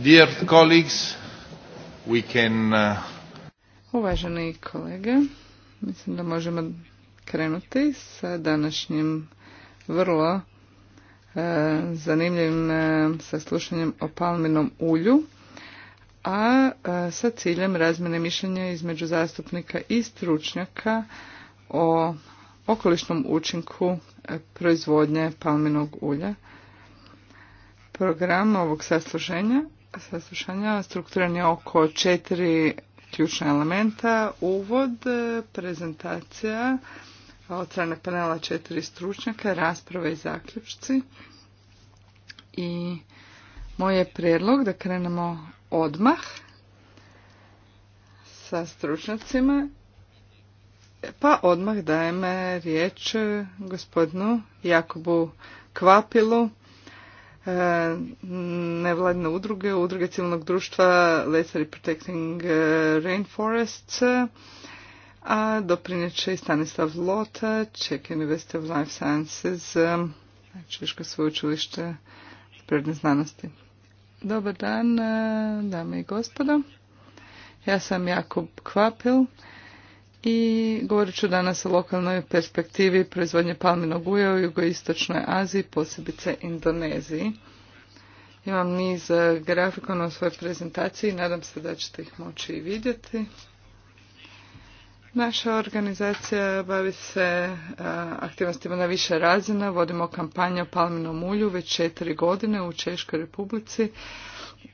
Dear colleagues, we can... Uh, Uvaženi kolege, mislim da možemo krenuti sa današnjim vrlo e, zanimljivim sa e, saslušanjem o palminom ulju, a e, sa ciljem razmjene mišljenja između zastupnika i stručnjaka o okolišnom učinku proizvodnje palminog ulja. Program ovog saslušanja, saslušanja strukturan je oko četiri ključna elementa. Uvod, e, prezentacija od strane panela četiri stručnjaka, rasprava i zaključci. I moj je prijedlog da krenemo odmah sa stručnjacima. Pa odmah dajem e, riječ gospodinu Jakobu Kvapilu, E, nevladine udruge, udruge civilnog društva Lesari Protecting e, Rainforests, a doprinijet će i Stanislav Lota, Czech University of Life Sciences, e, Češko sveučilište prirodne znanosti. Dobar dan, dame i gospodo. Ja sam Jakub Kvapil i govorit ću danas o lokalnoj perspektivi proizvodnje palminog uja u jugoistočnoj Aziji, posebice Indoneziji. Imam niz e, grafikona u svojoj prezentaciji, nadam se da ćete ih moći i vidjeti. Naša organizacija bavi se e, aktivnostima na više razina. Vodimo kampanju o palminom ulju već četiri godine u Češkoj republici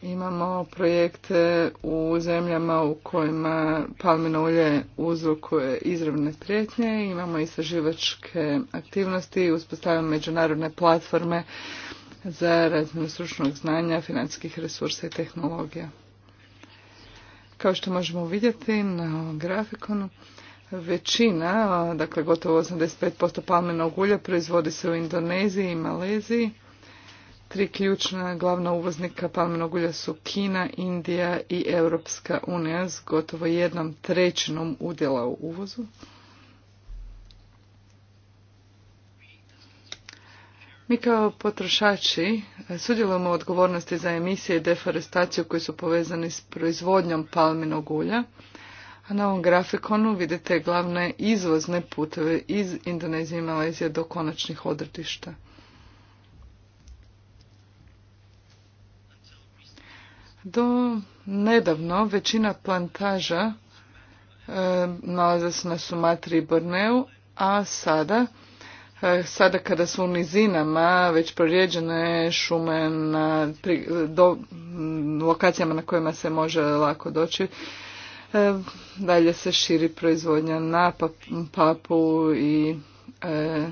Imamo projekte u zemljama u kojima palmino ulje uzrokuje izravne prijetnje, imamo istraživačke aktivnosti i uspostavljamo međunarodne platforme za razmjenu stručnog znanja, financijskih resursa i tehnologija. Kao što možemo vidjeti na ovom grafikonu, većina, dakle gotovo 85% palmenog ulja proizvodi se u Indoneziji i Maleziji Tri ključna glavna uvoznika palminog ulja su Kina, Indija i Europska unija s gotovo jednom trećinom udjela u uvozu. Mi kao potrošači sudjelujemo odgovornosti za emisije i deforestaciju koji su povezani s proizvodnjom palminog ulja. A na ovom grafikonu vidite glavne izvozne puteve iz Indonezije i Malezije do konačnih odredišta. Do nedavno većina plantaža e, nalaze se na Sumatri i Borneu, a sada, e, sada kada su u nizinama već prorijeđene šume na lokacijama na kojima se može lako doći, e, dalje se širi proizvodnja na papu i e,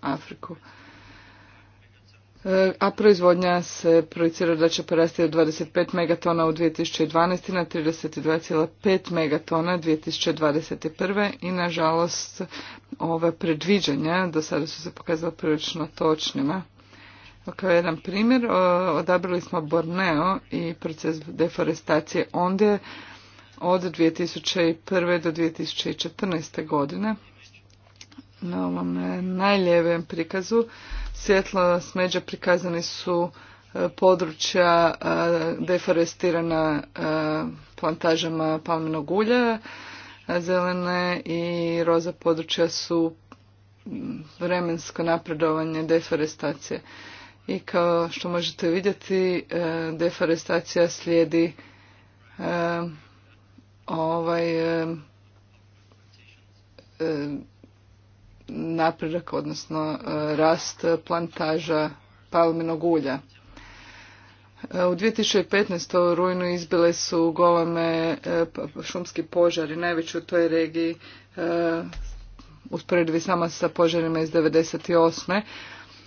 Afriku a proizvodnja se projicira da će porasti od 25 megatona u 2012. na 32,5 megatona 2021. i nažalost ove predviđanja do sada su se pokazala prilično točnima. Kao jedan primjer, odabrali smo Borneo i proces deforestacije ondje od 2001. do 2014. godine na ovom e, najljevijem prikazu svjetlo smeđa prikazani su e, područja e, deforestirana plantažama palminog ulja, zelene i roza područja su vremensko napredovanje deforestacije. I kao što možete vidjeti, deforestacija slijedi ovaj napredak, odnosno e, rast plantaža palminog ulja. E, u 2015. u rujnu izbile su goleme e, šumski požari, najveći u toj regiji usporedivi sama sa požarima iz 1998.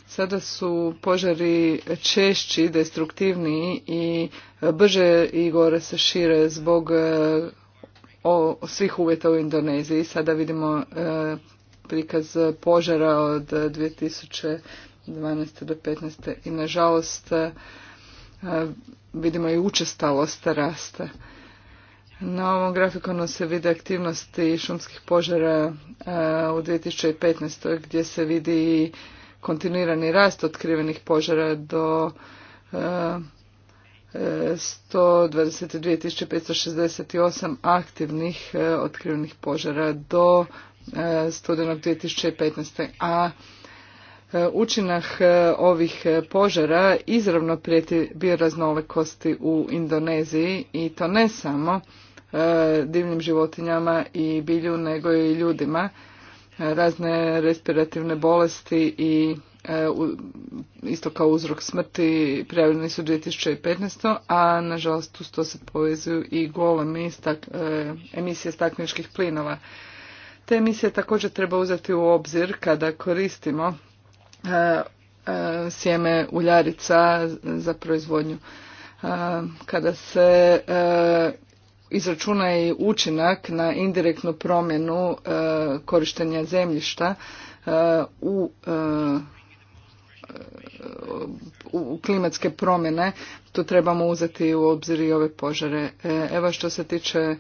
Sada su požari češći, destruktivniji i brže i gore se šire zbog svih uvjeta u Indoneziji. Sada vidimo prikaz požara od 2012. do 2015. i nažalost e, vidimo i učestalost rasta. Na ovom grafikonu se vide aktivnosti šumskih požara e, u 2015. gdje se vidi kontinuirani rast otkrivenih požara do 122.568 e, aktivnih otkrivenih požara do E, studenog 2015. A e, učinak e, ovih požara izravno prijeti bioraznolikosti u Indoneziji i to ne samo divnim životinjama i bilju nego i ljudima razne respirativne bolesti i isto kao uzrok smrti prijavljeni su 2015. a nažalost uz to se povezuju i golemi emisije stakničkih plinova. Te emisije također treba uzeti u obzir kada koristimo e, e, sjeme uljarica za proizvodnju. E, kada se izračuna i učinak na indirektnu promjenu korištenja zemljišta u u klimatske promjene, tu trebamo uzeti u obzir i ove požare. Evo što se tiče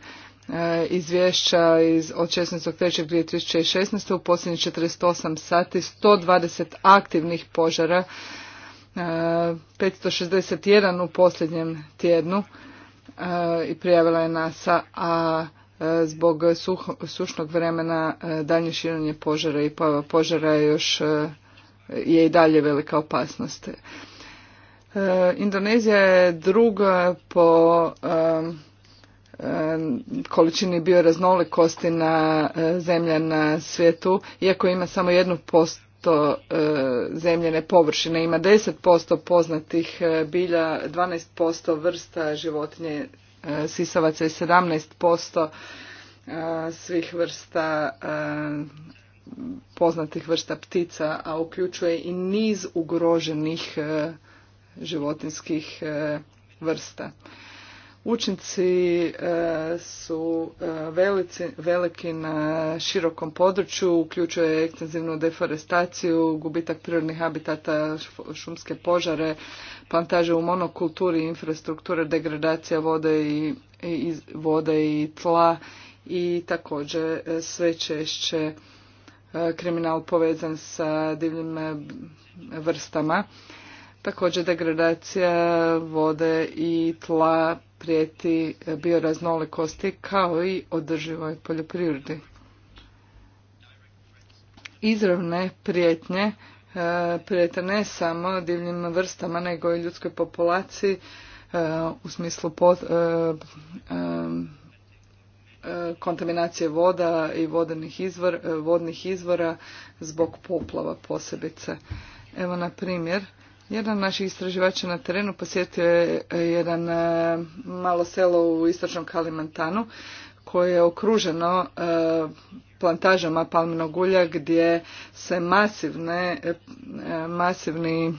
E, izvješća iz, od 16.3.2016. u posljednjih 48 sati 120 aktivnih požara, 561 e, u posljednjem tjednu e, i prijavila je NASA, a zbog sušnog vremena daljnje širenje požara i pojava požara još je i dalje velika opasnost. Indonezija je druga po količini bioraznolikosti na e, zemlja na svijetu, iako ima samo jednu posto e, zemljene površine ima 10% poznatih e, bilja 12% vrsta životinje sisavaca i 17% svih vrsta poznatih vrsta ptica a uključuje i niz ugroženih životinskih vrsta Učinci e, su e, velici, veliki na širokom području, uključuje ekstenzivnu deforestaciju, gubitak prirodnih habitata, šumske požare, plantaže u monokulturi, infrastrukture, degradacija vode i, vode i tla i također e, sve češće kriminal povezan sa divljim vrstama. Također degradacija vode i tla prijeti bioraznolikosti kao i održivoj poljoprivredi. Izravne prijetnje e, prijete ne samo divljim vrstama nego i ljudskoj populaciji e, u smislu e, kontaminacije voda i vodnih izvora zbog poplava posebice. Evo na primjer, jedan od naših istraživača na terenu posjetio je e, jedan e, malo selo u istočnom Kalimantanu koje je okruženo e, plantažama palminog ulja gdje se masivne, masivni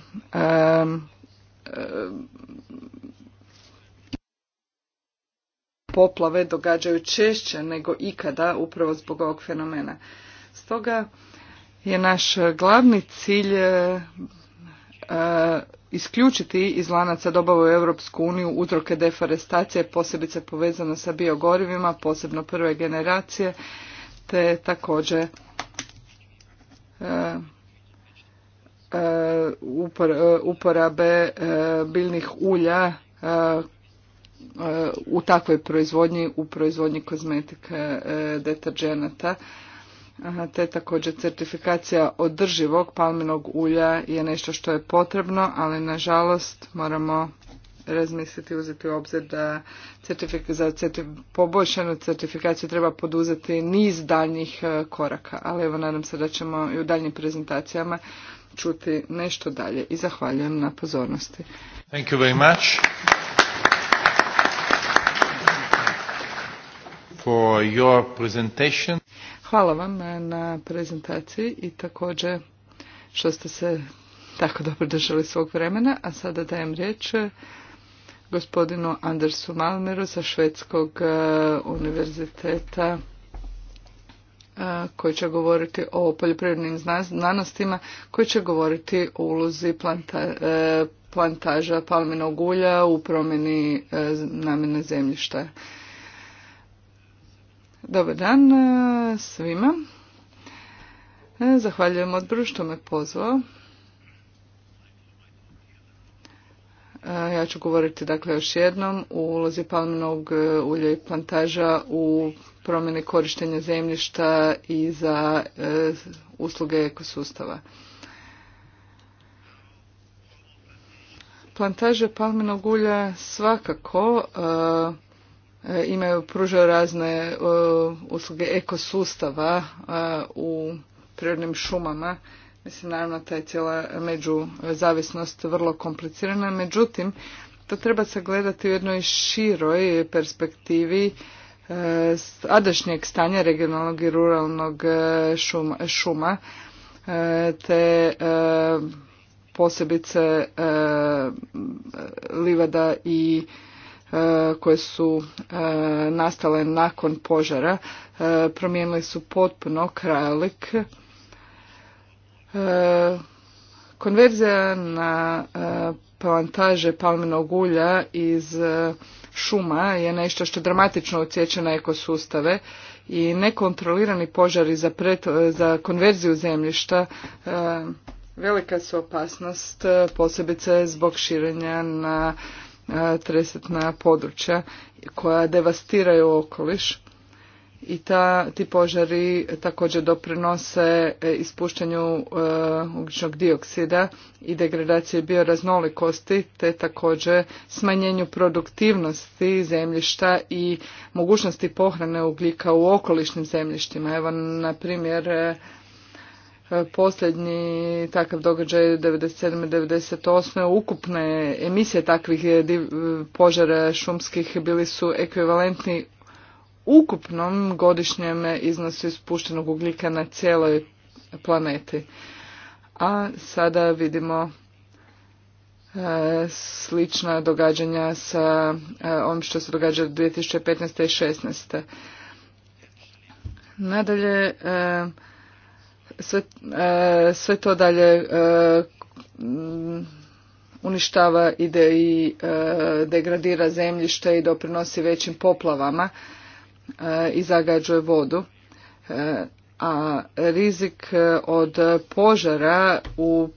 poplave događaju češće nego ikada upravo zbog ovog fenomena. Stoga je naš glavni cilj E, isključiti iz lanaca dobave u Europsku uniju uzroke deforestacije posebice povezano sa biogorivima, posebno prve generacije, te također e, e, uporabe biljnih ulja u takvoj proizvodnji, u proizvodnji kozmetike deterđenata te također certifikacija održivog palmenog ulja je nešto što je potrebno, ali nažalost moramo razmisliti, uzeti u obzir da certifik poboljšanu certifikaciju treba poduzeti niz daljnjih e, koraka. Ali evo nadam se da ćemo i u daljnjim prezentacijama čuti nešto dalje i zahvaljujem na pozornosti. Thank you very much for your presentation. Hvala vam eh, na prezentaciji i također što ste se tako dobro držali svog vremena, a sada dajem riječ eh, gospodinu Andersu Malmeru sa Švedskog eh, univerziteta koji će govoriti o poljoprivrednim znanostima, koji će govoriti o ulozi planta, plantaža palminog ulja u promjeni namjene zemljišta. Dobar dan e, svima. E, zahvaljujem odboru što me pozvao. E, ja ću govoriti dakle još jednom u ulozi palminog ulja i plantaža u promjeni korištenja zemljišta i za usluge ekosustava. Plantaže palminog ulja svakako E, imaju, pružaju razne e, usluge ekosustava e, u prirodnim šumama. Mislim, naravno, ta je cijela međuzavisnost vrlo komplicirana. Međutim, to treba sagledati u jednoj široj perspektivi adašnjeg stanja regionalnog i ruralnog šuma, te posebice livada i koje su e, nastale nakon požara e, promijenili su potpuno krajolik. E, konverzija na plantaže palminog ulja iz šuma je nešto što dramatično utječe na ekosustave i nekontrolirani požari za, konverziju zemljišta velika su opasnost, posebice zbog širenja na E, tresetna područja koja devastiraju okoliš i ta, ti požari također doprinose e, ispuštanju e, ugljičnog dioksida i degradacije bioraznolikosti te također smanjenju produktivnosti zemljišta i mogućnosti pohrane ugljika u okolišnim zemljištima. Evo, na primjer, Posljednji takav događaj 97. 98. ukupne emisije takvih požara šumskih bili su ekvivalentni ukupnom godišnjem iznosu ispuštenog ugljika na cijeloj planeti. A sada vidimo e, slična događanja sa e, onim što se događa 2015. i 2016. Nadalje, e, E, sve, to dalje e, uništava i i e, degradira zemljište i doprinosi većim poplavama i zagađuje vodu a rizik od požara u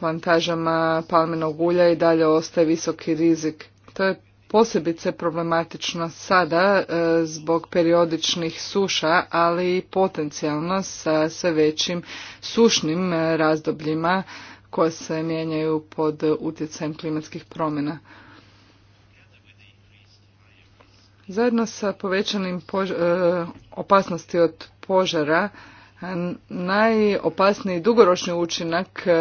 plantažama palmenog ulja i dalje ostaje visoki rizik. To je posebice problematično sada e, zbog periodičnih suša, ali i potencijalno sa sve većim sušnim e, razdobljima koje se mijenjaju pod utjecajem klimatskih promjena. Zajedno sa povećanim e, opasnosti od požara, Najopasniji dugoročni učinak e,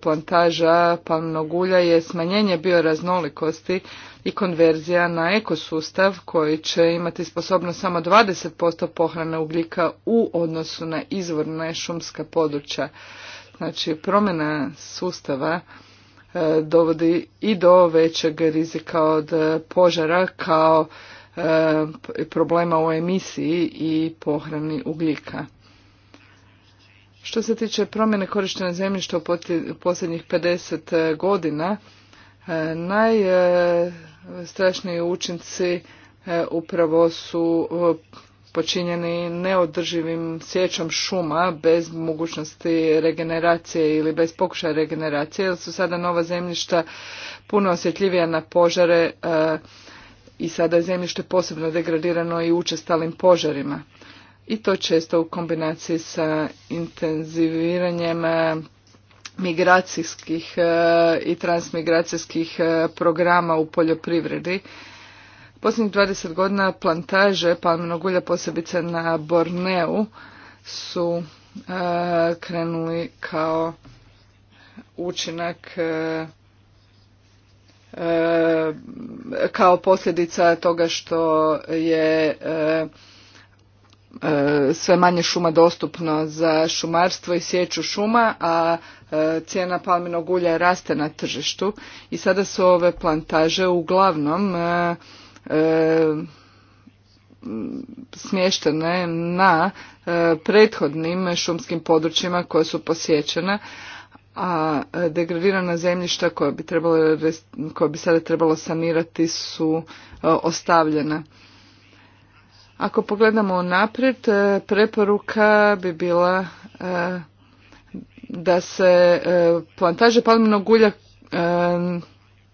plantaža palmnog ulja je smanjenje bioraznolikosti i konverzija na ekosustav koji će imati sposobnost samo 20% pohrane ugljika u odnosu na izvorne šumska područja. Znači promjena sustava e, dovodi i do većeg rizika od požara kao e, problema u emisiji i pohrani ugljika. Što se tiče promjene korištenja zemljišta u posljednjih 50 e, godina, e, najstrašniji učinci e, upravo su počinjeni neodrživim sjećom šuma bez mogućnosti regeneracije ili bez pokušaja regeneracije jer su sada nova zemljišta puno osjetljivija na požare i sada je zemljište posebno degradirano i učestalim požarima i to često u kombinaciji sa intenziviranjem e, migracijskih e, i transmigracijskih e, programa u poljoprivredi. Posljednjih 20 godina plantaže palminog ulja posebice na Borneu su krenuli kao učinak kao posljedica toga što je E, sve manje šuma dostupno za šumarstvo i sjeću šuma, a e, cijena palminog ulja raste na tržištu i sada su ove plantaže uglavnom e, smještene na prethodnim šumskim područjima koje su posjećene, a degradirana zemljišta koja bi, trebalo, koja bi sada trebalo sanirati su ostavljena. Ako pogledamo naprijed, e, preporuka bi bila e, da se e, plantaže palminog ulja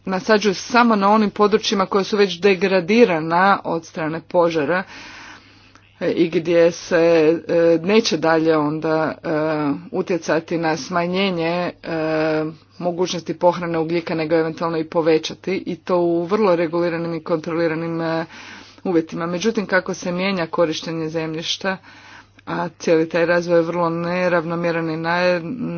nasađuju samo na onim područjima koja su već degradirana od strane požara i gdje se neće dalje onda utjecati na smanjenje mogućnosti pohrane ugljika nego eventualno i povećati i to u vrlo reguliranim i kontroliranim uvjetima. Međutim, kako se mijenja korištenje zemljišta, a cijeli taj razvoj je vrlo neravnomjeran i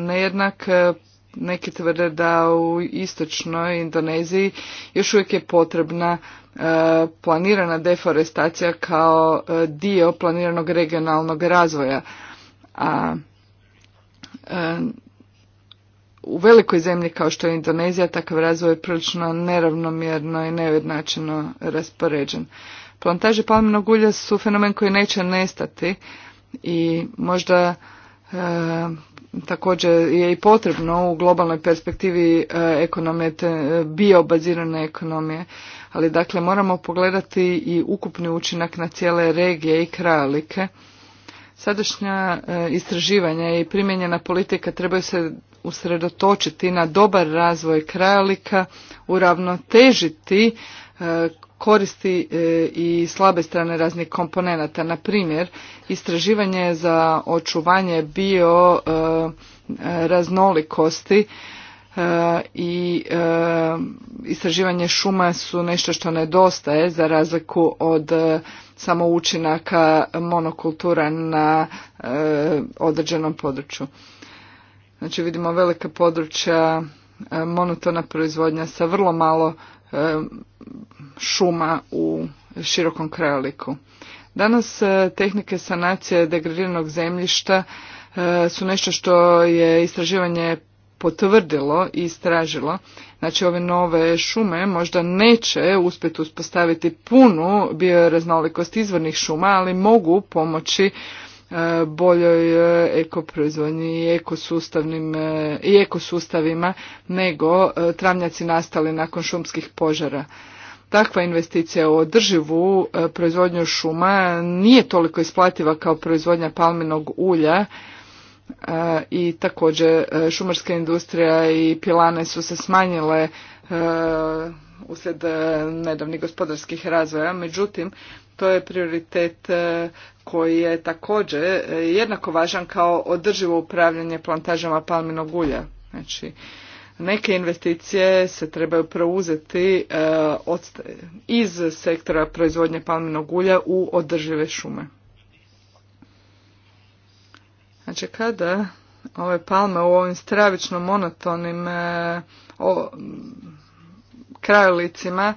nejednak, e, neki tvrde da u istočnoj Indoneziji još uvijek je potrebna e, planirana deforestacija kao e, dio planiranog regionalnog razvoja. A u velikoj zemlji kao što je Indonezija takav razvoj je prilično neravnomjerno i nejednačeno raspoređen. Plantaže palminog ulja su fenomen koji neće nestati i možda e, također je i potrebno u globalnoj perspektivi e, ekonomije, e, bio-bazirane ekonomije, ali dakle moramo pogledati i ukupni učinak na cijele regije i krajolike. Sadašnja istraživanja i primjenjena politika trebaju se usredotočiti na dobar razvoj krajolika, uravnotežiti koristi e, i slabe strane raznih komponenata. Na primjer, istraživanje za očuvanje bio e, raznolikosti e, i istraživanje šuma su nešto što nedostaje za razliku od samo učinaka monokultura na određenom području. Znači vidimo velika područja monotona proizvodnja sa vrlo malo E, šuma u širokom krajoliku. Danas e, tehnike sanacije degradiranog zemljišta e, su nešto što je istraživanje potvrdilo i istražilo. Znači ove nove šume možda neće uspjeti uspostaviti punu bioraznolikost izvornih šuma, ali mogu pomoći E, boljoj e, ekoproizvodnji i ekosustavnim e, i ekosustavima nego travnjaci nastali nakon šumskih požara. Takva investicija u održivu proizvodnju šuma nije toliko isplativa kao proizvodnja palminog ulja i također šumarska industrija i pilane su se smanjile uslijed nedavnih gospodarskih razvoja. Međutim, to je prioritet koji je također e, jednako važan kao održivo upravljanje plantažama palminog ulja. Znači, neke investicije se trebaju preuzeti e, iz sektora proizvodnje palminog ulja u održive šume. Znači, kada ove palme u ovim stravično monotonim e, o, krajolicima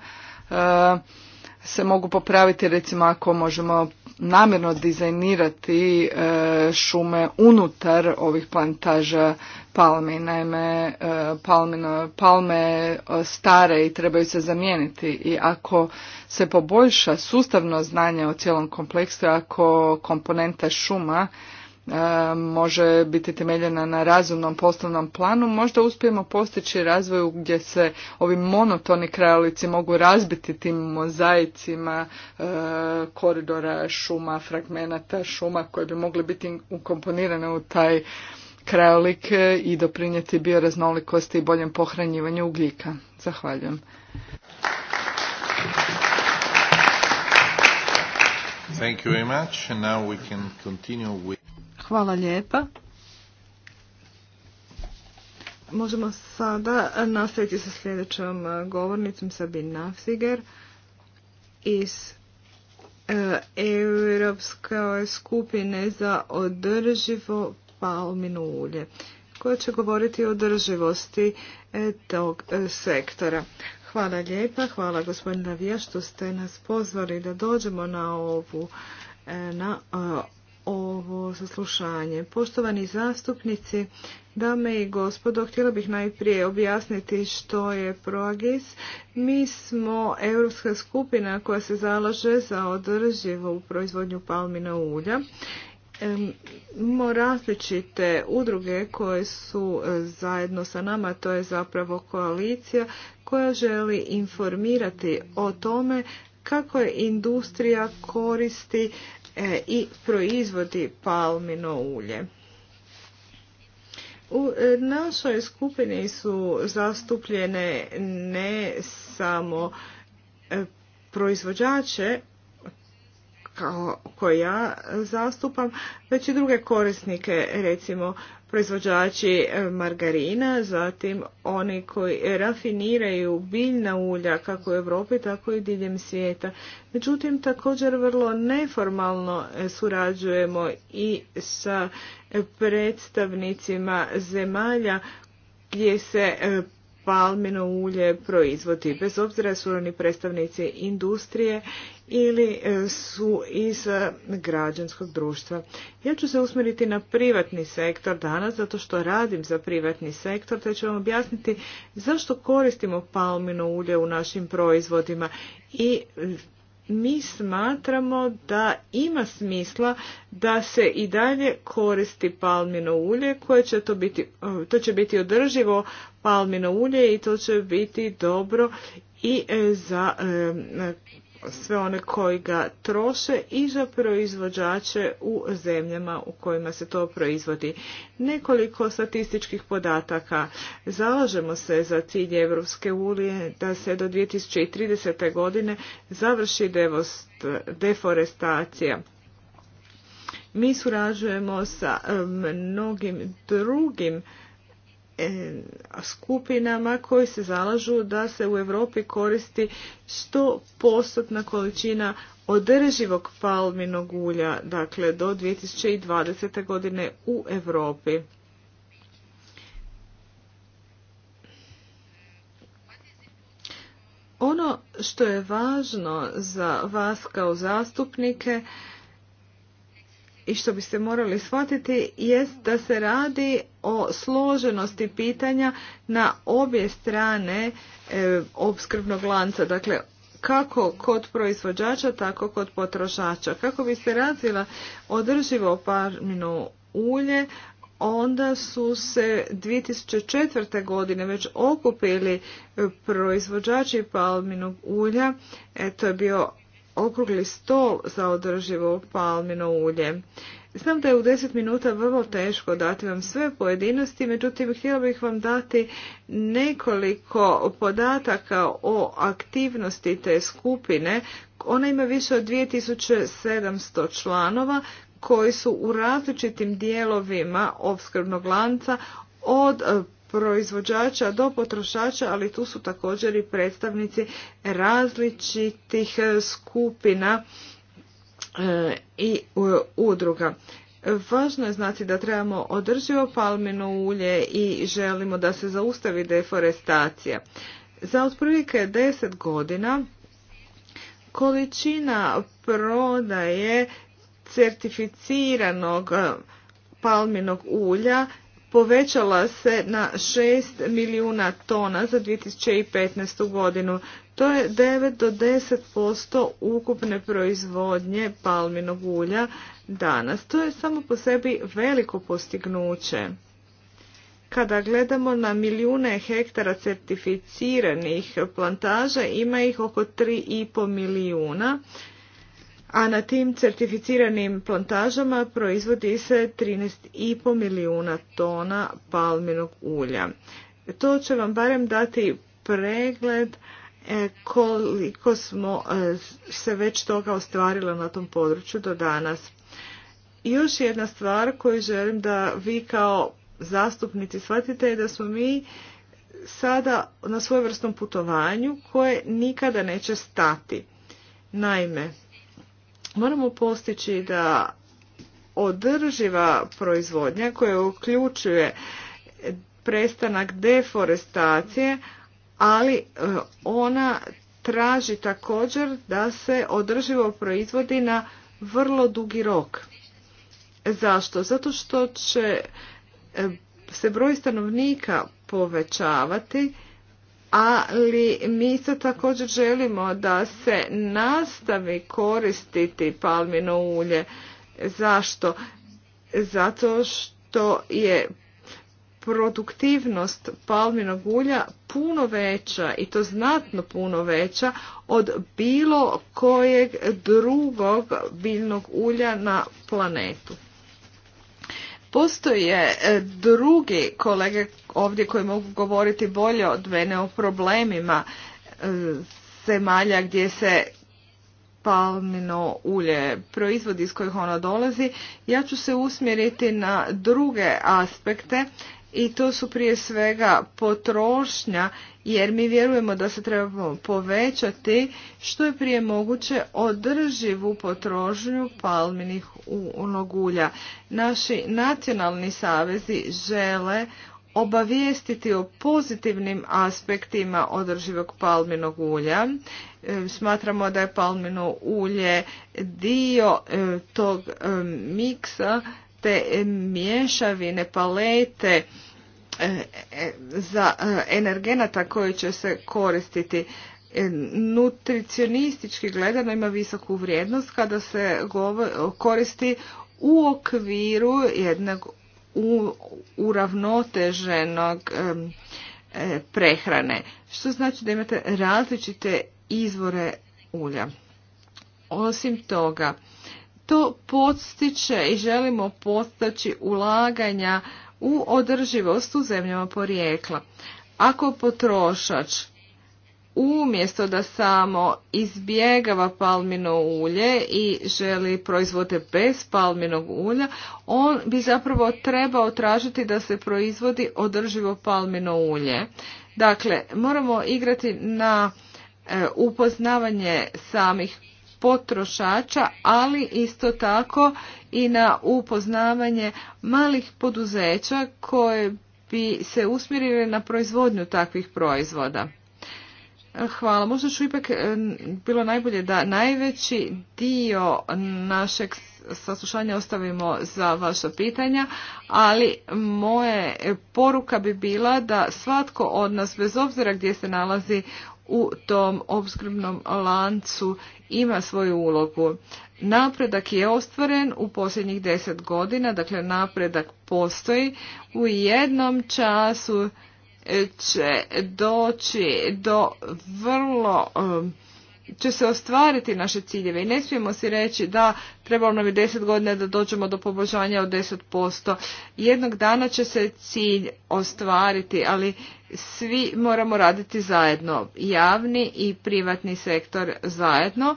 se mogu popraviti recimo ako možemo namjerno dizajnirati e, šume unutar ovih plantaža palme. Naime, palmino, e, palme e, stare i trebaju se zamijeniti i ako se poboljša sustavno znanje o cijelom kompleksu, ako komponenta šuma E, može biti temeljena na razumnom poslovnom planu, možda uspijemo postići razvoju gdje se ovi monotoni krajolici mogu razbiti tim mozaicima e, koridora šuma, fragmenata šuma koje bi mogle biti ukomponirane u taj krajolik e, i doprinijeti bioraznolikosti i boljem pohranjivanju ugljika. Zahvaljujem. Thank you very much. now we can continue with... Hvala lijepa. Možemo sada nastaviti sa sljedećom e, govornicom Sabin Nafziger iz e, Europske skupine za održivo palmino ulje koja će govoriti o održivosti e, tog sektora. Hvala lijepa, hvala gospodina Vija što ste nas pozvali da dođemo na ovu na ovo saslušanje. Poštovani zastupnici, dame i gospodo, htjela bih najprije objasniti što je ProAgis. Mi smo europska skupina koja se zalaže za održivu proizvodnju palmina ulja. Imamo različite udruge koje su e, zajedno sa nama, to je zapravo koalicija koja želi informirati o tome kako je industrija koristi E, i proizvodi palmino ulje. U e, našoj skupini su zastupljene ne samo e, proizvođače, kao koje ja zastupam, već i druge korisnike, recimo proizvođači e, margarina, zatim oni koji rafiniraju biljna ulja kako u Europi, tako i diljem svijeta. Međutim, također vrlo neformalno e, surađujemo i sa predstavnicima zemalja gdje se e, palmino ulje proizvodi, bez obzira su oni predstavnici industrije ili e, su iz e, građanskog društva. Ja ću se usmjeriti na privatni sektor danas, zato što radim za privatni sektor, te ću vam objasniti zašto koristimo palmino ulje u našim proizvodima i mi smatramo da ima smisla da se i dalje koristi palmino ulje koje će to biti, to će biti održivo palmino ulje i to će biti dobro i e, za e, sve one koji ga troše i za proizvođače u zemljama u kojima se to proizvodi. Nekoliko statističkih podataka. Zalažemo se za cilj Evropske unije da se do 2030. godine završi deforestacija. Mi surađujemo sa mnogim drugim E, skupinama koji se zalažu da se u Europi koristi 100% količina održivog palminog ulja, dakle do 2020. godine u Europi. Ono što je važno za vas kao zastupnike i što biste morali shvatiti jest da se radi o složenosti pitanja na obje strane e, opskrbnog lanca, dakle kako kod proizvođača, tako kod potrošača. Kako bi se razvila održivo parminu ulje, onda su se 2004. godine već okupili e, proizvođači palminog ulja, e, to je bio okrugli stol za održivo palmino ulje. Znam da je u deset minuta vrlo teško dati vam sve pojedinosti, međutim htjela bih vam dati nekoliko podataka o aktivnosti te skupine. Ona ima više od 2700 članova koji su u različitim dijelovima opskrbnog lanca od proizvođača do potrošača, ali tu su također i predstavnici različitih e, skupina e, i udruga. Važno je znati da trebamo održivo palmino ulje i želimo da se zaustavi deforestacija. Za otprilike 10 godina količina prodaje certificiranog e, palminog ulja povećala se na 6 milijuna tona za 2015. godinu. To je 9 do 10% ukupne proizvodnje palminog ulja danas. To je samo po sebi veliko postignuće. Kada gledamo na milijune hektara certificiranih plantaža, ima ih oko 3,5 milijuna a na tim certificiranim plantažama proizvodi se 13,5 milijuna tona palminog ulja. To će vam barem dati pregled e, koliko smo e, se već toga ostvarilo na tom području do danas. Još jedna stvar koju želim da vi kao zastupnici shvatite je da smo mi sada na svojevrsnom putovanju koje nikada neće stati. Naime, moramo postići da održiva proizvodnja koja uključuje prestanak deforestacije, ali e, ona traži također da se održivo proizvodi na vrlo dugi rok. Zašto? Zato što će e, se broj stanovnika povećavati ali mi se također želimo da se nastavi koristiti palmino ulje. Zašto? Zato što je produktivnost palminog ulja puno veća i to znatno puno veća od bilo kojeg drugog biljnog ulja na planetu. Postoje e, drugi kolege ovdje koji mogu govoriti bolje od mene o problemima e, zemalja gdje se palmino ulje proizvodi iz kojih ono dolazi. Ja ću se usmjeriti na druge aspekte, i to su prije svega potrošnja jer mi vjerujemo da se trebamo povećati što je prije moguće održivu potrošnju palminih ulja. Naši nacionalni savezi žele obavijestiti o pozitivnim aspektima održivog palminog ulja. E, smatramo da je palmino ulje dio e, tog e, miksa te mješavine, palete e, e, za e, energenata koji će se koristiti nutricionistički gledano ima visoku vrijednost kada se koristi u okviru jednog uravnoteženog prehrane, što znači da imate različite izvore ulja. Osim toga, to podstiče i želimo postaći ulaganja u održivost u zemljama porijekla. Ako potrošač umjesto da samo izbjegava palmino ulje i želi proizvode bez palminog ulja, on bi zapravo trebao tražiti da se proizvodi održivo palmino ulje. Dakle, moramo igrati na e, upoznavanje samih potrošača, ali isto tako i na upoznavanje malih poduzeća koje bi se usmjerili na proizvodnju takvih proizvoda. Hvala. Možda ću ipak e, bilo najbolje da najveći dio našeg saslušanja ostavimo za vaša pitanja, ali moje poruka bi bila da svatko od nas, bez obzira gdje se nalazi u tom obskrbnom lancu ima svoju ulogu. Napredak je ostvoren u posljednjih deset godina, dakle napredak postoji. U jednom času će doći do vrlo će se ostvariti naše ciljeve i ne smijemo si reći da trebalo nam je deset godina da dođemo do poboljšanja od posto Jednog dana će se cilj ostvariti, ali svi moramo raditi zajedno, javni i privatni sektor zajedno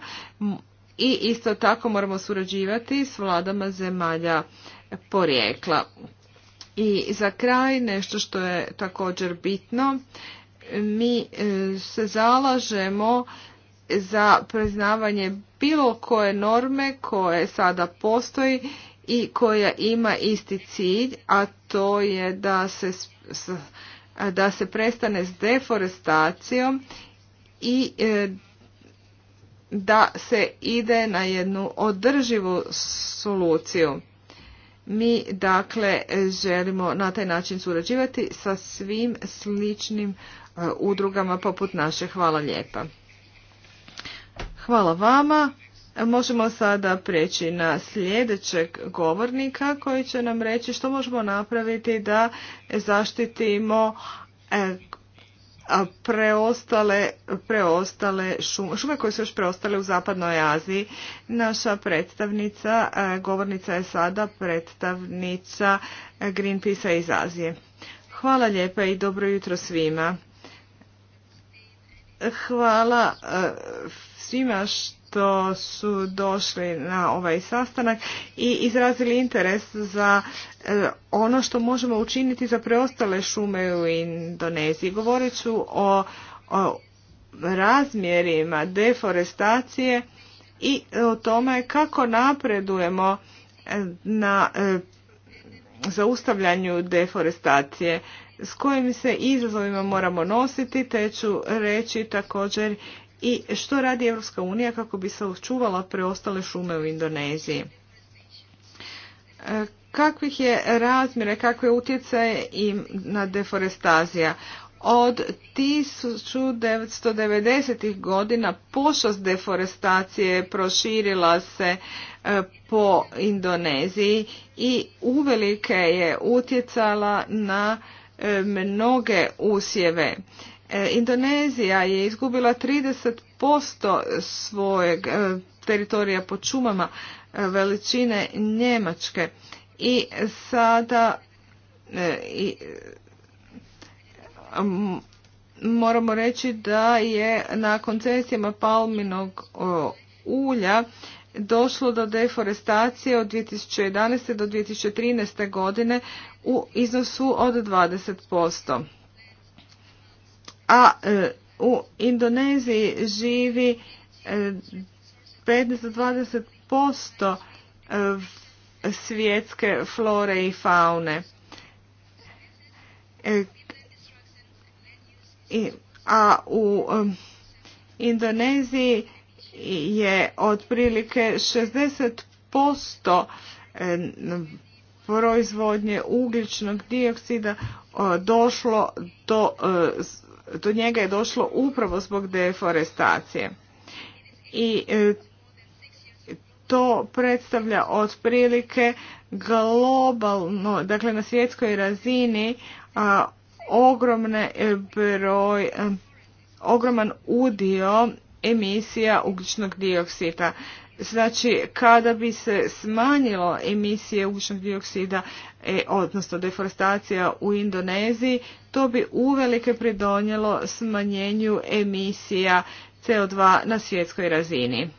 i isto tako moramo surađivati s vladama zemalja porijekla. I za kraj nešto što je također bitno, mi e, se zalažemo za priznavanje bilo koje norme koje sada postoji i koja ima isti cilj, a to je da se, da se prestane s deforestacijom i e, da se ide na jednu održivu soluciju. Mi dakle želimo na taj način surađivati sa svim sličnim e, udrugama poput naše. Hvala lijepa. Hvala vama. Možemo sada preći na sljedećeg govornika koji će nam reći što možemo napraviti da zaštitimo e, preostale, preostale šume, šume koje su još preostale u Zapadnoj Aziji. Naša predstavnica, e, govornica je sada predstavnica Greenpeace-a iz Azije. Hvala lijepa i dobro jutro svima. Hvala e, svima što su došli na ovaj sastanak i izrazili interes za e, ono što možemo učiniti za preostale šume u Indoneziji. Govorit ću o, razmjerima deforestacije i o tome kako napredujemo e, na zaustavljanju deforestacije s kojim se izazovima moramo nositi, te ću reći također i što radi Europska unija kako bi se očuvala preostale šume u Indoneziji. E, kakvih je razmjere, kakve utjecaje im na deforestazija? Od 1990. godina pošast deforestacije proširila se e, po Indoneziji i uvelike je utjecala na E, mnoge usjeve. E, Indonezija je izgubila 30% svojeg e, teritorija po čumama veličine Njemačke i sada moramo reći da je na koncesijama palminog ulja došlo do deforestacije od 2011. do 2013. godine u iznosu od 20%. A e, u Indoneziji živi 15 e, do 20% e, svjetske flore i faune. E, a u Indoneziji je otprilike 60% e, proizvodnje ugljičnog dioksida e, došlo e, do, njega je došlo upravo zbog deforestacije. I to predstavlja otprilike globalno, dakle na svjetskoj razini ogromne broj, ogroman udio emisija ugljičnog dioksida. Znači, kada bi se smanjilo emisije ugljičnog dioksida, e, odnosno deforestacija u Indoneziji, to bi uvelike pridonjelo smanjenju emisija CO2 na svjetskoj razini.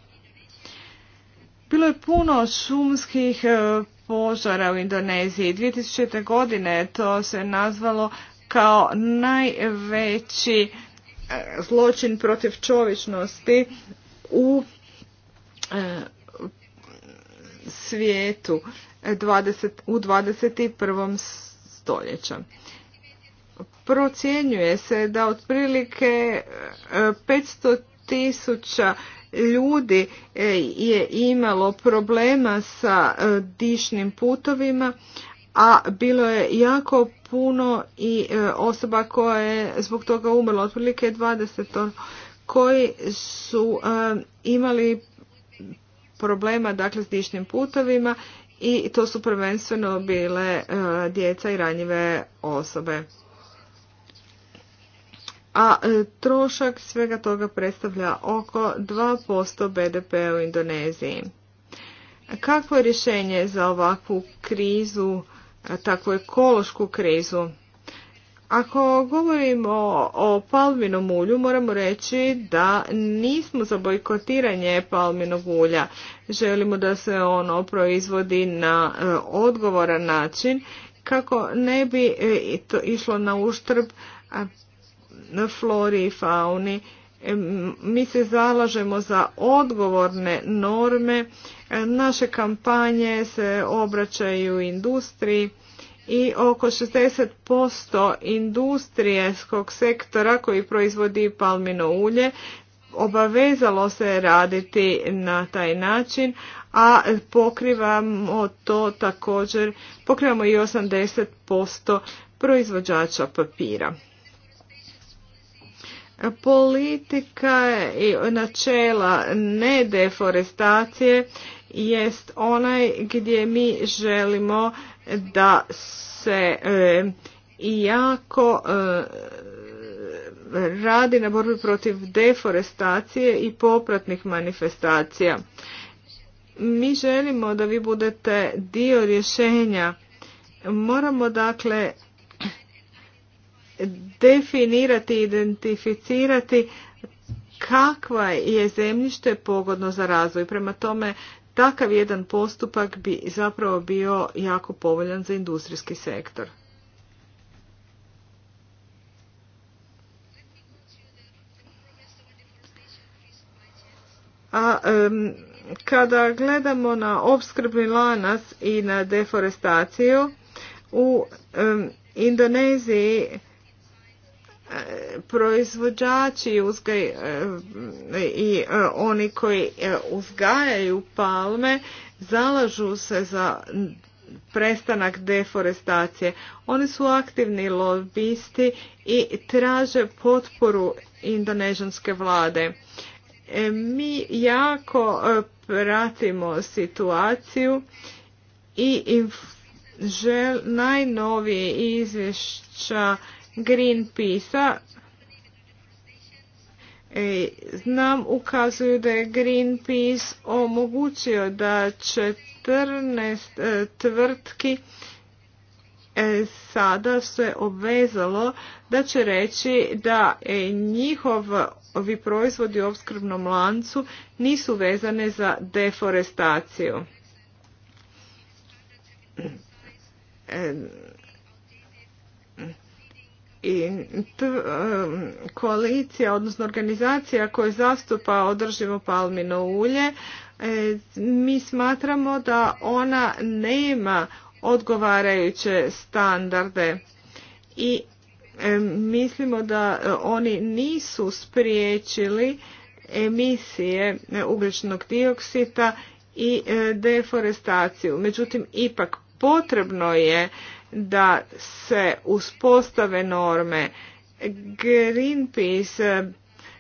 Bilo je puno šumskih e, požara u Indoneziji. 2000. godine to se nazvalo kao najveći zločin protiv čovječnosti u e, svijetu 20, e, u 21. stoljeću. Procjenjuje se da otprilike 500 e, tisuća ljudi je imalo problema sa dišnim putovima, a bilo je jako puno i e, osoba koja je zbog toga umrla, otprilike 20 ono, koji su e, imali problema dakle s dišnim putovima i to su prvenstveno bile e, djeca i ranjive osobe. A trošak svega toga predstavlja oko 2% BDP u Indoneziji. Kakvo je rješenje za ovakvu krizu takvu ekološku krizu. Ako govorimo o palminom ulju, moramo reći da nismo za bojkotiranje palminog ulja. Želimo da se ono proizvodi na e, odgovoran način kako ne bi e, to išlo na uštrb flori i fauni mi se zalažemo za odgovorne norme. E, naše kampanje se obraćaju industriji i oko 60% industrijskog sektora koji proizvodi palmino ulje obavezalo se raditi na taj način, a pokrivamo to također, pokrivamo i 80% proizvođača papira. Politika i načela ne-deforestacije jest onaj gdje mi želimo da se e, jako e, radi na borbi protiv deforestacije i popratnih manifestacija. Mi želimo da vi budete dio rješenja. Moramo dakle definirati identificirati kakva je zemljište pogodno za razvoj. Prema tome, takav jedan postupak bi zapravo bio jako povoljan za industrijski sektor. A kada gledamo na opskrbni lanas i na deforestaciju, u Indoneziji proizvođači i e, e, oni koji e, uzgajaju palme zalažu se za prestanak deforestacije. Oni su aktivni lobisti i traže potporu indonežanske vlade. Mi jako pratimo situaciju i najnovije izvješća Greenpeace-a e, nam ukazuju da je Greenpeace omogućio da 14 e, tvrtki e, sada se obvezalo da će reći da njihovi proizvodi u opskrbnom lancu nisu vezane za deforestaciju i koalicija, odnosno organizacija koja zastupa održivo palmino ulje, e, mi smatramo da ona nema odgovarajuće standarde i mislimo da oni nisu spriječili emisije ugljičnog dioksida i e, deforestaciju. Međutim, ipak potrebno je da se uspostave norme. Greenpeace, eh,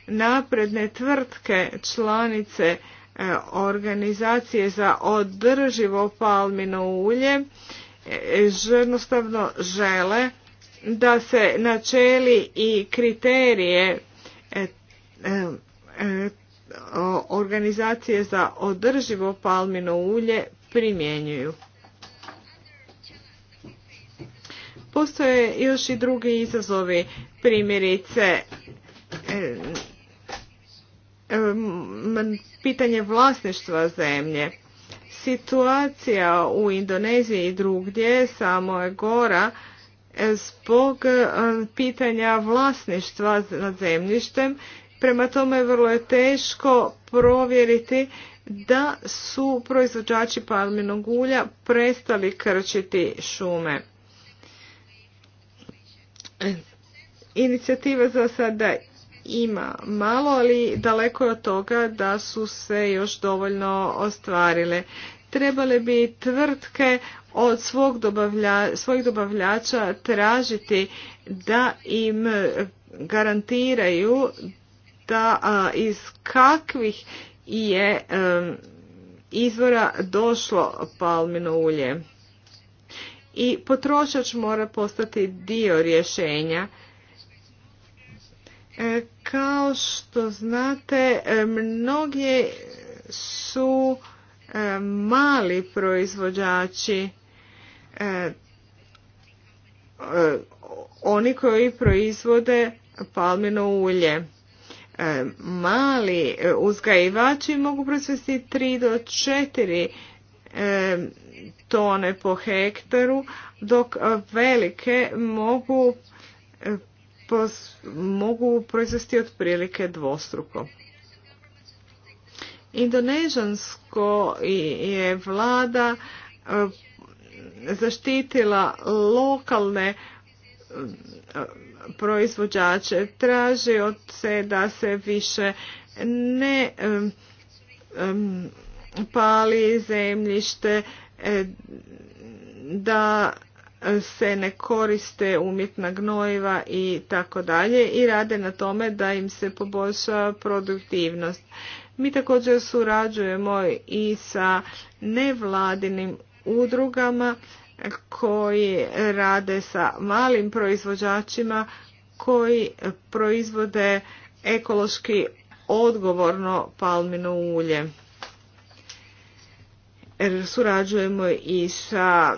napredne tvrtke, članice eh, organizacije za održivo palmino ulje eh, jednostavno žele da se načeli i kriterije organizacije za održivo palmino ulje primjenjuju. Postoje još i drugi izazovi, primjerice e, pitanje vlasništva zemlje. Situacija u Indoneziji i drugdje samo je gora e, zbog e, pitanja vlasništva nad zemljištem. Prema tome vrlo je teško provjeriti da su proizvođači palminog ulja prestali krčiti šume. Inicijativa za sada ima malo, ali daleko je od toga da su se još dovoljno ostvarile. Trebale bi tvrtke od svog svojih dobavljača tražiti da im garantiraju da a, iz kakvih je izvora došlo palmino ulje i potrošač mora postati dio rješenja. E, kao što znate, e, mnogi su e, mali proizvođači oni koji proizvode palmino ulje. Mali uzgajivači mogu proizvesti 3 do 4 tone po hektaru, dok velike mogu, e, mogu proizvesti otprilike dvostruko. Indonežansko je vlada e, zaštitila lokalne e, proizvođače, traži od se da se više ne pali zemljište, E, da se ne koriste umjetna gnojiva i tako dalje i rade na tome da im se poboljša produktivnost. Mi također surađujemo i sa nevladinim udrugama koji rade sa malim proizvođačima koji proizvode ekološki odgovorno palmino ulje. E, surađujemo i sa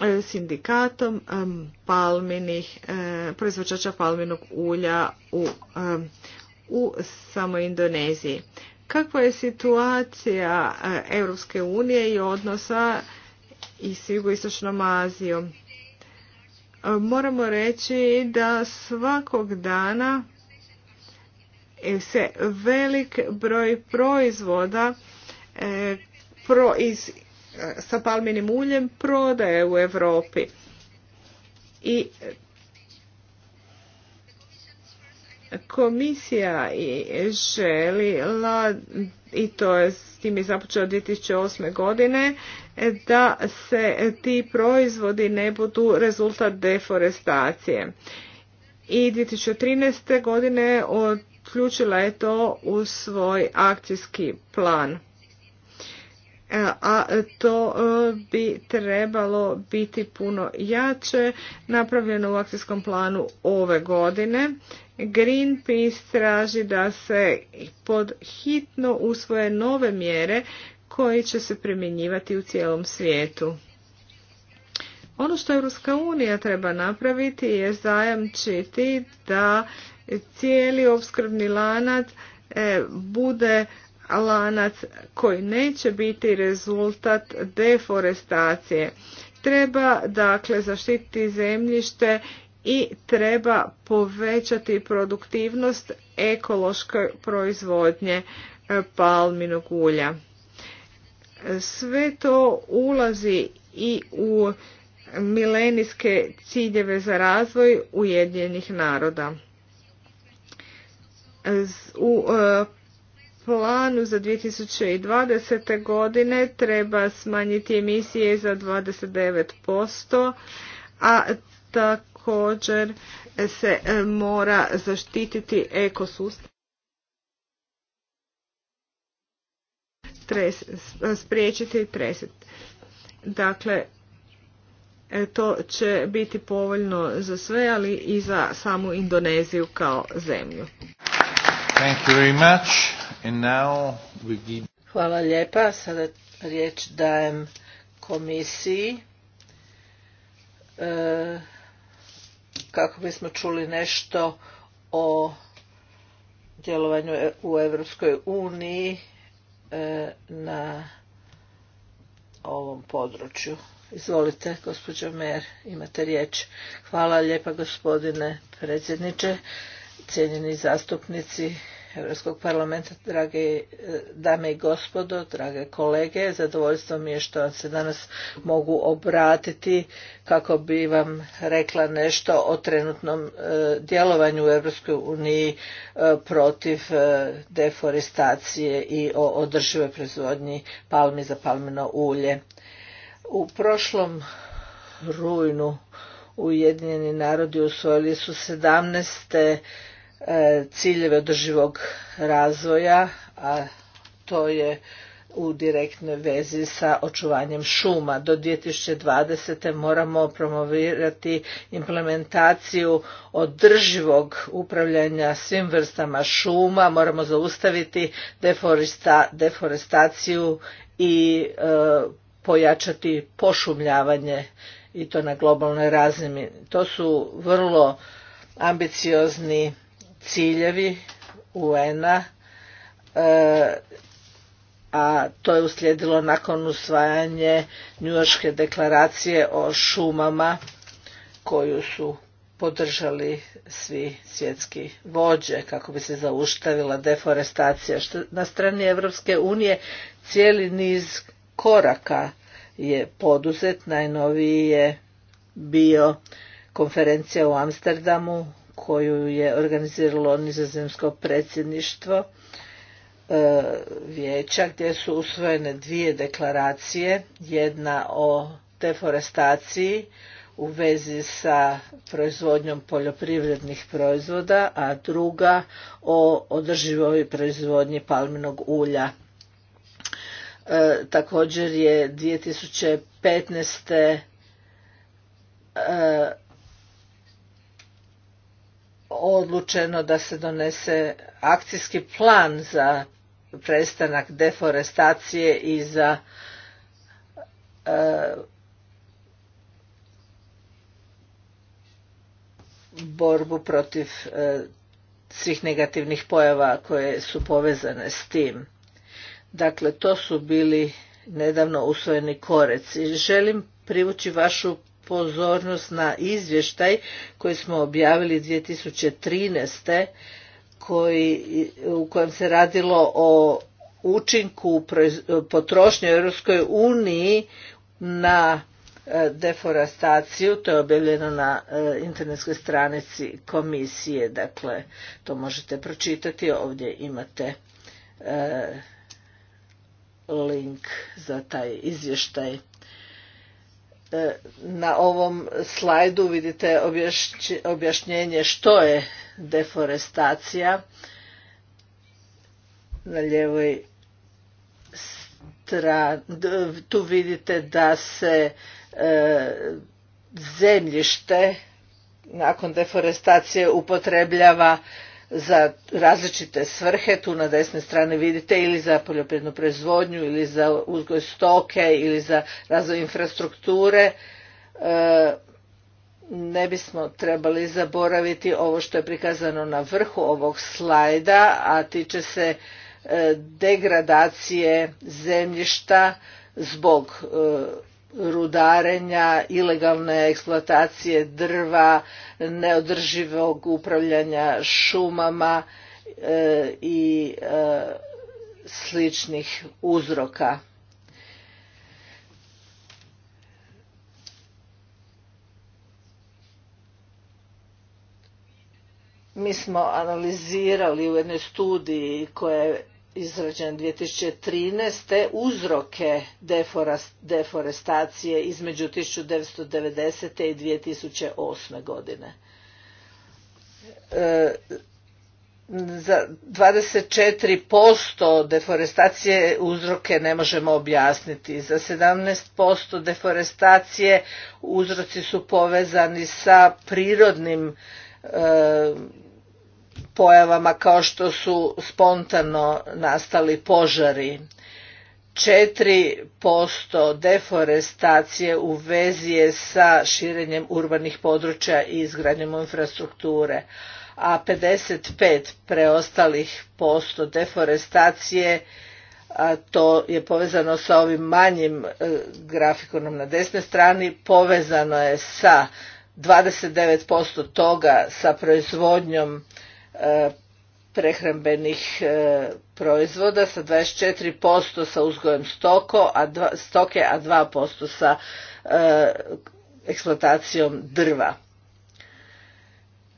e, sindikatom e, palminih, proizvođača palminog ulja u, u samoj Indoneziji. Kakva je situacija Europske unije i odnosa i s jugoistočnom Azijom? Moramo reći da svakog dana se velik broj proizvoda E, sa palminim uljem prodaje u Europi. I e, komisija želila i to je s tim je započeo 2008. godine e, da se ti proizvodi ne budu rezultat deforestacije. I 2013. godine uključila je to u svoj akcijski plan. E, a to e, bi trebalo biti puno jače napravljeno u akcijskom planu ove godine. Greenpeace traži da se pod hitno usvoje nove mjere koje će se primjenjivati u cijelom svijetu. Ono što Europska unija treba napraviti je zajamčiti da cijeli opskrbni lanac e, bude lanac koji neće biti rezultat deforestacije. Treba dakle zaštititi zemljište i treba povećati produktivnost ekološke proizvodnje e, palminog ulja. Sve to ulazi i u milenijske ciljeve za razvoj Ujedinjenih naroda. U e, planu za 2020. godine treba smanjiti emisije za 29%, a također se e, mora zaštititi ekosustav. Tres, spriječiti treset. Dakle, e, to će biti povoljno za sve, ali i za samu Indoneziju kao zemlju. Hvala lijepa. Sada riječ dajem komisiji e, kako bismo čuli nešto o djelovanju u Europskoj uniji e, na ovom području. Izvolite, gospođo Mer, imate riječ. Hvala lijepa gospodine predsjedniče, cijenjeni zastupnici Europskog parlamenta, drage e, dame i gospodo, drage kolege. Zadovoljstvo mi je što vam se danas mogu obratiti kako bi vam rekla nešto o trenutnom e, djelovanju u Europskoj uniji e, protiv deforestacije i o održivoj proizvodnji palmi za palmino ulje. U prošlom rujnu Ujedinjeni narodi usvojili su 17. E, ciljeve održivog razvoja, a to je u direktnoj vezi sa očuvanjem šuma. Do 2020. moramo promovirati implementaciju održivog upravljanja svim vrstama šuma, moramo zaustaviti deforestaciju i e, pojačati pošumljavanje i to na globalnoj razini. To su vrlo ambiciozni ciljevi UN-a, e, a to je uslijedilo nakon usvajanje Njujorške deklaracije o šumama koju su podržali svi svjetski vođe kako bi se zauštavila deforestacija. Na strani Europske unije cijeli niz koraka je poduzet, najnoviji je bio konferencija u Amsterdamu koju je organiziralo nizozemsko predsjedništvo e, vijeća gdje su usvojene dvije deklaracije, jedna o deforestaciji u vezi sa proizvodnjom poljoprivrednih proizvoda, a druga o održivoj proizvodnji palminog ulja. E, također je 2015. E, odlučeno da se donese akcijski plan za prestanak deforestacije i za e, borbu protiv e, svih negativnih pojava koje su povezane s tim. Dakle, to su bili nedavno usvojeni koreci. Želim privući vašu pozornost na izvještaj koji smo objavili 2013. Koji, u kojem se radilo o učinku potrošnje u Europskoj uniji na e, deforestaciju, to je objavljeno na e, internetskoj stranici komisije, dakle to možete pročitati, ovdje imate e, link za taj izvještaj. E, na ovom slajdu vidite objašnjenje što je deforestacija na ljevoj strani. Tu vidite da se e, zemljište nakon deforestacije upotrebljava za različite svrhe, tu na desne strane vidite ili za poljoprivrednu proizvodnju ili za uzgoj stoke ili za razvoj infrastrukture. E, ne bismo trebali zaboraviti ovo što je prikazano na vrhu ovog slajda, a tiče se e, degradacije zemljišta zbog e, rudarenja, ilegalne eksploatacije drva, neodrživog upravljanja šumama e, i e, sličnih uzroka. Mi smo analizirali u jednoj studiji koja je and 2013. uzroke deforestacije između 1990. i 2008. godine. E, za za posto deforestacije uzroke ne možemo objasniti. Za posto deforestacije uzroci su povezani sa prirodnim e, pojavama kao što su spontano nastali požari. 4% deforestacije u vezi je sa širenjem urbanih područja i izgradnjom infrastrukture, a 55 preostalih posto deforestacije to je povezano sa ovim manjim e, grafikonom na desne strani, povezano je sa 29% toga sa proizvodnjom E, prehrambenih e, proizvoda sa 24% sa uzgojem stoko, a stoke, a 2% sa e, eksploatacijom drva.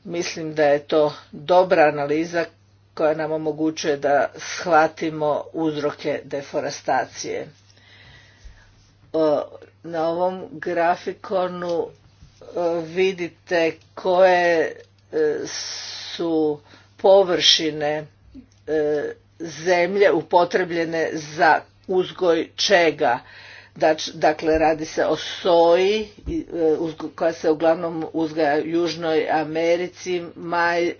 Mislim da je to dobra analiza koja nam omogućuje da shvatimo uzroke deforestacije. Na ovom grafikonu vidite koje su površine e, zemlje upotrebljene za uzgoj čega. Dakle, radi se o soji e, koja se uglavnom uzgaja u Južnoj Americi, maj, e,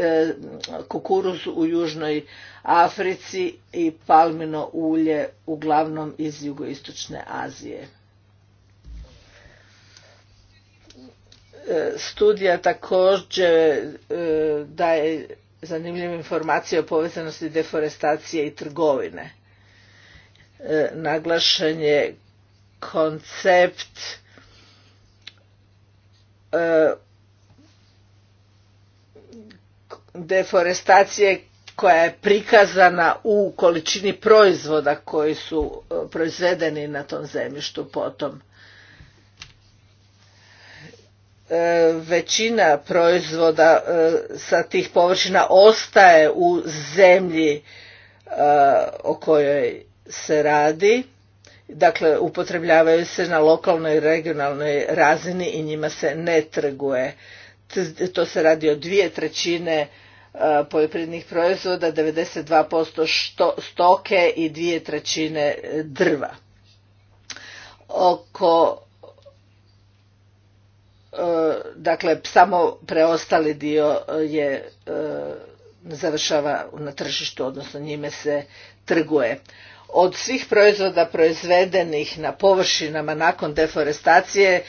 kukuruz u Južnoj Africi i palmino ulje uglavnom iz jugoistočne Azije. E, studija također e, daje zanimljive informacije o povezanosti deforestacije i trgovine. E, naglašen je koncept deforestacije koja je prikazana u količini proizvoda koji su proizvedeni na tom zemljištu potom E, većina proizvoda e, sa tih površina ostaje u zemlji e, o kojoj se radi dakle upotrebljavaju se na lokalnoj i regionalnoj razini i njima se ne trguje to se radi o dvije trećine poljoprivrednih proizvoda 92% stoke i dvije trećine drva oko E, dakle samo preostali dio e, je e, završava na tržištu odnosno njime se trguje od svih proizvoda proizvedenih na površinama nakon deforestacije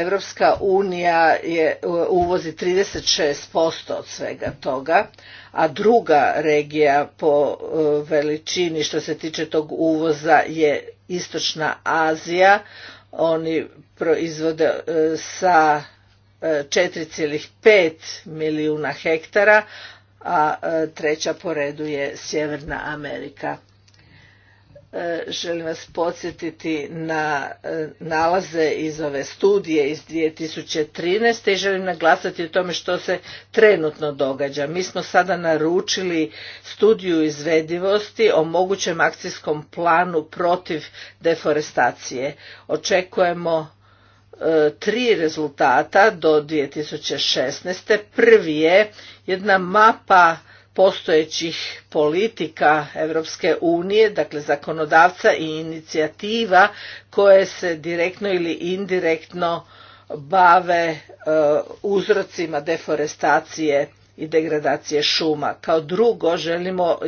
Europska unija je uvozi 36% od svega toga a druga regija po veličini što se tiče tog uvoza je istočna Azija oni proizvode e, sa 4,5 e, milijuna hektara, a e, treća po redu je Sjeverna Amerika. E, želim vas podsjetiti na e, nalaze iz ove studije iz 2013. i želim naglasiti o tome što se trenutno događa. Mi smo sada naručili studiju izvedivosti o mogućem akcijskom planu protiv deforestacije. Očekujemo e, tri rezultata do 2016. Prvi je jedna mapa postojećih politika Europske unije, dakle zakonodavca i inicijativa koje se direktno ili indirektno bave e, uzrocima deforestacije i degradacije šuma. Kao drugo želimo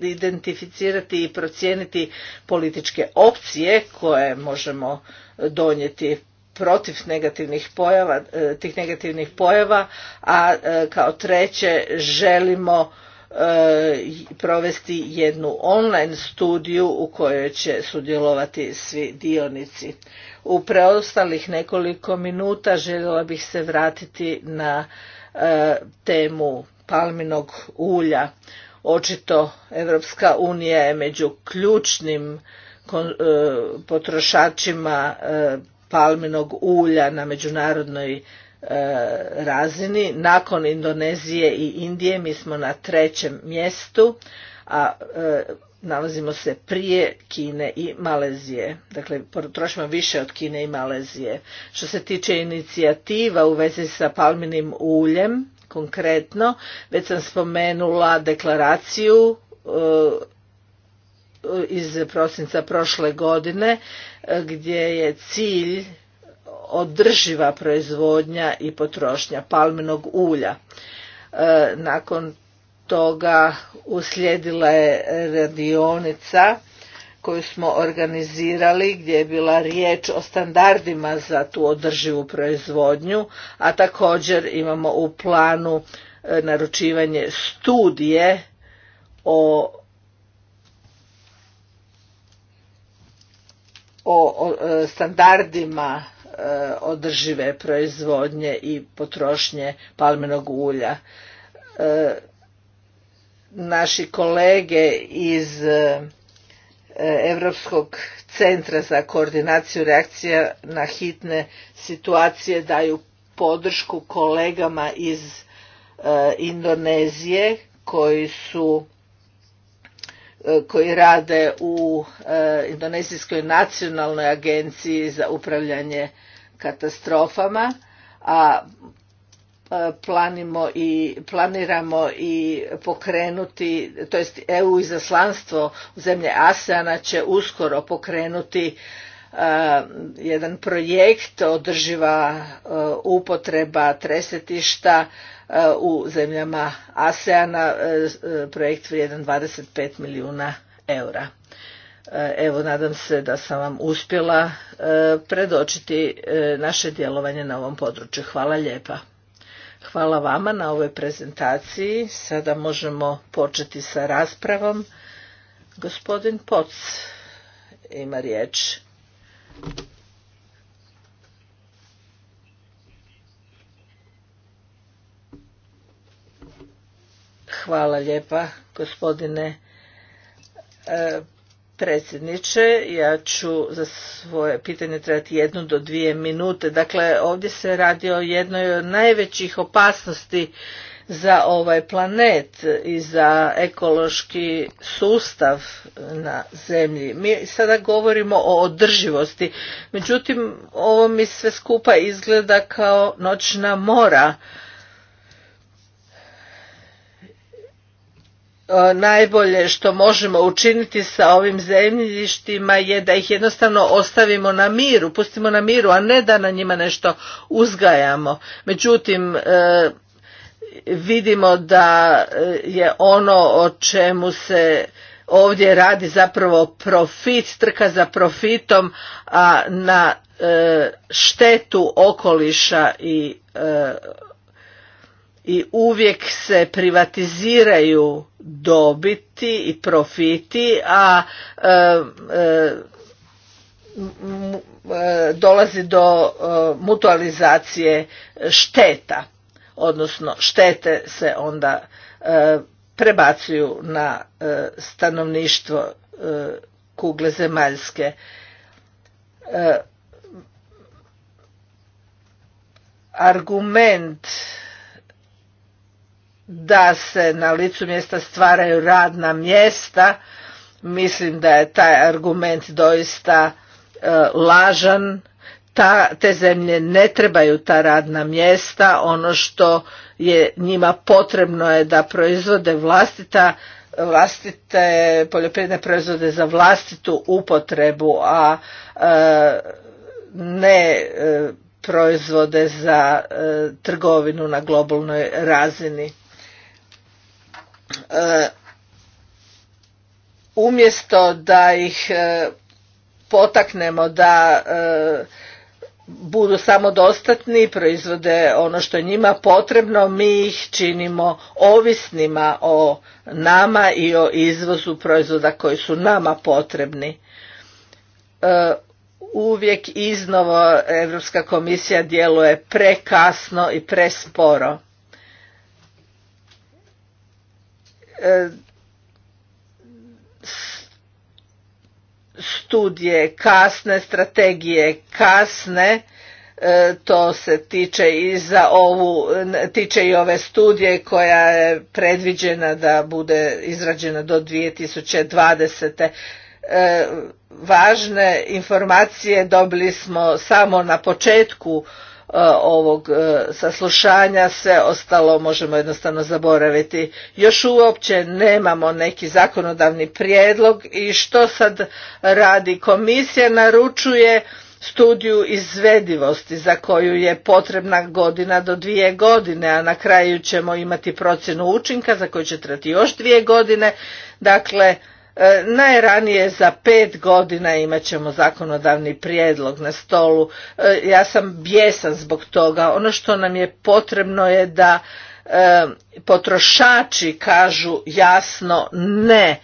identificirati i procijeniti političke opcije koje možemo donijeti protiv negativnih pojava, e, tih negativnih pojava, a e, kao treće želimo e, provesti jednu online studiju u kojoj će sudjelovati svi dionici. U preostalih nekoliko minuta željela bih se vratiti na temu palminog ulja. Očito Evropska unija je među ključnim potrošačima palminog ulja na međunarodnoj e, razini. Nakon Indonezije i Indije mi smo na trećem mjestu, a e, nalazimo se prije Kine i Malezije. Dakle, potrošimo više od Kine i Malezije. Što se tiče inicijativa u vezi sa palminim uljem, konkretno, već sam spomenula deklaraciju e, iz prosinca prošle godine e, gdje je cilj održiva proizvodnja i potrošnja palminog ulja. E, nakon toga uslijedila je radionica koju smo organizirali gdje je bila riječ o standardima za tu održivu proizvodnju, a također imamo u planu e, naručivanje studije o o e, standardima e, održive proizvodnje i potrošnje palmenog ulja. E, naši kolege iz Europskog centra za koordinaciju reakcija na hitne situacije daju podršku kolegama iz Indonezije koji su E, koji rade u e, Indonezijskoj nacionalnoj agenciji za upravljanje katastrofama, a e, planimo i, planiramo i pokrenuti, to jest EU izaslanstvo zemlje ASEANA će uskoro pokrenuti jedan projekt održiva upotreba tresetišta E, u zemljama ASEAN-a e, e, projekt vrijedan 25 milijuna eura. Evo, nadam se da sam vam uspjela predočiti naše djelovanje na ovom području. Hvala lijepa. Hvala vama na ovoj prezentaciji. Sada možemo početi sa raspravom. Gospodin Poc ima riječ. Hvala lijepa gospodine e, predsjedniče. Ja ću za svoje pitanje trebati jednu do dvije minute. Dakle, ovdje se radi o jednoj od najvećih opasnosti za ovaj planet i za ekološki sustav na zemlji. Mi sada govorimo o održivosti, međutim ovo mi sve skupa izgleda kao noćna mora. E, najbolje što možemo učiniti sa ovim zemljištima je da ih jednostavno ostavimo na miru, pustimo na miru, a ne da na njima nešto uzgajamo. Međutim, e, vidimo da e, je ono o čemu se ovdje radi zapravo profit, trka za profitom, a na štetu okoliša i i uvijek se privatiziraju dobiti i profiti, a e, e, e, dolazi do mutualizacije šteta, odnosno štete se onda prebacuju na stanovništvo kugle zemaljske. Argument da se na licu mjesta stvaraju radna mjesta, mislim da je taj argument doista e, lažan. Ta, te zemlje ne trebaju ta radna mjesta, ono što je njima potrebno je da proizvode vlastita, vlastite poljoprivredne proizvode za vlastitu upotrebu, a e, ne e, proizvode za trgovinu na globalnoj razini. E, umjesto da ih e, potaknemo da e, budu samodostatni proizvode ono što je njima potrebno mi ih činimo ovisnima o nama i o izvozu proizvoda koji su nama potrebni uvijek iznovo europska komisija djeluje prekasno i presporo E, studije kasne, strategije kasne, e, to se tiče i za ovu, tiče i ove studije koja je predviđena da bude izrađena do 2020. E, važne informacije dobili smo samo na početku E, ovog e, saslušanja, sve ostalo možemo jednostavno zaboraviti. Još uopće nemamo neki zakonodavni prijedlog i što sad radi komisija, naručuje studiju izvedivosti za koju je potrebna godina do dvije godine, a na kraju ćemo imati procjenu učinka za koju će trati još dvije godine. Dakle, E, najranije za pet godina imat ćemo zakonodavni prijedlog na stolu. E, ja sam bjesan zbog toga. Ono što nam je potrebno je da e, potrošači kažu jasno ne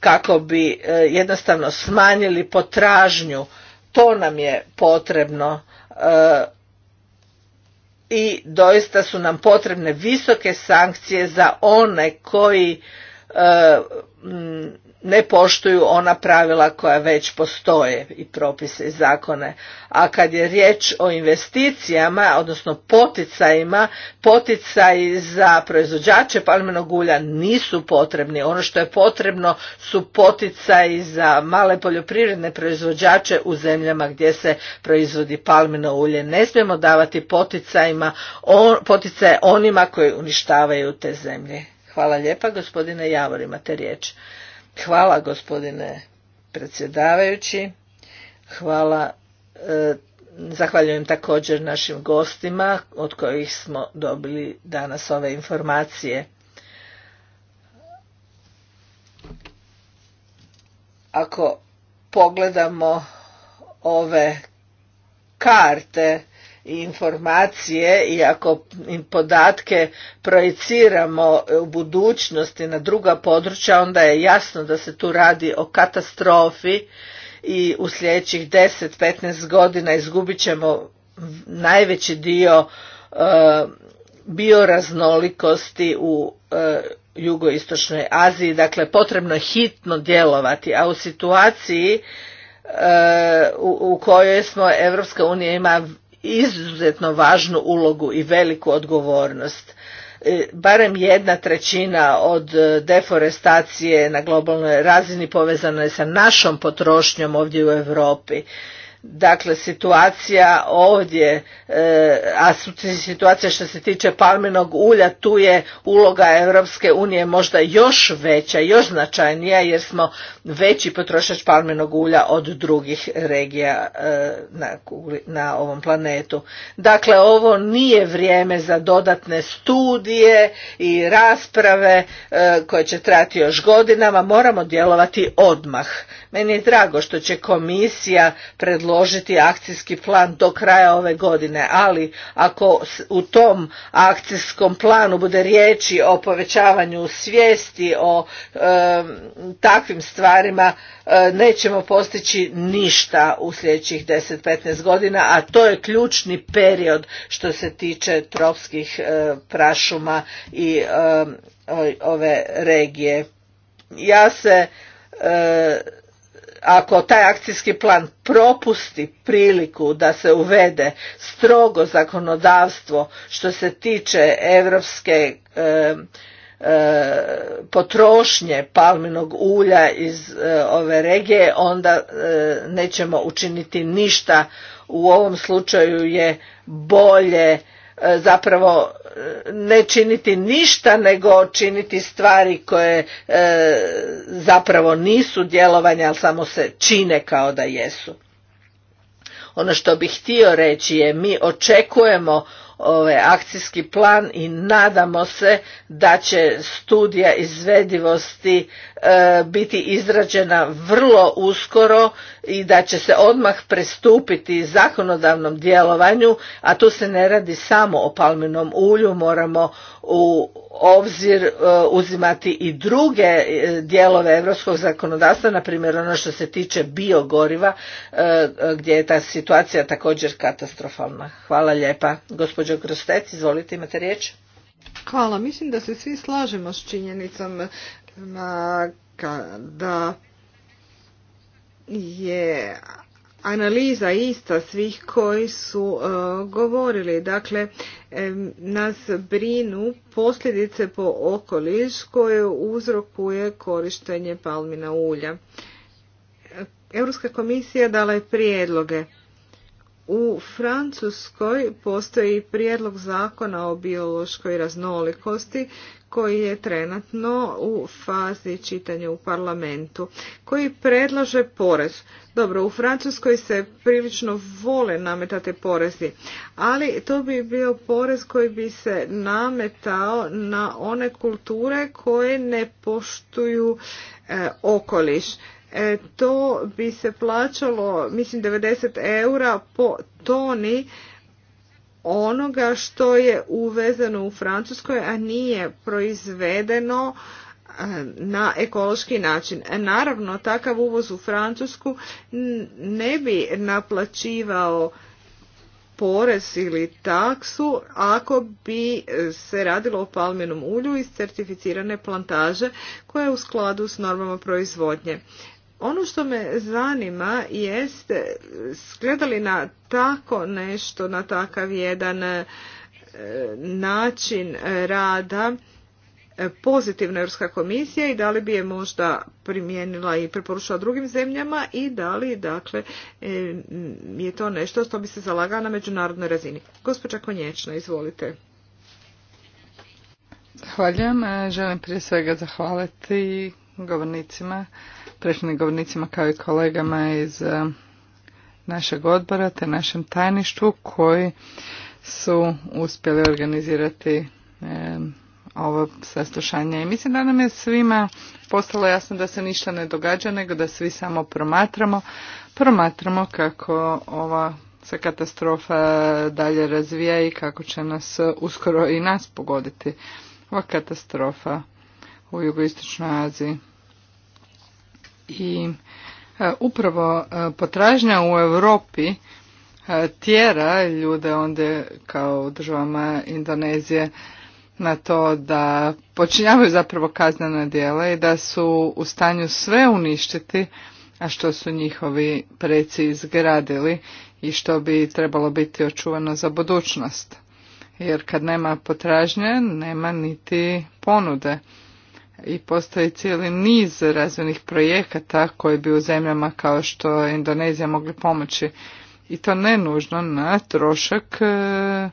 kako bi jednostavno smanjili potražnju. To nam je potrebno i doista su nam potrebne visoke sankcije za one koji ne poštuju ona pravila koja već postoje i propise i zakone. A kad je riječ o investicijama, odnosno poticajima, poticaji za proizvođače palminog ulja nisu potrebni. Ono što je potrebno su poticaji za male poljoprivredne proizvođače u zemljama gdje se proizvodi palmino ulje. Ne smijemo davati poticajima, poticaje onima koji uništavaju te zemlje. Hvala lijepa, gospodine Javor, imate riječ. Hvala gospodine predsjedavajući. Hvala e, Zahvaljujem također našim gostima od kojih smo dobili danas ove informacije. Ako pogledamo ove karte informacije i ako im podatke projiciramo u budućnosti na druga područja, onda je jasno da se tu radi o katastrofi i u sljedećih 10-15 godina izgubit ćemo najveći dio e, bioraznolikosti u e, jugoistočnoj Aziji, dakle potrebno je hitno djelovati, a u situaciji e, u kojoj smo Evropska unija ima izuzetno važnu ulogu i veliku odgovornost. E, barem jedna trećina od e, deforestacije na globalnoj razini povezana je sa našom potrošnjom ovdje u Europi. Dakle, situacija ovdje, e, a situacija što se tiče palminog ulja, tu je uloga Europske unije možda još veća, još značajnija jer smo veći potrošač palminog ulja od drugih regija e, na ovom planetu. Dakle, ovo nije vrijeme za dodatne studije i rasprave e, koje će trati još godinama, moramo djelovati odmah. Meni je drago što će komisija predložiti predložiti akcijski plan do kraja ove godine, ali ako u tom akcijskom planu bude riječi o povećavanju svijesti o takvim stvarima e, nećemo postići ništa u sljedećih 10-15 godina, a to je ključni period što se tiče tropskih e, prašuma i ove regije. Ja se e, ako taj akcijski plan propusti priliku da se uvede strogo zakonodavstvo što se tiče europske e, e, potrošnje palminog ulja iz e, ove regije onda nećemo učiniti ništa u ovom slučaju je bolje E, zapravo e, ne činiti ništa nego činiti stvari koje e, zapravo nisu djelovanja ali samo se čine kao da jesu ono što bih htio reći je mi očekujemo ovaj akcijski plan i nadamo se da će studija izvedivosti e, biti izrađena vrlo uskoro i da će se odmah prestupiti zakonodavnom djelovanju, a tu se ne radi samo o palminom ulju, moramo u obzir e, uzimati i druge e, dijelove europskog zakonodavstva, na primjer ono što se tiče biogoriva, gdje je ta situacija također katastrofalna. Hvala lijepa, gospođo Gospođo grostec izvolite, imate riječ. Hvala, mislim da se svi slažemo s činjenicom da je analiza ista svih koji su e, govorili. Dakle, e, nas brinu posljedice po okoliš koje uzrokuje korištenje palmina ulja. Europska komisija dala je prijedloge. U Francuskoj postoji prijedlog zakona o biološkoj raznolikosti koji je trenutno u fazi čitanja u parlamentu, koji predlaže porez. Dobro, u Francuskoj se prilično vole nametati porezi, ali to bi bio porez koji bi se nametao na one kulture koje ne poštuju e, okoliš. E, to bi se plaćalo mislim 90 eura po toni onoga što je uvezeno u Francuskoj, a nije proizvedeno e, na ekološki način. E, naravno, takav uvoz u Francusku ne bi naplaćivao porez ili taksu ako bi se radilo o palmenom ulju iz certificirane plantaže koja je u skladu s normama proizvodnje. Ono što me zanima jest skledali na tako nešto, na takav jedan e, način rada e, pozitivna Europska komisija i da li bi je možda primijenila i preporučila drugim zemljama i da li dakle e, je to nešto što bi se zalagao na međunarodnoj razini. Gospođa Konječna, izvolite. Zahvaljujem. Želim prije svega zahvaliti govornicima prethodnim govornicima kao i kolegama iz e, našeg odbora te našem tajništvu koji su uspjeli organizirati e, ovo saslušanje. I mislim da nam je svima postalo jasno da se ništa ne događa, nego da svi samo promatramo. Promatramo kako ova se katastrofa dalje razvija i kako će nas uskoro i nas pogoditi. Ova katastrofa u jugoistočnoj Aziji i e, upravo e, potražnja u Europi e, tjera ljude onda kao u državama Indonezije na to da počinjavaju zapravo kaznena djela i da su u stanju sve uništiti, a što su njihovi preci izgradili i što bi trebalo biti očuvano za budućnost. Jer kad nema potražnje, nema niti ponude i postoji cijeli niz razvojnih projekata koji bi u zemljama kao što Indonezija mogli pomoći i to ne nužno na trošak e, e,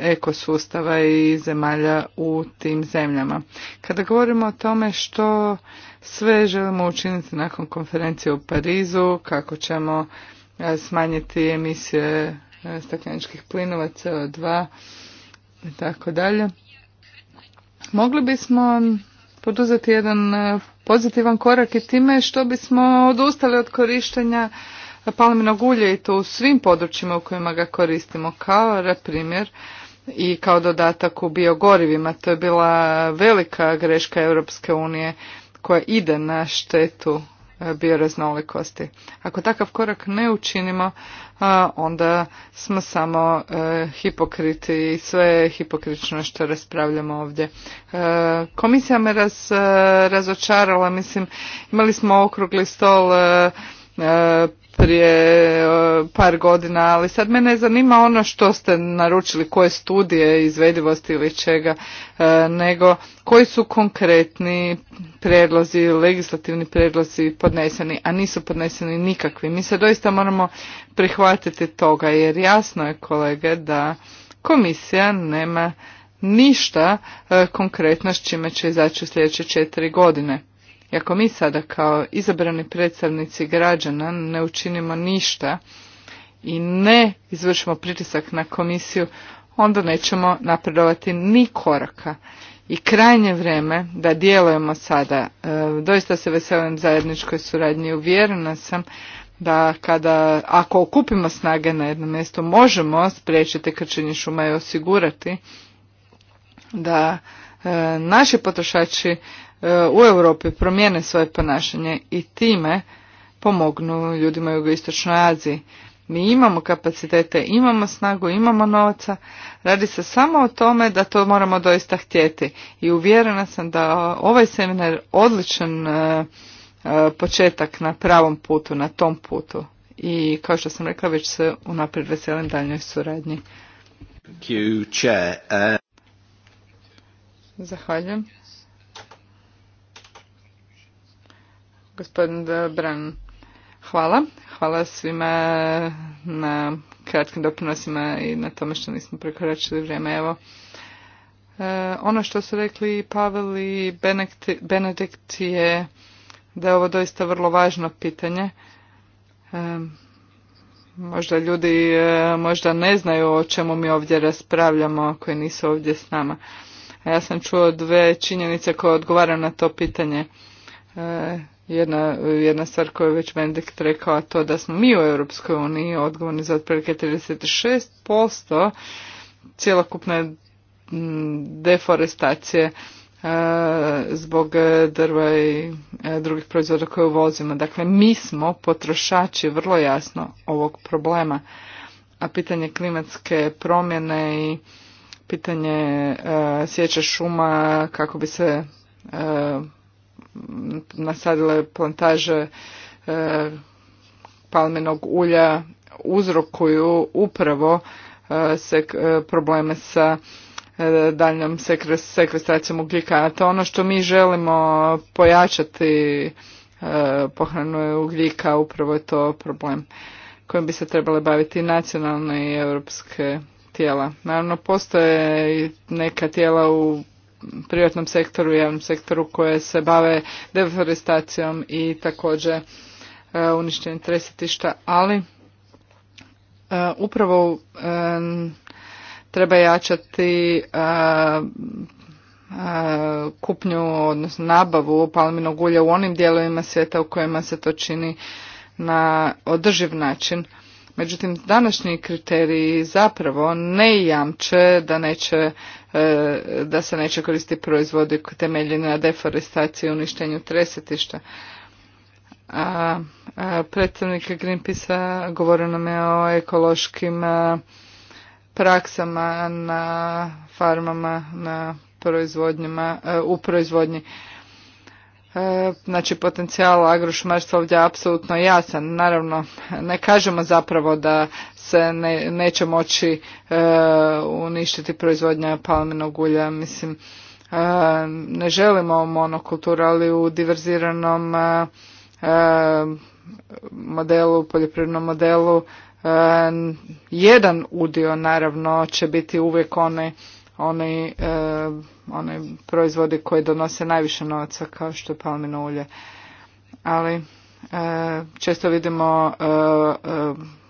ekosustava i zemalja u tim zemljama. Kada govorimo o tome što sve želimo učiniti nakon konferencije u Parizu, kako ćemo e, smanjiti emisije stakleničkih plinova CO2 i tako dalje. Mogli bismo poduzeti jedan e, pozitivan korak i time što bismo odustali od korištenja palminog ulja i to u svim područjima u kojima ga koristimo, kao na primjer i kao dodatak u biogorivima. To je bila velika greška Europske unije koja ide na štetu bioraznolikosti. Ako takav korak ne učinimo, onda smo samo e, hipokriti i sve je hipokrično što raspravljamo ovdje. E, komisija me raz, e, razočarala, mislim, imali smo okrugli stol prije e, par godina, ali sad mene zanima ono što ste naručili, koje studije izvedivosti ili čega, e, nego koji su konkretni predlozi, legislativni predlozi podneseni, a nisu podneseni nikakvi. Mi se doista moramo prihvatiti toga, jer jasno je kolege da komisija nema ništa e, konkretno s čime će izaći u sljedeće četiri godine. I ako mi sada kao izabrani predstavnici građana ne učinimo ništa i ne izvršimo pritisak na komisiju, onda nećemo napredovati ni koraka. I krajnje vrijeme da djelujemo sada. E, doista se veselim zajedničkoj suradnji. Uvjerena sam da kada, ako okupimo snage na jedno mjesto, možemo spriječiti krčenje šuma i osigurati da e, naši potrošači u Europi promijene svoje ponašanje i time pomognu ljudima u jugoistočnoj Aziji. Mi imamo kapacitete, imamo snagu, imamo novaca. Radi se samo o tome da to moramo doista htjeti. I uvjerena sam da ovaj seminar odličan e, e, početak na pravom putu, na tom putu. I kao što sam rekla, već se unaprijed veselim daljnjoj suradnji. Uh, Zahvaljujem. Gospodin Bran, hvala. Hvala svima na kratkim doprinosima i na tome što nismo prekoračili vrijeme. Evo, e, ono što su rekli Pavel i Benedikt je da je ovo doista vrlo važno pitanje. E, možda ljudi e, možda ne znaju o čemu mi ovdje raspravljamo koji nisu ovdje s nama. A ja sam čuo dve činjenice koje odgovaram na to pitanje. E, jedna, jedna stvar koju je već Benedikt rekao, a to da smo mi u Europskoj uniji odgovorni za otprilike 36% cjelokupne deforestacije e, zbog drva i e, drugih proizvoda koje uvozimo. Dakle, mi smo potrošači vrlo jasno ovog problema. A pitanje klimatske promjene i pitanje e, sjeća šuma kako bi se nasadile plantaže e, palmenog ulja uzrokuju upravo e, e, probleme sa daljnjom sekvestracijom ugljika. A To ono što mi želimo pojačati pohranu ugljika, upravo je to problem kojim bi se trebale baviti nacionalne i europske tijela. Naravno, postoje neka tijela u privatnom sektoru i javnom sektoru koje se bave deforestacijom i također e, uništenjem tresetišta, ali e, upravo e, treba jačati kupnju, odnosno nabavu palminog ulja u onim dijelovima svijeta u kojima se to čini na održiv način. Međutim, današnji kriteriji zapravo ne jamče da neće E, da se neće koristiti proizvodi temeljeni na deforestaciji i uništenju tresetišta. A, a predstavnik Greenpeace-a govorio nam je o ekološkim praksama na farmama, na proizvodnjama, e, u proizvodnji. E, znači potencijal agrošumarstva ovdje je apsolutno jasan. Naravno, ne kažemo zapravo da se ne, neće moći e, uništiti proizvodnja palminog ulja. Mislim, e, ne želimo monokulturu, ali u diverziranom e, modelu, poljoprivrednom modelu, jedan udio naravno će biti uvijek one oni, oni proizvodi koji donose najviše novaca kao što je palmino ulje. Ali često vidimo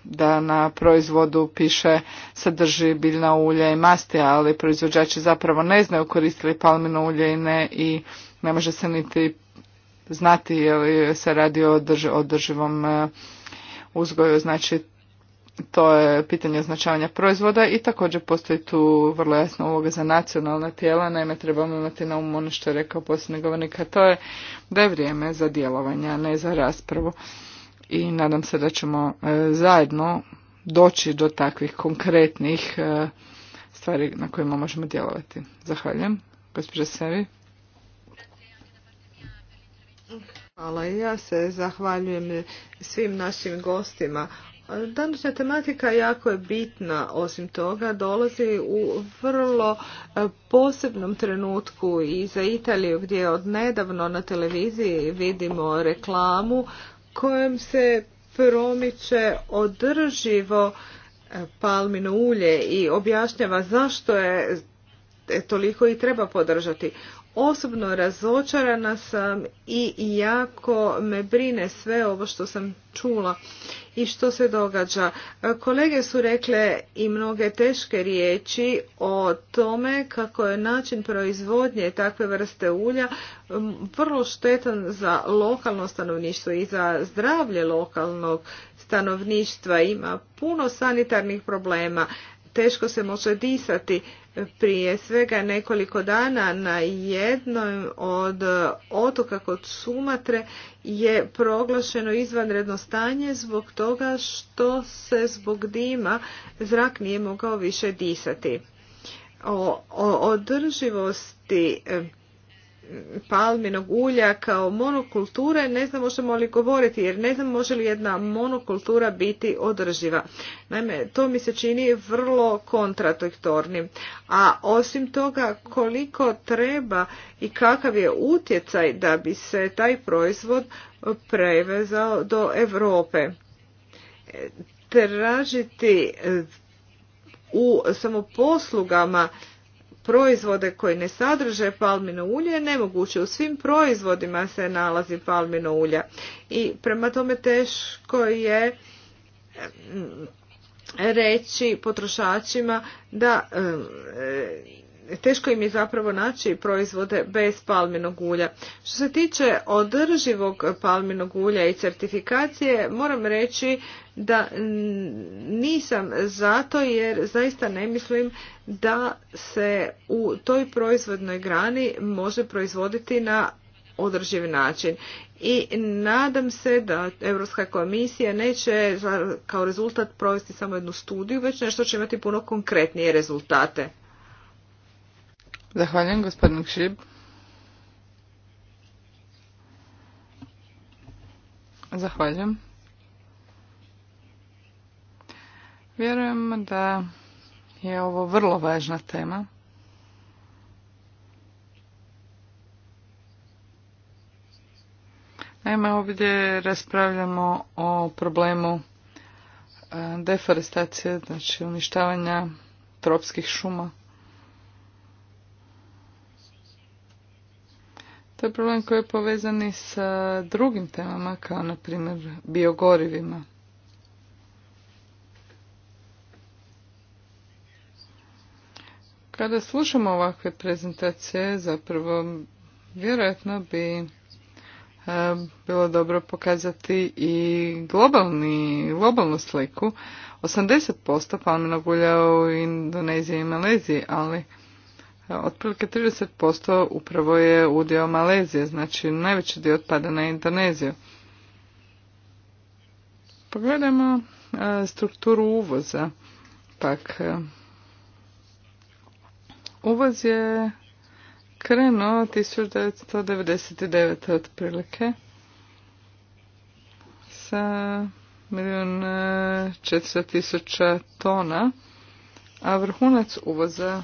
da na proizvodu piše sadrži biljna ulja i masti, ali proizvođači zapravo ne znaju koristili palmino ulje i ne i ne može se niti znati je li se radi o održivom e, uzgoju. Znači to je pitanje označavanja proizvoda i također postoji tu vrlo jasna uloga za nacionalna tijela, naime trebamo imati na umu ono što je rekao posljednji govornik, a to je da je vrijeme za djelovanje, a ne za raspravu i nadam se da ćemo e, zajedno doći do takvih konkretnih e, stvari na kojima možemo djelovati. Zahvaljujem. Gospođa Sevi. Hvala. Ja se zahvaljujem svim našim gostima. Današnja tematika jako je bitna, osim toga dolazi u vrlo e, posebnom trenutku i za Italiju gdje od nedavno na televiziji vidimo reklamu kojem se promiče održivo e, palmino ulje i objašnjava zašto je e, toliko i treba podržati. Osobno razočarana sam i jako me brine sve ovo što sam čula i što se događa. Kolege su rekle i mnoge teške riječi o tome kako je način proizvodnje takve vrste ulja vrlo štetan za lokalno stanovništvo i za zdravlje lokalnog stanovništva. Ima puno sanitarnih problema, teško se može disati, prije svega nekoliko dana na jednom od otoka kod Sumatre je proglašeno izvanredno stanje zbog toga što se zbog dima zrak nije mogao više disati. o održivosti palminog ulja kao monokulture ne znam možemo li govoriti jer ne znam može li jedna monokultura biti održiva. Naime, to mi se čini vrlo kontradiktornim. A osim toga koliko treba i kakav je utjecaj da bi se taj proizvod prevezao do Europe. E, tražiti u samoposlugama proizvode koji ne sadrže palmino ulje je nemoguće. U svim proizvodima se nalazi palmino ulja i prema tome teško je mm, reći potrošačima da mm, teško im je zapravo naći proizvode bez palminog ulja. Što se tiče održivog palminog ulja i certifikacije, moram reći da nisam zato jer zaista ne mislim da se u toj proizvodnoj grani može proizvoditi na održiv način. I nadam se da Europska komisija neće kao rezultat provesti samo jednu studiju, već nešto će imati puno konkretnije rezultate. Zahvaljujem, gospodin Šib. Zahvaljujem. Vjerujem da je ovo vrlo važna tema. Naime, ovdje raspravljamo o problemu e, deforestacije, znači uništavanja tropskih šuma. To je problem koji je povezan i sa drugim temama, kao na primjer biogorivima. Kada slušamo ovakve prezentacije, zapravo vjerojatno bi e, bilo dobro pokazati i globalni, globalnu sliku. 80% palminog ulja u Indoneziji i Maleziji, ali Otprilike 30% upravo je dio Malezije, znači najveći dio otpada na Indoneziju. Pogledajmo e, strukturu uvoza. Pak, e, uvoz je krenuo 1999. otprilike sa milijun e, četiri tisuća tona, a vrhunac uvoza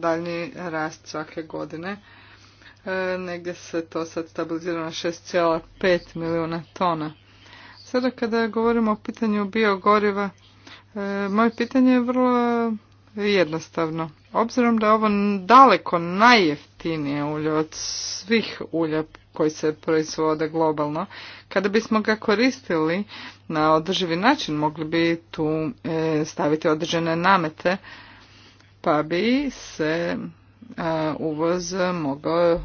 daljnji rast svake godine. E, negdje se to sad stabilizira na 6,5 milijuna tona. Sada kada govorimo o pitanju biogoriva, e, moje pitanje je vrlo jednostavno. Obzirom da je ovo daleko najjeftinije ulje od svih ulja koji se proizvode globalno, kada bismo ga koristili na održivi način, mogli bi tu e, staviti određene namete pa bi se uvoz mogao e,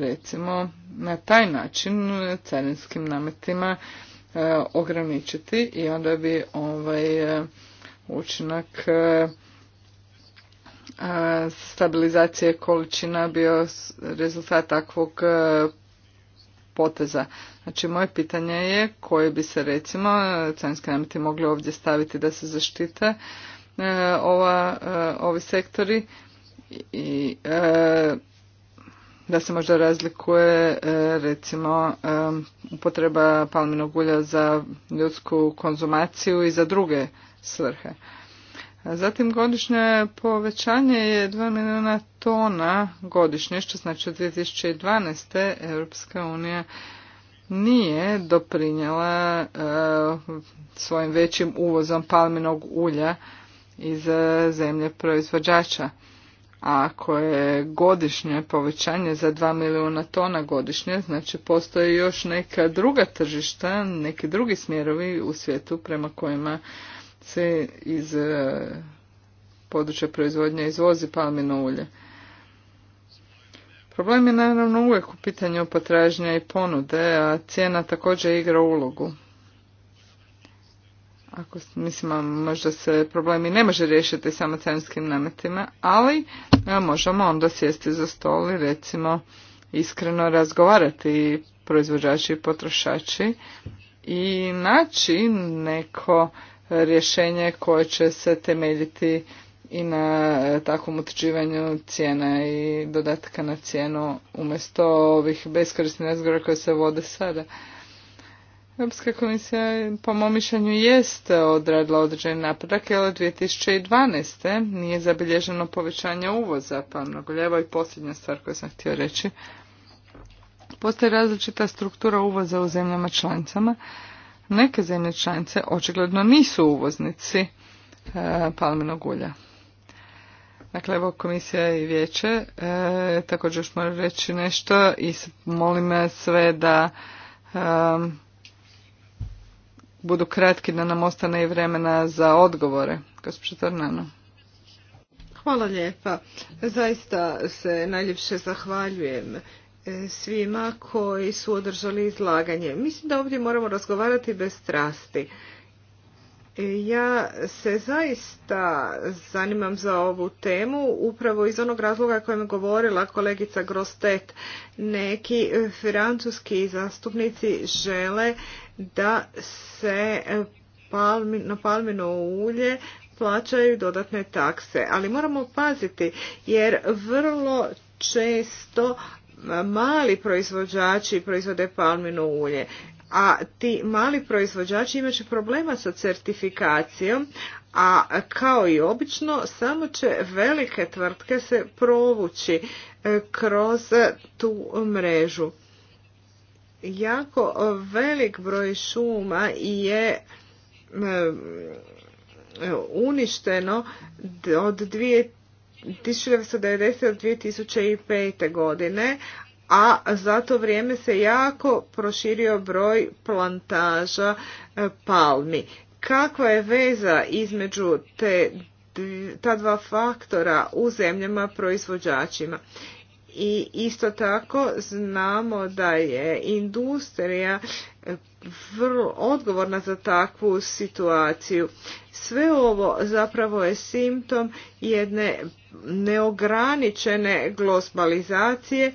recimo na taj način carinskim nametima e, ograničiti i onda bi ovaj e, učinak stabilizacije količina bio rezultat takvog poteza. Znači moje pitanje je koje bi se recimo carinski nameti mogli ovdje staviti da se zaštite E, ova, e, ovi sektori i e, da se možda razlikuje recimo upotreba palminog ulja za ljudsku konzumaciju i za druge svrhe. Zatim godišnje povećanje je 2 milijuna tona godišnje, što znači od 2012. Europska unija nije doprinjela svojim većim uvozom palminog ulja iz e, zemlje proizvođača. A ako je godišnje povećanje za 2 milijuna tona godišnje, znači postoje još neka druga tržišta, neki drugi smjerovi u svijetu prema kojima se iz e, područja proizvodnje izvozi palmino ulje. Problem je naravno uvijek u pitanju potražnja i ponude, a cijena također igra ulogu ako mislim možda se problemi ne može riješiti samo carinskim nametima, ali možemo onda sjesti za stol i recimo iskreno razgovarati proizvođači i potrošači i naći neko rješenje koje će se temeljiti i na e, takvom utvrđivanju cijena i dodatka na cijenu umjesto ovih beskorisnih razgovora koje se vode sada. Europska komisija po mom mišljenju jest odradila određeni napredak, jer od 2012. nije zabilježeno povećanje uvoza, pa mnogo ljevo i posljednja stvar koju sam htio reći. Postoji različita struktura uvoza u zemljama članicama. Neke zemlje članice očigledno nisu uvoznici e, palminog ulja. Dakle, evo komisija i vijeće, e, također još moram reći nešto i molim sve da e, budu kratki da nam ostane i vremena za odgovore. Gospođo Tornano. Hvala lijepa. Zaista se najljepše zahvaljujem e, svima koji su održali izlaganje. Mislim da ovdje moramo razgovarati bez strasti. E, ja se zaista zanimam za ovu temu upravo iz onog razloga kojem je govorila kolegica Grostet. Neki francuski zastupnici žele da se eh, na palmino ulje plaćaju dodatne takse. Ali moramo paziti jer vrlo često eh, mali proizvođači proizvode palmino ulje. A ti mali proizvođači imaju problema sa certifikacijom, a kao i obično samo će velike tvrtke se provući eh, kroz tu mrežu jako velik broj šuma je e, uništeno od 1990. do 2005. godine, a za to vrijeme se jako proširio broj plantaža e, palmi. Kakva je veza između te ta dva faktora u zemljama proizvođačima? i isto tako znamo da je industrija vrlo odgovorna za takvu situaciju. Sve ovo zapravo je simptom jedne neograničene globalizacije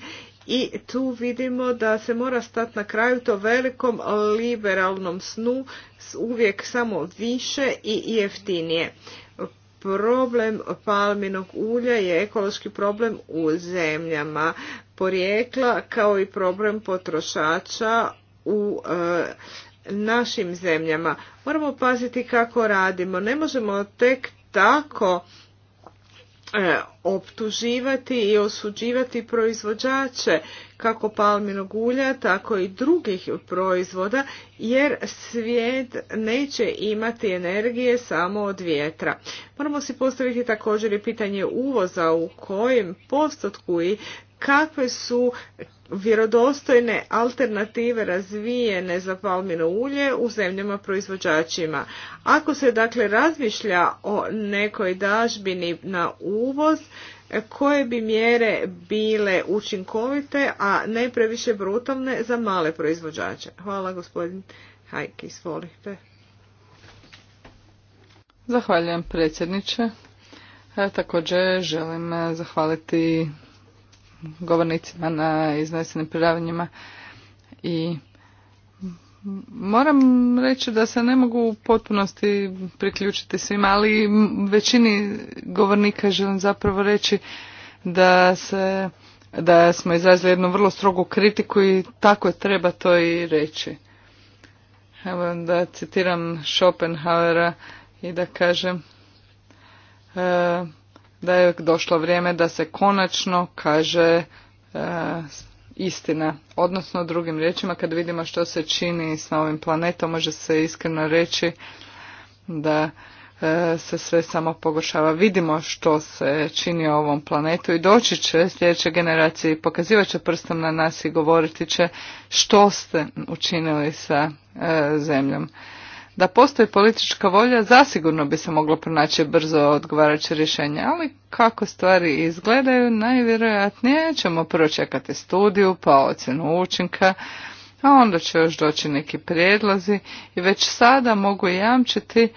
i tu vidimo da se mora stati na kraju to velikom liberalnom snu uvijek samo više i jeftinije problem palminog ulja je ekološki problem u zemljama porijekla kao i problem potrošača u e, našim zemljama. Moramo paziti kako radimo. Ne možemo tek tako E, optuživati i osuđivati proizvođače kako palminog ulja, tako i drugih proizvoda, jer svijet neće imati energije samo od vjetra. Moramo si postaviti također i pitanje uvoza u kojem postotku i kakve su vjerodostojne alternative razvijene za palmino ulje u zemljama proizvođačima. Ako se dakle razmišlja o nekoj dažbini na uvoz, koje bi mjere bile učinkovite, a ne previše brutalne za male proizvođače. Hvala gospodin Hajki, izvolite. Zahvaljujem predsjedniče. također želim eh, zahvaliti govornicima na iznesenim predavanjima i moram reći da se ne mogu u potpunosti priključiti svima, ali većini govornika želim zapravo reći da se da smo izrazili jednu vrlo strogu kritiku i tako je treba to i reći. Evo da citiram Schopenhauera i da kažem e, da je došlo vrijeme da se konačno kaže e, istina. Odnosno, drugim riječima, kad vidimo što se čini s ovim planetom, može se iskreno reći da e, se sve samo pogoršava. Vidimo što se čini ovom planetu i doći će sljedeće generacije i pokazivat će prstom na nas i govoriti će što ste učinili sa e, zemljom da postoji politička volja, zasigurno bi se moglo pronaći brzo odgovarajuće rješenje, ali kako stvari izgledaju, najvjerojatnije ćemo prvo čekati studiju, pa ocjenu učinka, a onda će još doći neki prijedlozi i već sada mogu jamčiti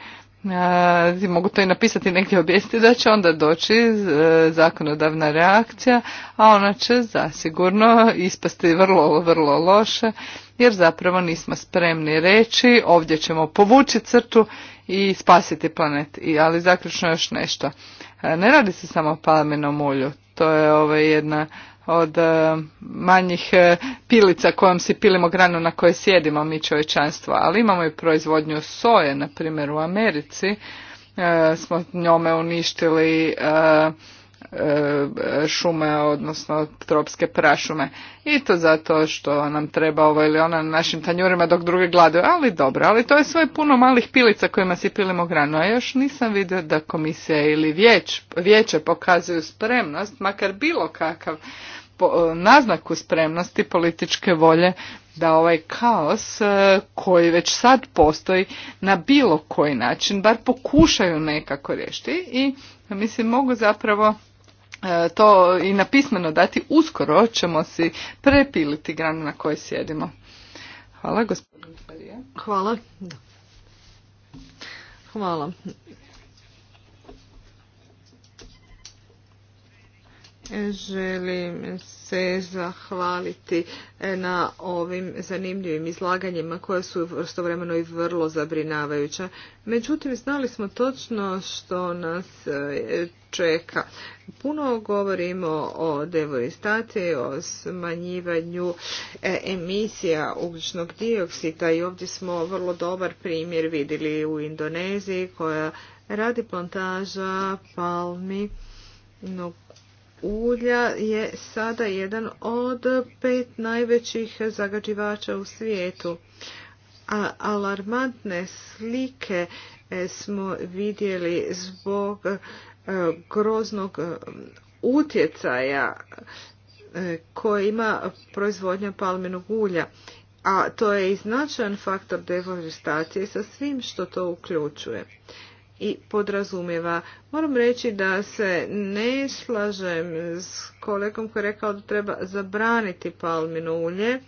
e, mogu to i napisati negdje objesti da će onda doći e, zakonodavna reakcija, a ona će zasigurno ispasti vrlo, vrlo loše jer zapravo nismo spremni reći ovdje ćemo povući crtu i spasiti planet. I, ali zaključno još nešto. E, ne radi se samo o palmenom ulju, to je ovaj jedna od e, manjih e, pilica kojom si pilimo granu na kojoj sjedimo mi čovječanstvo, ali imamo i proizvodnju soje, na primjer u Americi smo njome uništili E, šume, odnosno tropske prašume. I to zato što nam treba ovo ili ona na našim tanjurima dok druge gladaju, Ali dobro, ali to je sve puno malih pilica kojima si pilimo granu. A još nisam vidio da komisija ili vijeće pokazuju spremnost, makar bilo kakav po, e, naznaku spremnosti političke volje da ovaj kaos e, koji već sad postoji na bilo koji način, bar pokušaju nekako riješiti i mislim mogu zapravo E, to i napismeno dati, uskoro ćemo si prepiliti granu na kojoj sjedimo. Hvala, gospodin Farija. Hvala. Hvala. Želim se zahvaliti e, na ovim zanimljivim izlaganjima koja su istovremeno i vrlo zabrinavajuća. Međutim, znali smo točno što nas e, čeka. Puno govorimo o devoristaciji, o smanjivanju e, emisija ugljičnog dioksida i ovdje smo vrlo dobar primjer vidjeli u Indoneziji koja radi plantaža palmi no ulja je sada jedan od pet najvećih zagađivača u svijetu. A alarmantne slike e, smo vidjeli zbog e, groznog e, utjecaja koje ima proizvodnja palminog ulja. A to je i značajan faktor deforestacije sa svim što to uključuje i podrazumijeva. Moram reći da se ne slažem s kolegom koji je rekao da treba zabraniti palmino ulje,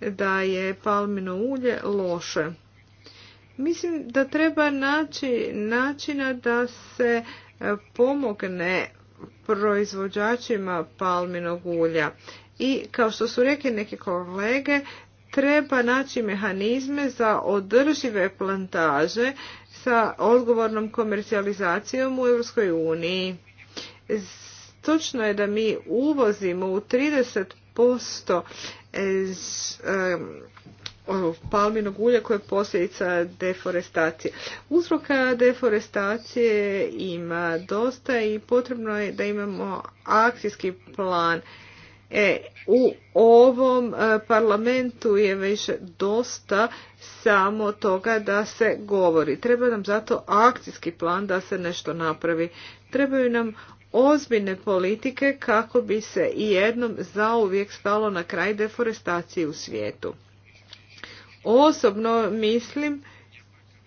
da je palmino ulje loše. Mislim da treba naći načina da se e, pomogne proizvođačima palminog ulja. I kao što su rekli neke kolege, treba naći mehanizme za održive plantaže sa odgovornom komercijalizacijom u Europskoj uniji. Točno je da mi uvozimo u 30% iz, e, palminog ulja koje je posljedica deforestacije. Uzroka deforestacije ima dosta i potrebno je da imamo akcijski plan. E, u ovom e, parlamentu je već dosta samo toga da se govori. Treba nam zato akcijski plan da se nešto napravi. Trebaju nam ozbiljne politike kako bi se i jednom zauvijek stalo na kraj deforestacije u svijetu. Osobno mislim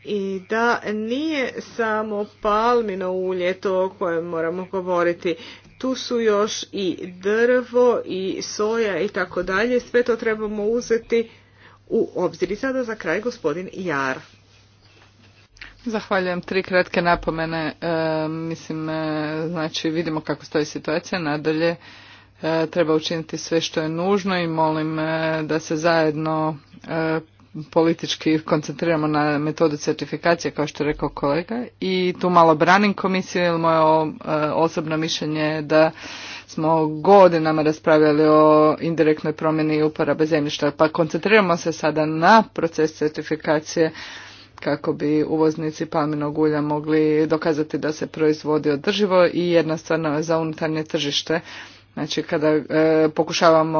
i da nije samo palmino ulje to o kojem moramo govoriti. Tu su još i drvo i soja i tako dalje. Sve to trebamo uzeti u obzir. sada za kraj gospodin Jar. Zahvaljujem. Tri kratke napomene. E, mislim, e, znači vidimo kako stoji situacija. Nadalje e, treba učiniti sve što je nužno i molim da se zajedno politički koncentriramo na metodu certifikacije kao što je rekao kolega i tu malo branim komisiju jer moje osobno mišljenje je da smo godinama raspravljali o indirektnoj promjeni uporabe zemljišta, pa koncentriramo se sada na proces certifikacije kako bi uvoznici palminog ulja mogli dokazati da se proizvodi održivo i jednostavno za unutarnje tržište. Znači kada e, pokušavamo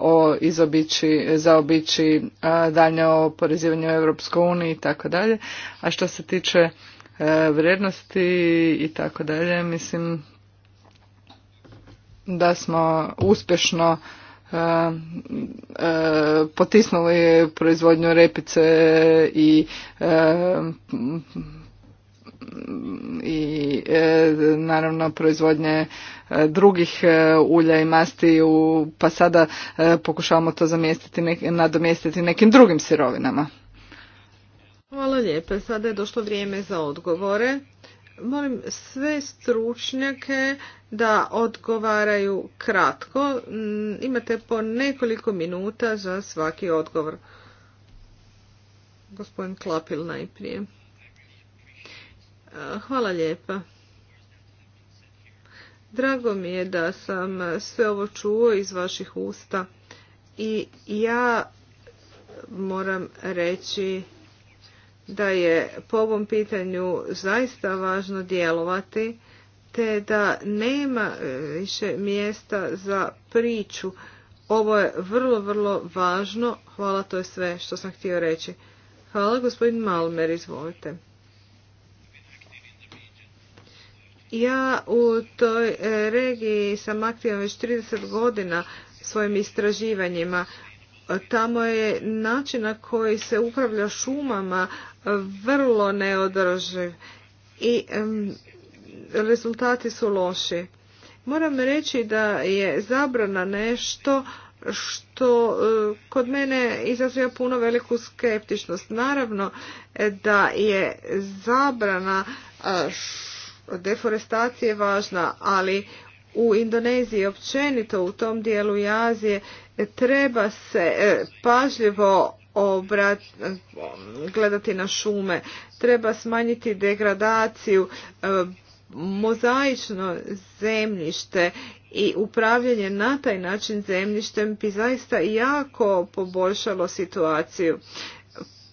o izobići, zaobići dalje daljnje oporezivanje u Europskoj uniji i tako dalje. A što se tiče e, vrijednosti i tako dalje, mislim da smo uspješno e, e, potisnuli proizvodnju repice i e, i naravno proizvodnje drugih ulja i masti u, pa sada pokušavamo to zamjestiti, nadomjestiti nekim drugim sirovinama. Hvala lijepe. Sada je došlo vrijeme za odgovore. Molim sve stručnjake da odgovaraju kratko. Mm, imate po nekoliko minuta za svaki odgovor. Gospodin Klapil najprije. E, hvala lijepa. Drago mi je da sam sve ovo čuo iz vaših usta i ja moram reći da je po ovom pitanju zaista važno djelovati te da nema e, više mjesta za priču. Ovo je vrlo, vrlo važno. Hvala, to je sve što sam htio reći. Hvala, gospodin Malmer, izvolite. Ja u toj e, regiji sam aktivan već 30 godina svojim istraživanjima. Tamo je način na koji se upravlja šumama vrlo neodrživ i rezultati su loši. Moram reći da je zabrana nešto što e, kod mene izaziva puno veliku skeptičnost. Naravno da je zabrana deforestacije važna, ali u Indoneziji općenito u tom dijelu Jazije, treba se e, pažljivo obrat, gledati na šume, treba smanjiti degradaciju, e, mozaično zemljište i upravljanje na taj način zemljištem bi zaista jako poboljšalo situaciju.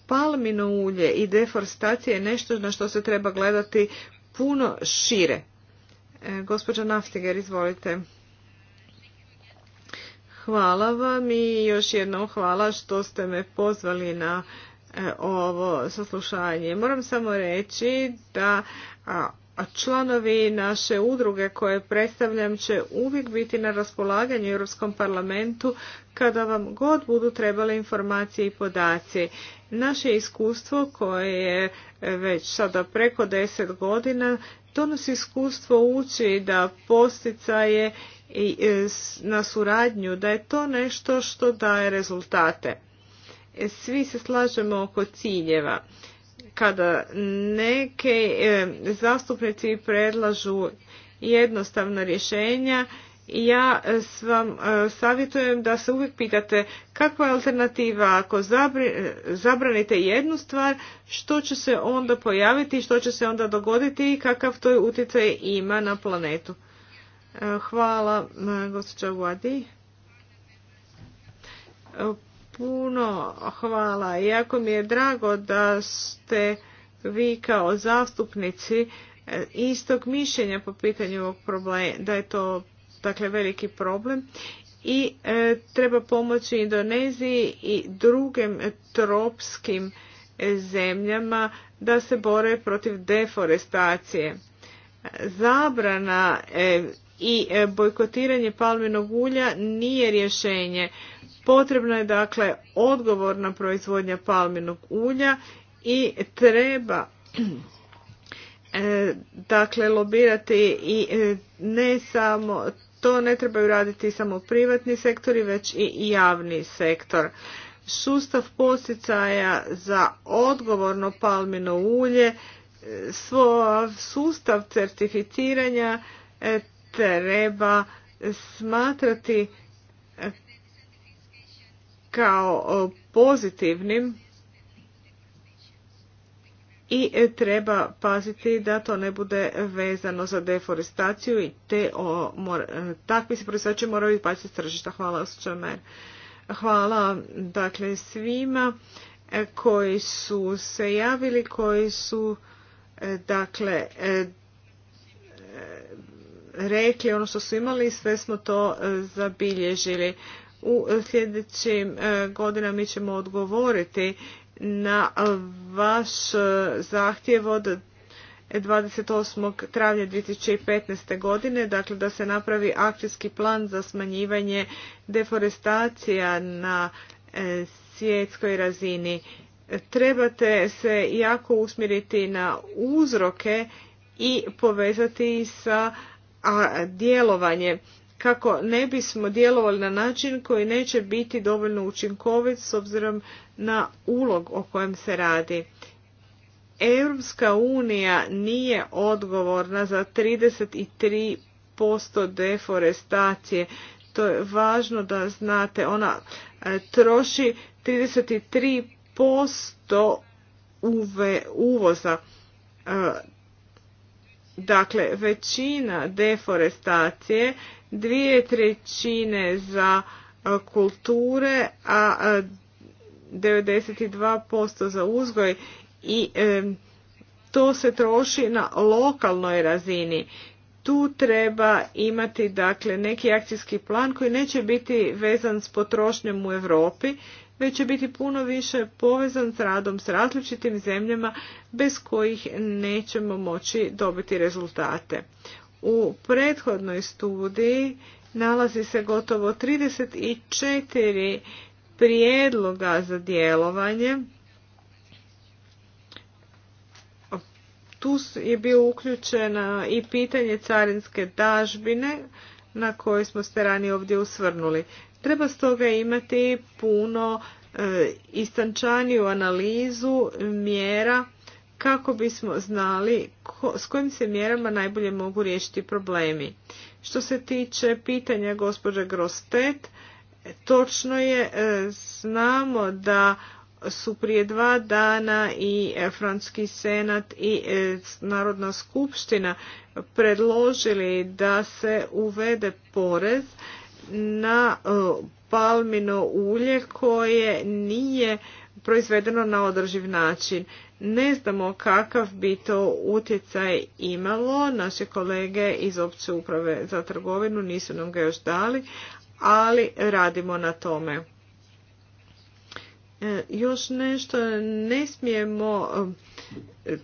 Palmino ulje i deforestacija je nešto na što se treba gledati puno šire. E, gospođa Naftiger, izvolite. Hvala vam i još jednom hvala što ste me pozvali na e, ovo saslušanje. Moram samo reći da članovi naše udruge koje predstavljam će uvijek biti na raspolaganju Europskom parlamentu kada vam god budu trebale informacije i podaci. Naše iskustvo koje je e, već sada preko deset godina, to iskustvo uči da posticaje i e, na suradnju, da je to nešto što daje rezultate. E, svi se slažemo oko ciljeva. Kada neke e, zastupnici predlažu jednostavna rješenja, ja vam savjetujem da se uvijek pitate kakva je alternativa ako zabranite jednu stvar, što će se onda pojaviti, što će se onda dogoditi i kakav to utjecaj ima na planetu. Hvala, gospođa Vadi. Puno hvala. Jako mi je drago da ste vi kao zastupnici e, istog mišljenja po pitanju ovog problema, da je to dakle veliki problem i e, treba pomoći Indoneziji i drugim tropskim zemljama da se bore protiv deforestacije. Zabrana e, i e, bojkotiranje palminog ulja nije rješenje. Potrebna je dakle odgovorna proizvodnja palminog ulja i treba e, dakle lobirati i e, ne samo to ne trebaju raditi samo privatni sektori već i javni sektor. Sustav poticaja za odgovorno palmino ulje, svo sustav certificiranja treba smatrati kao pozitivnim i treba paziti da to ne bude vezano za deforestaciju i te o, mor, takvi se proizvođači moraju izbaciti s tržišta. Hvala Hvala dakle svima koji su se javili, koji su dakle rekli, ono što su imali, sve smo to e, zabilježili. U sljedećim e, godinama mi ćemo odgovoriti na vaš e, zahtjev od 28. travnja 2015. godine, dakle da se napravi akcijski plan za smanjivanje deforestacija na svjetskoj razini. Trebate se jako usmjeriti na uzroke i povezati sa a djelovanje kako ne bismo djelovali na način koji neće biti dovoljno učinkovit s obzirom na ulog o kojem se radi. Europska unija nije odgovorna za 33% deforestacije. To je važno da znate. Ona e, troši 33% uvoza e, Dakle, većina deforestacije, dvije trećine za kulture, a 92% za uzgoj i to se troši na lokalnoj razini. Tu treba imati dakle neki akcijski plan koji neće biti vezan s potrošnjom u Europi već će biti puno više povezan s radom s različitim zemljama bez kojih nećemo moći dobiti rezultate. U prethodnoj studiji nalazi se gotovo 34 prijedloga za djelovanje. Tu je bio uključena i pitanje carinske dažbine na koje smo se ranije ovdje usvrnuli. Treba stoga imati puno e, istančaniju analizu mjera kako bismo znali s kojim se mjerama najbolje mogu riješiti problemi. Što se tiče pitanja gospođe Grostet, točno je, e, znamo da su prije dva dana i Francuski senat i e, Narodna skupština predložili da se uvede porez na e, palmino ulje koje nije proizvedeno na održiv način. Ne znamo kakav bi to utjecaj imalo. Naše kolege iz opće uprave za trgovinu nisu nam ga još dali, ali radimo na tome. E, još nešto ne smijemo e,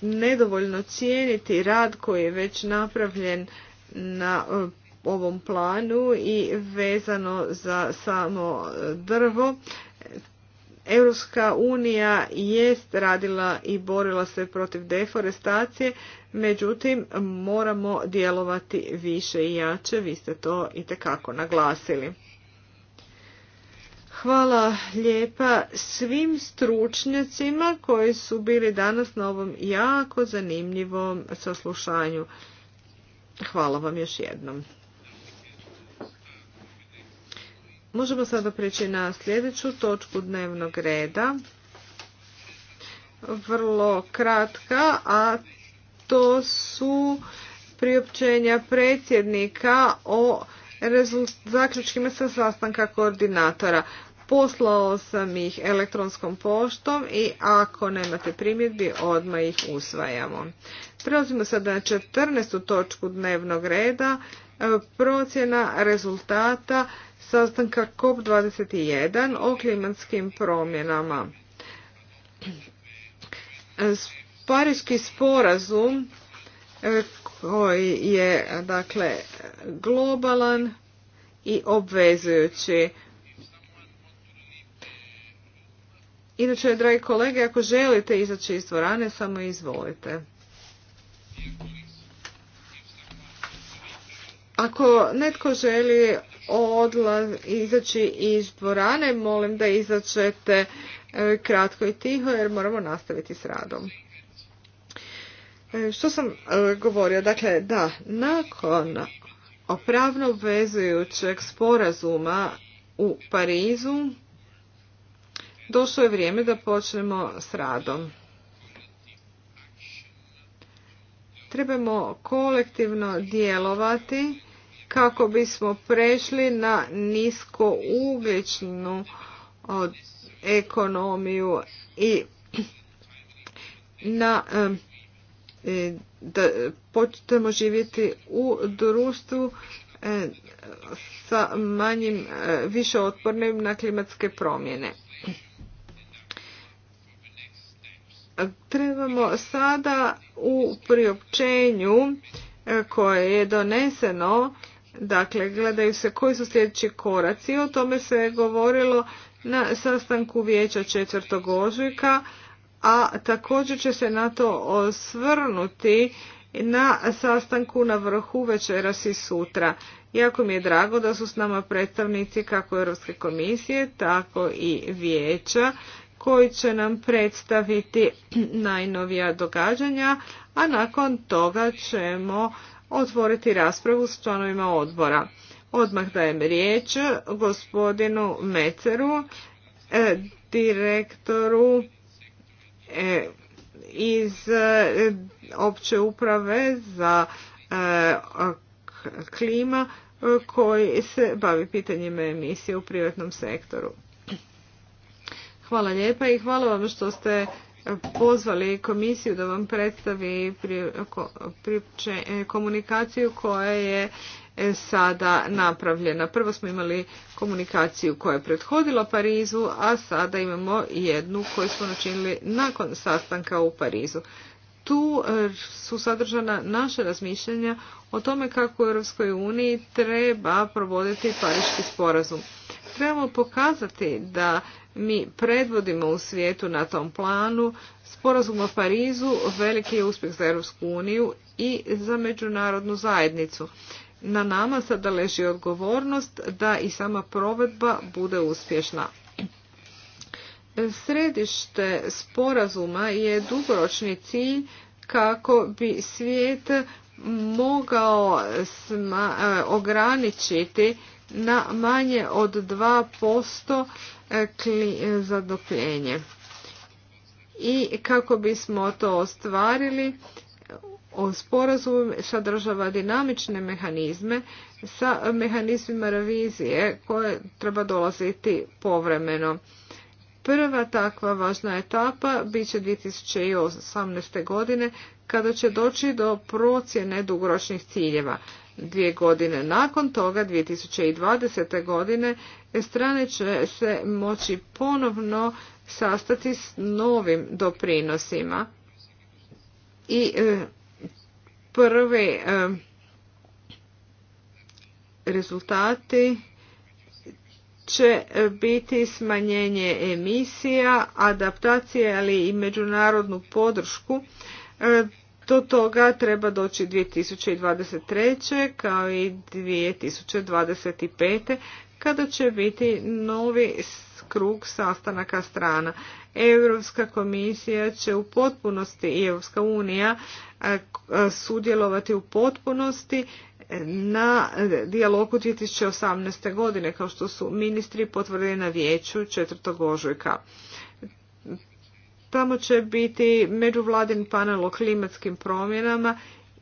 nedovoljno cijeniti rad koji je već napravljen na ovom planu i vezano za samo drvo. Europska unija jest radila i borila se protiv deforestacije, međutim moramo djelovati više i jače, vi ste to i tekako naglasili. Hvala lijepa svim stručnjacima koji su bili danas na ovom jako zanimljivom saslušanju. Hvala vam još jednom. Možemo sada preći na sljedeću točku dnevnog reda. Vrlo kratka, a to su priopćenja predsjednika o zaključkima sa sastanka koordinatora. Poslao sam ih elektronskom poštom i ako nemate primjedbi, odmah ih usvajamo. Prelazimo sada na 14. točku dnevnog reda. E, procjena rezultata sastanka COP21 o klimatskim promjenama. E, Pariški sporazum e, koji je dakle globalan i obvezujući. Inače, dragi kolege, ako želite izaći iz dvorane, samo izvolite. Ako netko želi odlaz izaći iz dvorane, molim da izađete e, kratko i tiho jer moramo nastaviti s radom. E, što sam e, govorio? Dakle, da, nakon opravno obvezujućeg sporazuma u Parizu došlo je vrijeme da počnemo s radom. trebamo kolektivno djelovati kako bismo prešli na nisko ugljičnu ekonomiju i na e, da počnemo živjeti u društvu e, sa manjim, e, više otpornim na klimatske promjene trebamo sada u priopćenju e, koje je doneseno, dakle gledaju se koji su sljedeći koraci, o tome se je govorilo na sastanku vijeća 4. ožujka, a također će se na to osvrnuti na sastanku na vrhu večeras i sutra. Jako mi je drago da su s nama predstavnici kako Europske komisije, tako i vijeća koji će nam predstaviti najnovija događanja, a nakon toga ćemo otvoriti raspravu s članovima odbora. Odmah dajem riječ gospodinu Meceru, e, direktoru e, iz e, opće uprave za klima koji se bavi pitanjima emisije u privatnom sektoru. Hvala lijepa i hvala vam što ste pozvali komisiju da vam predstavi e, komunikaciju koja je e, sada napravljena. Prvo smo imali komunikaciju koja je prethodila Parizu, a sada imamo jednu koju smo načinili nakon sastanka u Parizu. Tu e, su sadržana naše razmišljanja o tome kako u Europskoj uniji treba provoditi Pariški sporazum trebamo pokazati da mi predvodimo u svijetu na tom planu. Sporazum o Parizu veliki je uspjeh za Europsku uniju i za međunarodnu zajednicu. Na nama sada leži odgovornost da i sama provedba bude uspješna. Središte sporazuma je dugoročni cilj kako bi svijet mogao sma, e, ograničiti na manje od 2% e, e, zadopljenje. I kako bismo to ostvarili, e, o sporazum sadržava dinamične mehanizme sa mehanizmima revizije koje treba dolaziti povremeno. Prva takva važna etapa bit će 2018. godine kada će doći do procjene dugoročnih ciljeva. Dvije godine nakon toga, 2020. godine, strane će se moći ponovno sastati s novim doprinosima. I e, prvi e, rezultati će e, biti smanjenje emisija, adaptacije, ali i međunarodnu podršku do toga treba doći 2023. kao i 2025. kada će biti novi krug sastanaka strana. Europska komisija će u potpunosti i Europska unija sudjelovati u potpunosti na dijalogu 2018. godine kao što su ministri potvrdili na vijeću 4. ožujka. Tamo će biti međuvladin panel o klimatskim promjenama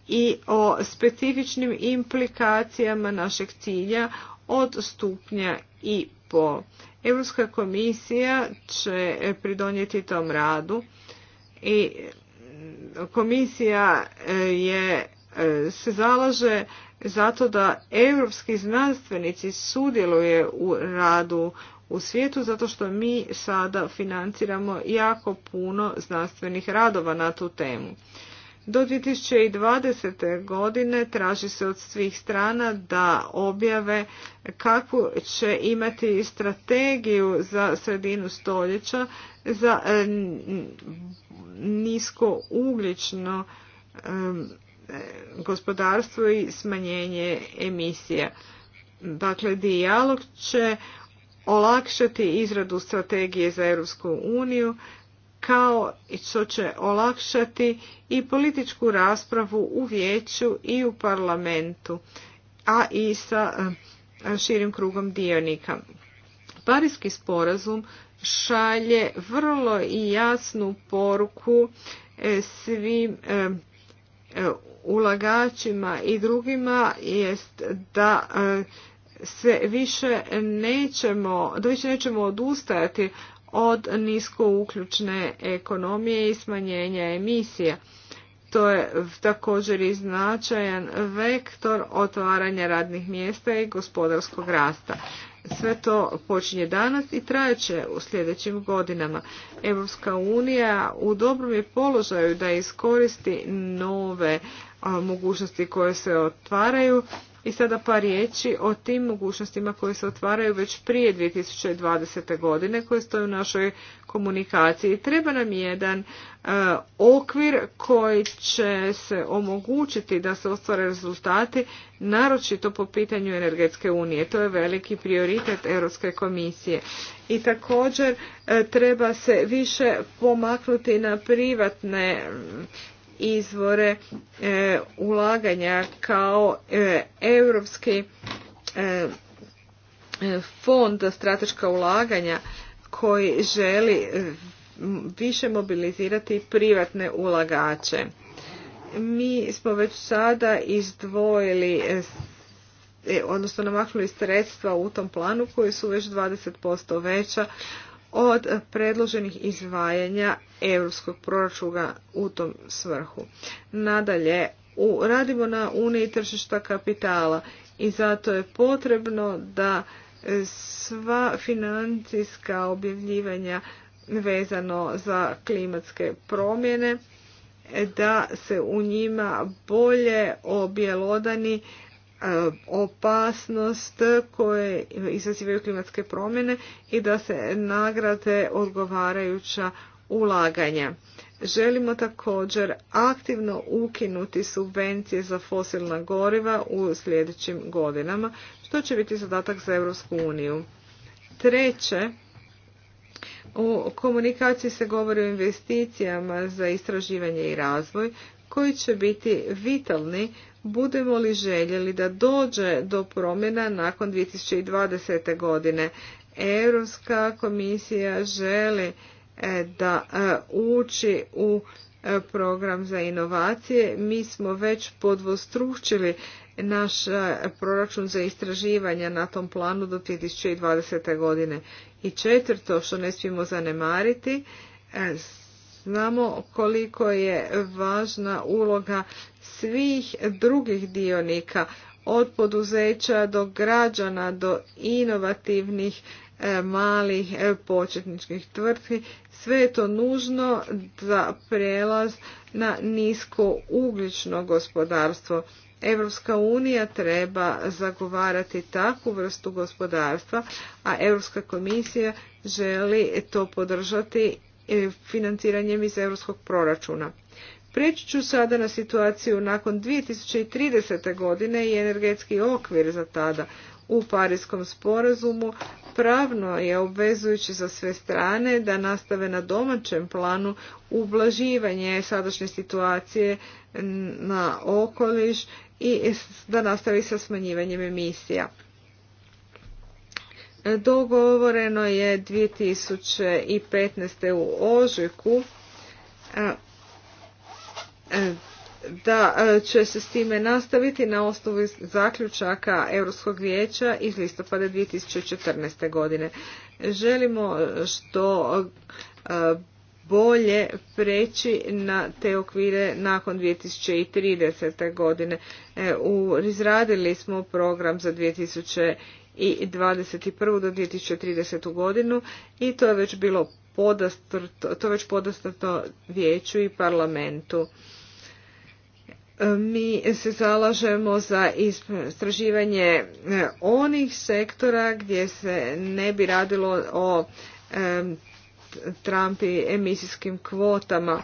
i o specifičnim implikacijama našeg cilja od stupnja i po. Europska komisija će pridonijeti tom radu i komisija e, je e, se zalaže zato da europski znanstvenici sudjeluje u radu u svijetu zato što mi sada financiramo jako puno znanstvenih radova na tu temu. Do 2020. godine traži se od svih strana da objave kako će imati strategiju za sredinu stoljeća za nisko ugljično gospodarstvo i smanjenje emisija. Dakle, dijalog će olakšati izradu strategije za Europsku uniju kao što će olakšati i političku raspravu u vijeću i u parlamentu, a i sa e, širim krugom dionika. Parijski sporazum šalje vrlo i jasnu poruku e, svim e, ulagačima i drugima jest da se više nećemo, da više nećemo odustajati od nisko uključne ekonomije i smanjenja emisija. To je također i značajan vektor otvaranja radnih mjesta i gospodarskog rasta. Sve to počinje danas i trajeće u sljedećim godinama. Europska unija u dobrom je položaju da iskoristi nove mogućnosti koje se otvaraju i sada pa riječi o tim mogućnostima koje se otvaraju već prije 2020. godine koje stoje u našoj komunikaciji. Treba nam jedan e, okvir koji će se omogućiti da se ostvare rezultati, naročito po pitanju energetske unije. To je veliki prioritet Europske komisije. I također e, treba se više pomaknuti na privatne izvore e, ulaganja kao e, europski e, fond za strateška ulaganja koji želi više mobilizirati privatne ulagače. Mi smo već sada izdvojili odnosno namaknuli sredstva u tom planu koji su već 20% veća od predloženih izvajanja europskog proračuna u tom svrhu. Nadalje, u, radimo na uniji tržišta kapitala i zato je potrebno da sva financijska objavljivanja vezano za klimatske promjene da se u njima bolje objelodani opasnost koje izazivaju klimatske promjene i da se nagrade odgovarajuća ulaganja. Želimo također aktivno ukinuti subvencije za fosilna goriva u sljedećim godinama, što će biti zadatak za Europsku uniju. Treće, u komunikaciji se govori o investicijama za istraživanje i razvoj koji će biti vitalni budemo li željeli da dođe do promjena nakon 2020. godine. Europska komisija želi e, da e, uči u e, program za inovacije. Mi smo već podvostručili naš proračun za istraživanja na tom planu do 2020. godine. I četvrto što ne smijemo zanemariti, Znamo koliko je važna uloga svih drugih dionika, od poduzeća do građana do inovativnih e, malih e, početničkih tvrtki. Sve je to nužno za prelaz na nisko ugljično gospodarstvo. Europska unija treba zagovarati takvu vrstu gospodarstva, a Europska komisija želi to podržati financiranjem iz europskog proračuna. Preći ću sada na situaciju nakon 2030. godine i energetski okvir za tada u Parijskom sporazumu pravno je obvezujući za sve strane da nastave na domaćem planu ublaživanje sadašnje situacije na okoliš i da nastavi sa smanjivanjem emisija. Dogovoreno je 2015. u Ožujku e, da e, će se s time nastaviti na osnovu zaključaka Europskog vijeća iz listopada 2014. godine. Želimo što e, bolje preći na te okvire nakon 2030. godine. Izradili smo program za 2030 i 21. do 2030. godinu i to je već bilo podastrto, to je već podastrto vijeću i parlamentu. Mi se zalažemo za istraživanje e, onih sektora gdje se ne bi radilo o e, emisijskim kvotama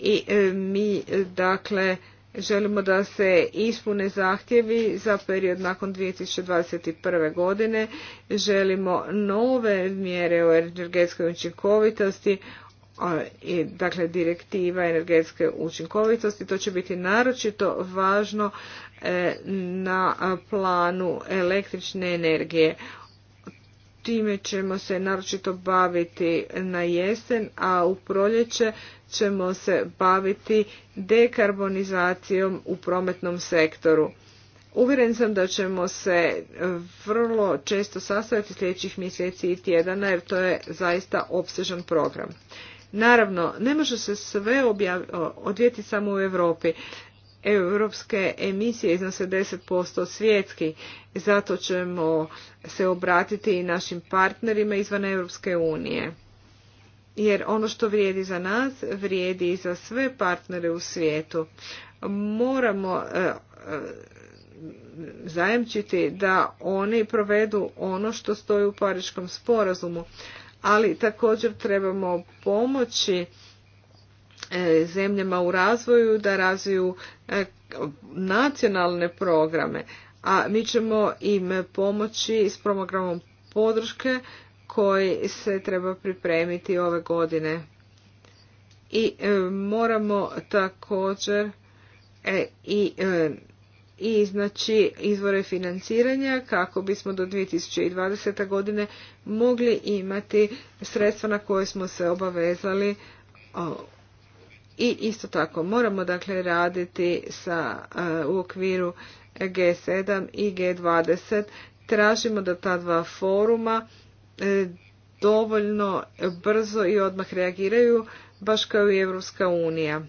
i e, mi dakle Želimo da se ispune zahtjevi za period nakon 2021. godine. Želimo nove mjere o energetskoj učinkovitosti, i, dakle direktiva energetske učinkovitosti. To će biti naročito važno e, na planu električne energije. Time ćemo se naročito baviti na jesen, a u proljeće ćemo se baviti dekarbonizacijom u prometnom sektoru. Uvjeren sam da ćemo se vrlo često sastaviti sljedećih mjeseci i tjedana jer to je zaista opsežan program. Naravno, ne može se sve odvijeti samo u Europi. Europske emisije iznose 10% svjetski, zato ćemo se obratiti i našim partnerima izvan Europske unije jer ono što vrijedi za nas vrijedi i za sve partnere u svijetu. Moramo e, e, zajemčiti da oni provedu ono što stoji u Pariškom sporazumu, ali također trebamo pomoći e, zemljama u razvoju da razviju nacionalne programe, a mi ćemo im pomoći s programom podrške koji se treba pripremiti ove godine. I e, moramo također e, i e, izvore financiranja kako bismo do 2020. godine mogli imati sredstva na koje smo se obavezali i isto tako moramo dakle raditi sa u okviru G7 i G20 tražimo da ta dva foruma E, dovoljno brzo i odmah reagiraju, baš kao i Europska unija.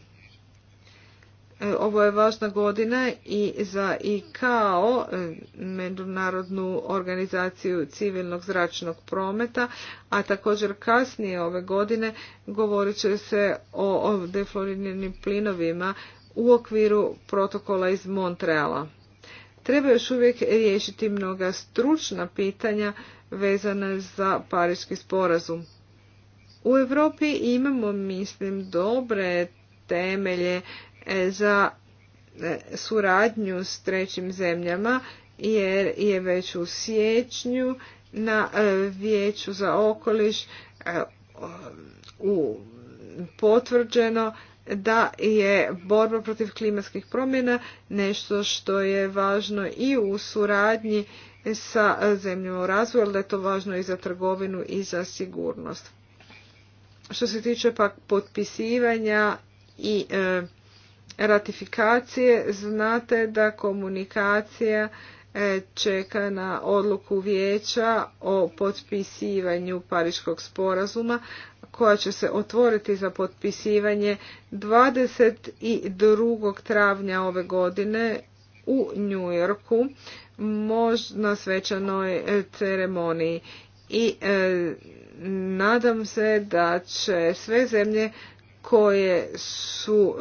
E, ovo je važna godina i za ICAO, e, Međunarodnu organizaciju civilnog zračnog prometa, a također kasnije ove godine govorit će se o defluoriranim plinovima u okviru protokola iz Montreala. Treba još uvijek riješiti mnoga stručna pitanja vezana za pariški sporazum. U Europi imamo, mislim, dobre temelje e, za e, suradnju s trećim zemljama jer je već u siječnju na e, vijeću za okoliš u potvrđeno da je borba protiv klimatskih promjena nešto što je važno i u suradnji sa zemljom u razvoju, ali da je to važno i za trgovinu i za sigurnost. Što se tiče pak potpisivanja i e, ratifikacije, znate da komunikacija E, čeka na odluku vijeća o potpisivanju Pariškog sporazuma koja će se otvoriti za potpisivanje 22. travnja ove godine u Yorku na svečanoj e, ceremoniji i e, nadam se da će sve zemlje koje su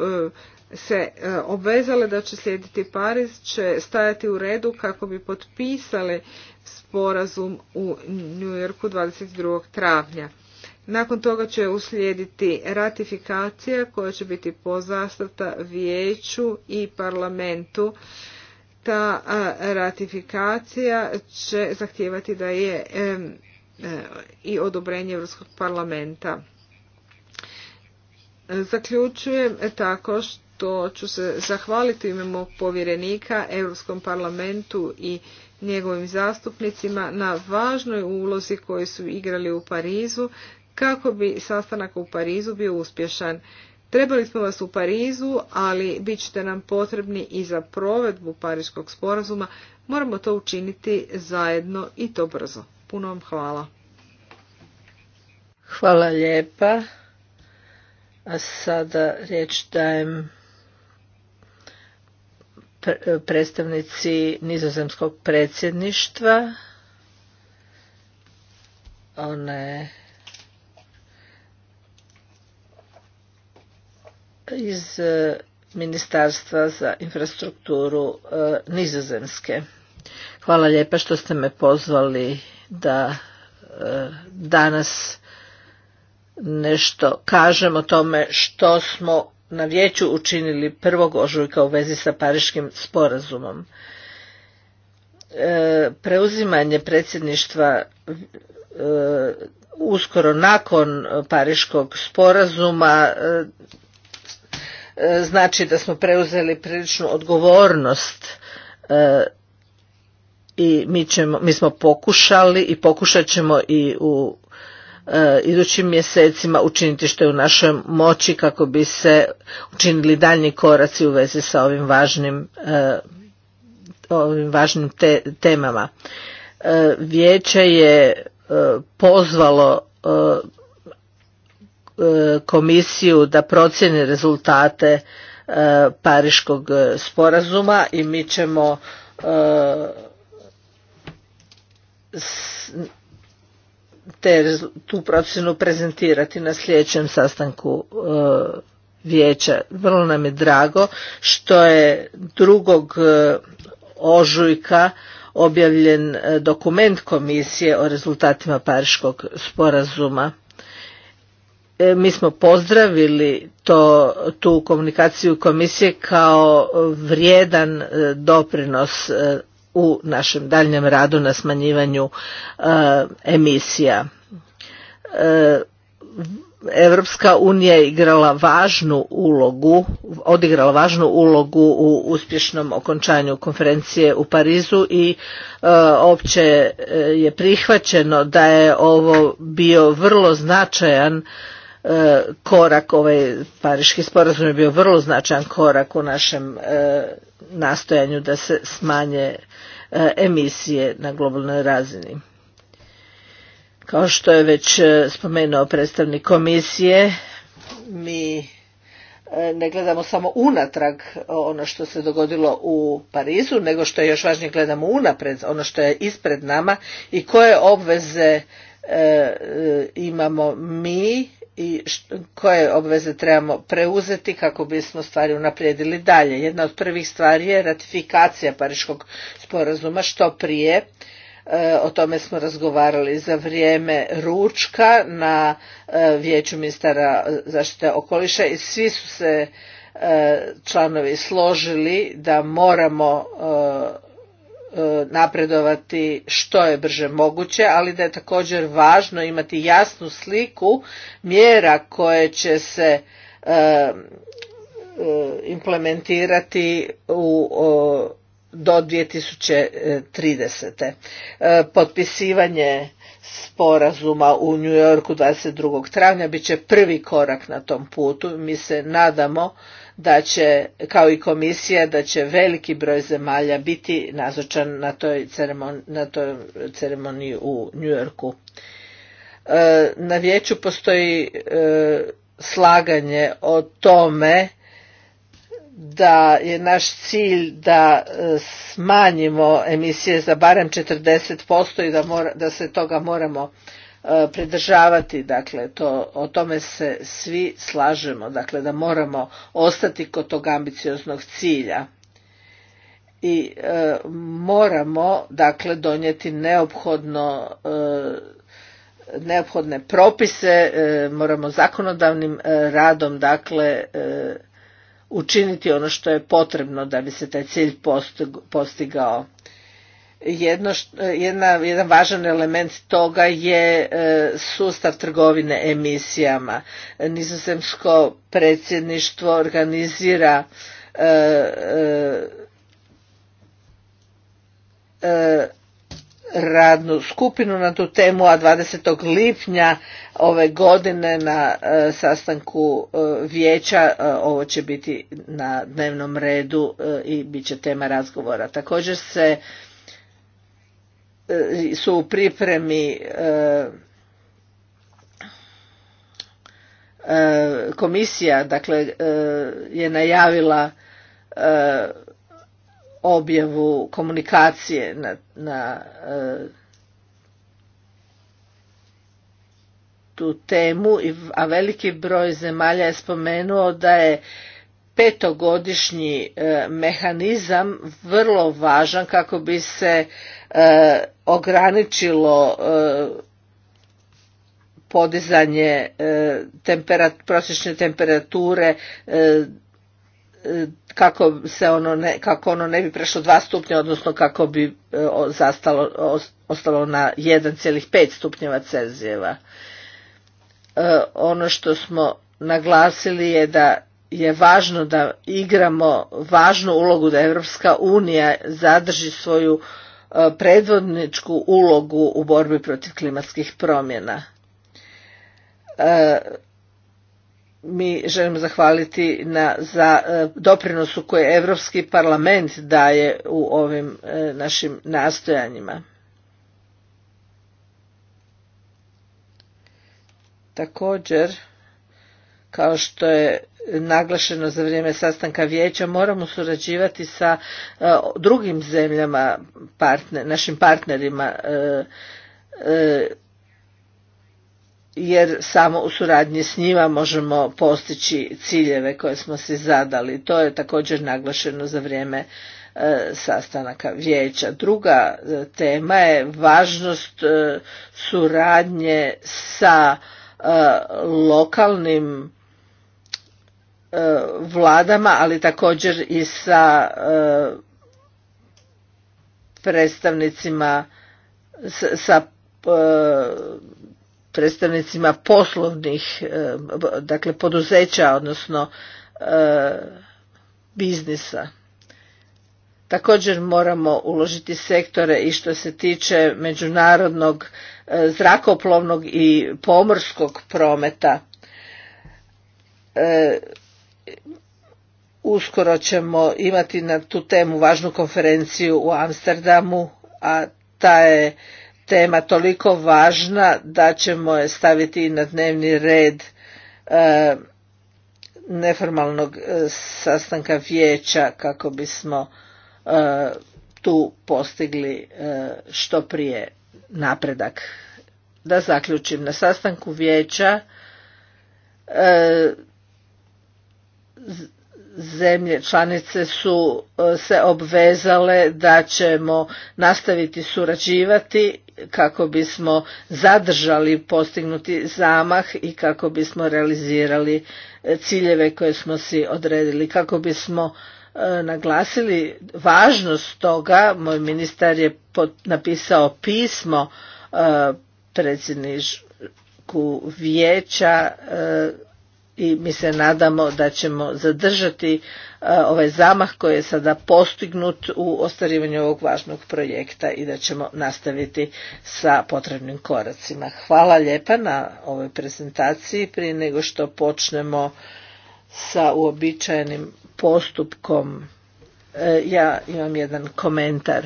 se e, obvezale da će slijediti Pariz, će stajati u redu kako bi potpisale sporazum u New Yorku 22. travnja. Nakon toga će uslijediti ratifikacija koja će biti pozastata vijeću i parlamentu. Ta ratifikacija će zahtijevati da je e, i odobrenje Europskog parlamenta. Zaključujem tako što što ću se zahvaliti ime mog povjerenika Europskom parlamentu i njegovim zastupnicima na važnoj ulozi koju su igrali u Parizu kako bi sastanak u Parizu bio uspješan. Trebali smo vas u Parizu, ali bit ćete nam potrebni i za provedbu Pariškog sporazuma. Moramo to učiniti zajedno i to brzo. Puno vam hvala. Hvala lijepa. A sada riječ dajem predstavnici nizozemskog predsjedništva. One iz e, Ministarstva za infrastrukturu e, nizozemske. Hvala lijepa što ste me pozvali da e, danas nešto kažem o tome što smo na vijeću učinili prvog ožujka u vezi sa Pariškim sporazumom. E, preuzimanje predsjedništva e, uskoro nakon Pariškog sporazuma e, znači da smo preuzeli priličnu odgovornost i mi, mi smo pokušali i pokušat ćemo i u E, idućim mjesecima učiniti što je u našoj moći kako bi se učinili daljnji koraci u vezi sa ovim važnim, e, ovim važnim temama. E, vijeće je pozvalo komisiju da procjeni rezultate Pariškog sporazuma i mi ćemo te, tu procjenu prezentirati na sljedećem sastanku e, vijeća. Vrlo nam je drago što je drugog e, ožujka objavljen e, dokument komisije o rezultatima Pariškog sporazuma. mi smo pozdravili to, tu komunikaciju komisije kao vrijedan doprinos u našem daljnjem radu na smanjivanju e, emisija. Europska unija igrala važnu ulogu, odigrala važnu ulogu u uspješnom okončanju konferencije u Parizu i e, opće e, je prihvaćeno da je ovo bio vrlo značajan E, korak, ovaj pariški sporazum je bio vrlo značajan korak u našem e, nastojanju da se smanje e, emisije na globalnoj razini. Kao što je već spomenuo predstavnik komisije, mi ne gledamo samo unatrag ono što se dogodilo u Parizu, nego što je još važnije gledamo unapred ono što je ispred nama i koje obveze imamo mi i koje obveze trebamo preuzeti kako bismo stvari unaprijedili dalje. Jedna od prvih stvari je ratifikacija Pariškog sporazuma što prije. E, o tome smo razgovarali za vrijeme ručka na e, vijeću ministara zaštite okoliša i svi su se e, članovi složili da moramo E, napredovati što je brže moguće, ali da je također važno imati jasnu sliku mjera koje će se e, e, implementirati u do 2030. Potpisivanje sporazuma u New Yorku 22. travnja bit će prvi korak na tom putu. Mi se nadamo da će, kao i komisija, da će veliki broj zemalja biti nazočan na toj ceremoniji, na toj ceremoniji u Njujorku. E, na vijeću postoji e, slaganje o tome da je naš cilj da e, smanjimo emisije za barem 40% i da, da se toga moramo E, pridržavati dakle to o tome se svi slažemo dakle da moramo ostati kod tog ambicioznog cilja i e, moramo dakle donijeti e, neophodne propise moramo zakonodavnim radom dakle učiniti ono što je potrebno da bi se taj cilj postigao jedna, jedan važan element toga je e, sustav trgovine emisijama. Nizozemsko predsjedništvo organizira e, e, radnu skupinu na tu temu, a 20. lipnja ove godine na sastanku vijeća ovo će biti na dnevnom redu i bit će tema razgovora. Također se E, su u pripremi e, e, komisija dakle je najavila objavu komunikacije na, na tu temu, a veliki broj zemalja je spomenuo da je petogodišnji mehanizam vrlo važan kako bi se E, ograničilo e, podizanje e, temperat, prosječne temperature kako se ono ne, kako ono ne bi prešlo dva stupnja odnosno kako bi zastalo, ostalo na 1,5 stupnjeva Celzijeva. Ono što smo naglasili je da je važno da igramo važnu ulogu da Europska unija zadrži svoju E, predvodničku ulogu u borbi protiv klimatskih promjena. E, mi želimo zahvaliti na za e, doprinosu koje Europski parlament daje u ovim našim nastojanjima. Također kao što je naglašeno za vrijeme sastanka vijeća moramo surađivati sa e, drugim zemljama partner, našim partnerima e, e, jer samo u suradnji s njima možemo postići ciljeve koje smo si zadali to je također naglašeno za vrijeme sastanaka vijeća druga tema je važnost suradnje sa lokalnim E, vladama, ali također i sa e, predstavnicima sa e, predstavnicima poslovnih dakle poduzeća odnosno biznisa. Također moramo uložiti sektore i što se tiče međunarodnog zrakoplovnog i pomorskog prometa uskoro ćemo imati na tu temu važnu konferenciju u Amsterdamu, a ta je tema toliko važna da ćemo je staviti na dnevni red e, neformalnog e, sastanka vijeća kako bismo e, tu postigli e, što prije napredak. Da zaključim, na sastanku vijeća zemlje članice su e, se obvezale da ćemo nastaviti surađivati kako bismo zadržali postignuti zamah i kako bismo realizirali e, ciljeve koje smo si odredili kako bismo e, naglasili važnost toga moj ministar je napisao pismo predsjedniku vijeća i mi se nadamo da ćemo zadržati e, ovaj zamah koji je sada postignut u ostvarivanju ovog važnog projekta i da ćemo nastaviti sa potrebnim koracima. Hvala lijepa na ovoj prezentaciji. Prije nego što počnemo sa uobičajenim postupkom, e, ja imam jedan komentar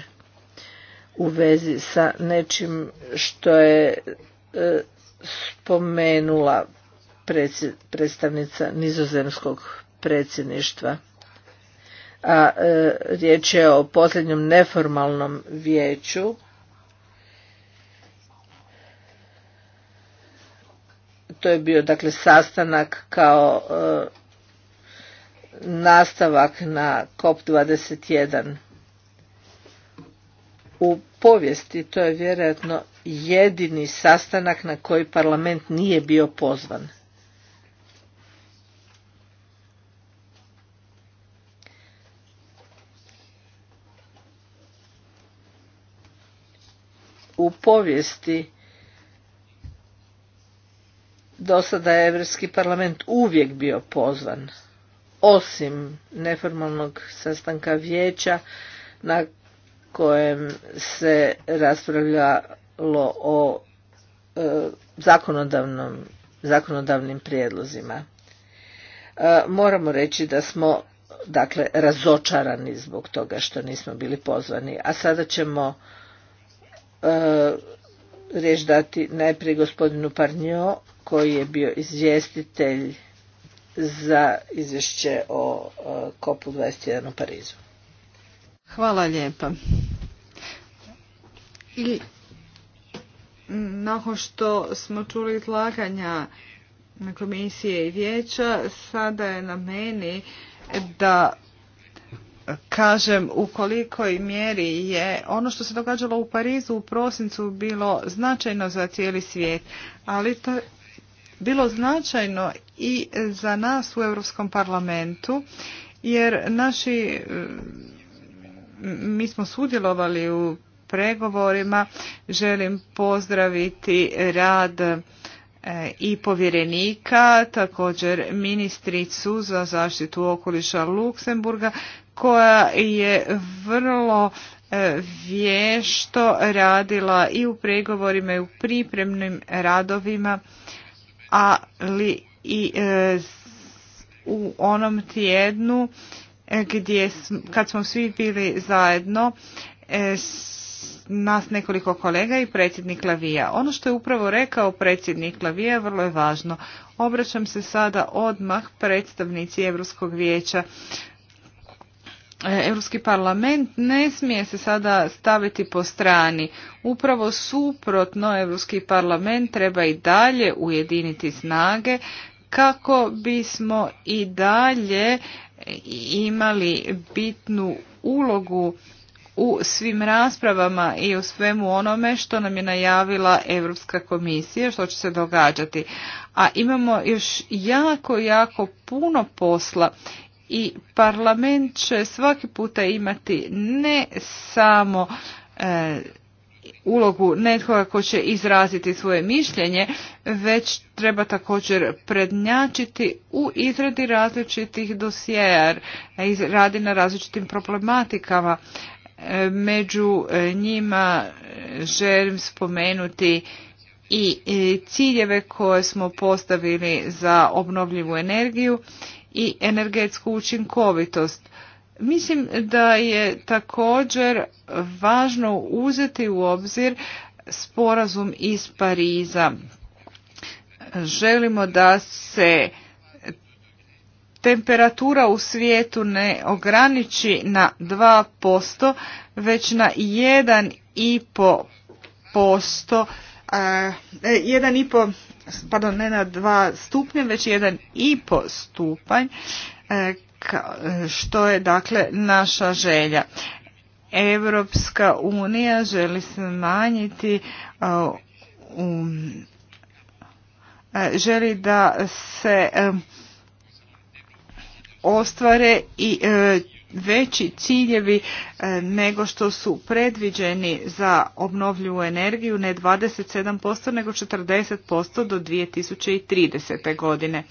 u vezi sa nečim što je e, spomenula predstavnica nizozemskog predsjedništva a e, riječ je o posljednjem neformalnom vijeću to je bio dakle sastanak kao e, nastavak na COP21 u povijesti to je vjerojatno jedini sastanak na koji parlament nije bio pozvan u povijesti do sada je Evropski parlament uvijek bio pozvan, osim neformalnog sastanka vijeća na kojem se raspravljalo o e, zakonodavnim prijedlozima. E, moramo reći da smo dakle razočarani zbog toga što nismo bili pozvani, a sada ćemo E, riječ dati najprije gospodinu Parnjo koji je bio izvjestitelj za izvješće o e, kopu 21 u Parizu. Hvala lijepa. I nakon što smo čuli izlaganja komisije i vijeća, sada je na meni da kažem u kolikoj mjeri je ono što se događalo u Parizu u prosincu bilo značajno za cijeli svijet, ali to je bilo značajno i za nas u Europskom parlamentu, jer naši, mi smo sudjelovali u pregovorima, želim pozdraviti rad e, i povjerenika, također ministricu za zaštitu okoliša Luksemburga, koja je vrlo e, vješto radila i u pregovorima i u pripremnim radovima, ali i e, u onom tjednu e, gdje kad smo svi bili zajedno nas nekoliko kolega i predsjednik Lavija. Ono što je upravo rekao predsjednik Lavija vrlo je važno. Obraćam se sada odmah predstavnici Europskog vijeća. E, Europski parlament ne smije se sada staviti po strani. Upravo suprotno, Europski parlament treba i dalje ujediniti snage kako bismo i dalje imali bitnu ulogu u svim raspravama i u svemu onome što nam je najavila Europska komisija, što će se događati. A imamo još jako, jako puno posla i parlament će svaki puta imati ne samo e, ulogu netkoga ko će izraziti svoje mišljenje, već treba također prednjačiti u izradi različitih dosjeja, radi na različitim problematikama. E, među e, njima želim spomenuti i ciljeve koje smo postavili za obnovljivu energiju i energetsku učinkovitost. Mislim da je također važno uzeti u obzir sporazum iz Pariza. Želimo da se temperatura u svijetu ne ograniči na 2%, već na 1,5%, pardon, ne na dva stupnja, već jedan i po stupanj, e, što je dakle naša želja. Europska unija želi smanjiti e, e, želi da se ostvare i veći ciljevi e, nego što su predviđeni za obnovljivu energiju, ne 27% nego 40% do 2030. godine.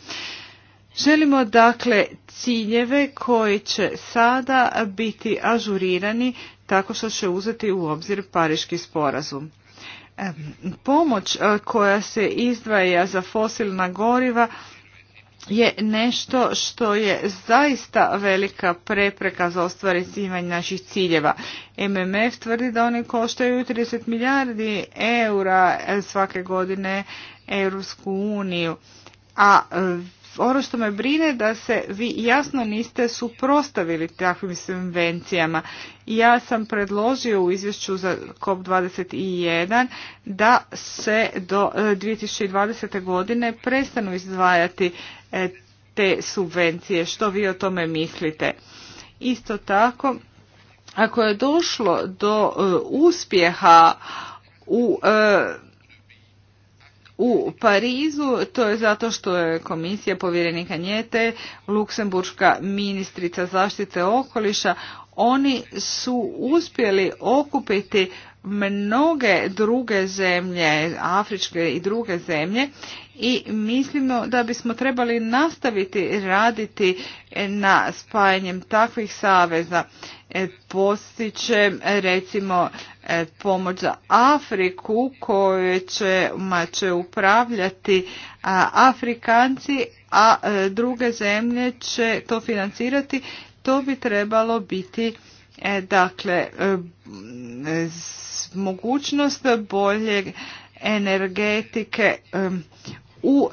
Želimo dakle ciljeve koji će sada biti ažurirani tako što će uzeti u obzir Pariški sporazum. Pomoć e, koja se izdvaja za fosilna goriva je nešto što je zaista velika prepreka za ostvarivanje naših ciljeva. MMF tvrdi da oni koštaju 30 milijardi eura svake godine Europsku uniju, a ono što me brine da se vi jasno niste suprostavili takvim subvencijama. Ja sam predložio u izvješću za COP21 da se do 2020. E, godine prestanu izdvajati e, te subvencije. Što vi o tome mislite? Isto tako, ako je došlo do e, uspjeha u u Parizu, to je zato što je komisija povjerenika Njete, luksemburška ministrica zaštite okoliša, oni su uspjeli okupiti mnoge druge zemlje, afričke i druge zemlje i mislimo da bismo trebali nastaviti raditi na spajanjem takvih saveza E, postiće e, recimo e, pomoć za Afriku koju će, će upravljati Afrikanci, a druge zemlje će to financirati. To bi trebalo biti dakle mogućnost boljeg energetike u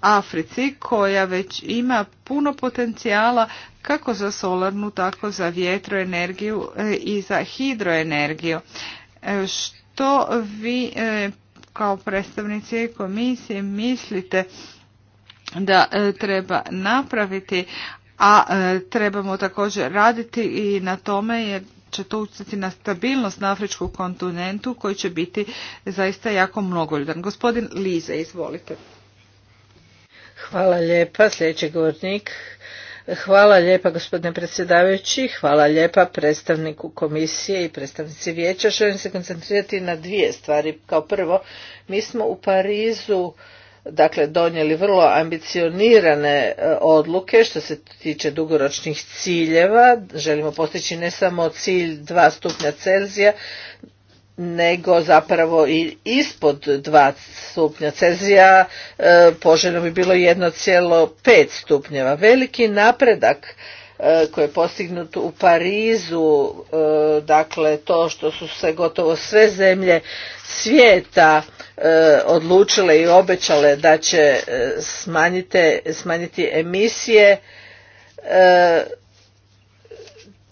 Africi koja već ima puno potencijala kako za solarnu, tako za vjetroenergiju eh, i za hidroenergiju. Eh, što vi eh, kao predstavnici komisije mislite da treba napraviti, a trebamo također raditi i na tome jer će to utjecati na stabilnost na afričkom kontinentu koji će biti zaista jako mnogoljudan. Gospodin Lize, izvolite. Hvala lijepa. Sljedeći govornik. Hvala lijepa gospodine predsjedavajući, hvala lijepa predstavniku komisije i predstavnici vijeća. Želim se koncentrirati na dvije stvari. Kao prvo, mi smo u Parizu dakle donijeli vrlo ambicionirane e, odluke što se tiče dugoročnih ciljeva. Želimo postići ne samo cilj dva stupnja Celzija, nego zapravo i ispod 2 stupnja Cezija e, poželjno bi bilo 1,5 stupnjeva. Veliki napredak e, koji je postignut u Parizu, e, dakle to što su se gotovo sve zemlje svijeta odlučile i obećale da će smanjite, smanjiti emisije,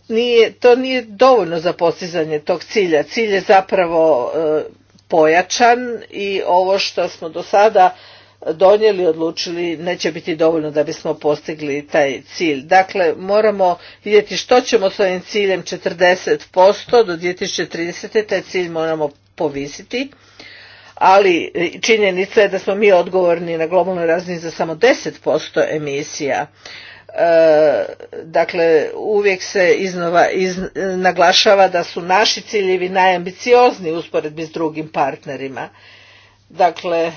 nije, to nije dovoljno za postizanje tog cilja. Cilj je zapravo e, pojačan i ovo što smo do sada donijeli, odlučili, neće biti dovoljno da bismo postigli taj cilj. Dakle, moramo vidjeti što ćemo s ovim ciljem 40% do 2030. Taj cilj moramo povisiti, ali činjenica je da smo mi odgovorni na globalnoj razini za samo 10% emisija. E, dakle uvijek se iznova naglašava da su naši ciljevi najambiciozni usporedbi s drugim partnerima. Dakle,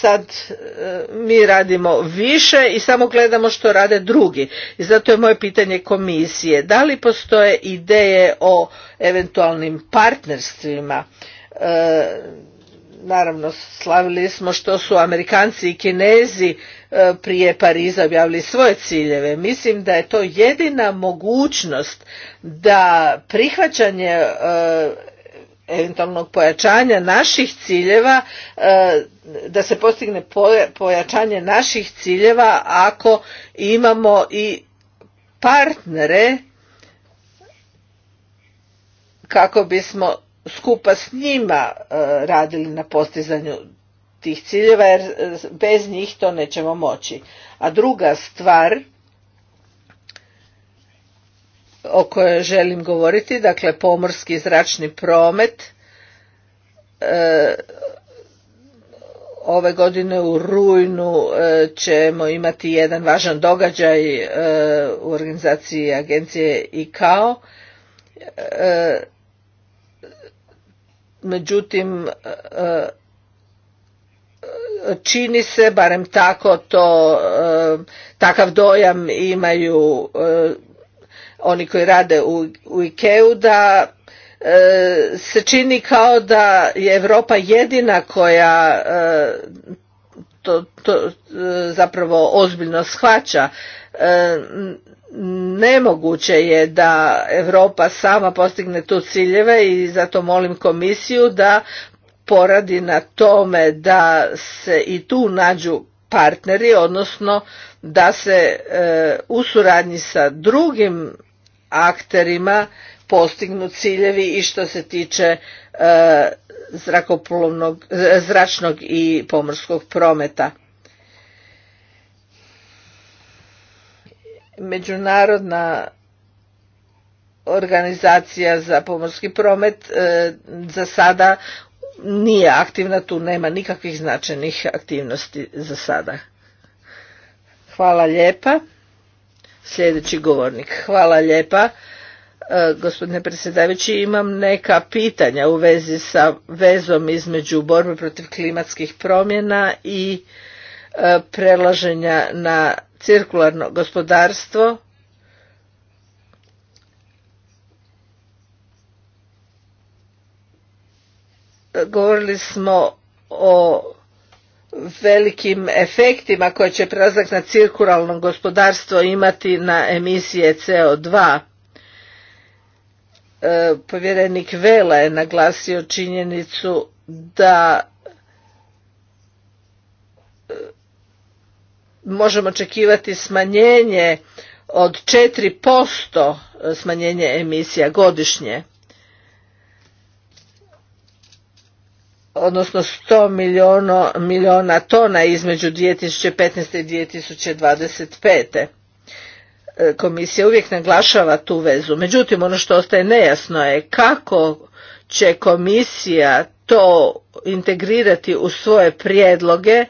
sad e, mi radimo više i samo gledamo što rade drugi. I zato je moje pitanje komisije, da li postoje ideje o eventualnim partnerstvima? E, naravno slavili smo što su Amerikanci i Kinezi e, prije Pariza objavili svoje ciljeve. Mislim da je to jedina mogućnost da prihvaćanje e, eventualnog pojačanja naših ciljeva e, da se postigne pojačanje naših ciljeva ako imamo i partnere kako bismo skupa s njima e, radili na postizanju tih ciljeva jer e, bez njih to nećemo moći. A druga stvar o kojoj želim govoriti, dakle pomorski zračni promet, e, ove godine u rujnu ćemo imati jedan važan događaj u organizaciji agencije ICAO međutim e, e, čini se barem tako to e, takav dojam imaju oni koji rade u, u Ikeu da se čini kao da je Europa jedina koja to, to zapravo ozbiljno shvaća nemoguće je da Europa sama postigne tu ciljeve i zato molim komisiju da poradi na tome da se i tu nađu partneri, odnosno da se e, u suradnji sa drugim akterima postignu ciljevi i što se tiče e, e, zračnog i pomorskog prometa. međunarodna organizacija za pomorski promet e, za sada nije aktivna, tu nema nikakvih značajnih aktivnosti za sada. Hvala lijepa. Sljedeći govornik. Hvala lijepa. E, gospodine predsjedavajući, imam neka pitanja u vezi sa vezom između borbe protiv klimatskih promjena i E, prelaženja na cirkularno gospodarstvo govorili smo o velikim efektima koje će prelazak na cirkularno gospodarstvo imati na emisije CO2. E, povjerenik Vela je naglasio činjenicu da možemo očekivati smanjenje od 4% e, smanjenje emisija godišnje. odnosno 100 milijuna tona između 2015. i 2025. E, komisija uvijek naglašava tu vezu. Međutim, ono što ostaje nejasno je kako će komisija to integrirati u svoje prijedloge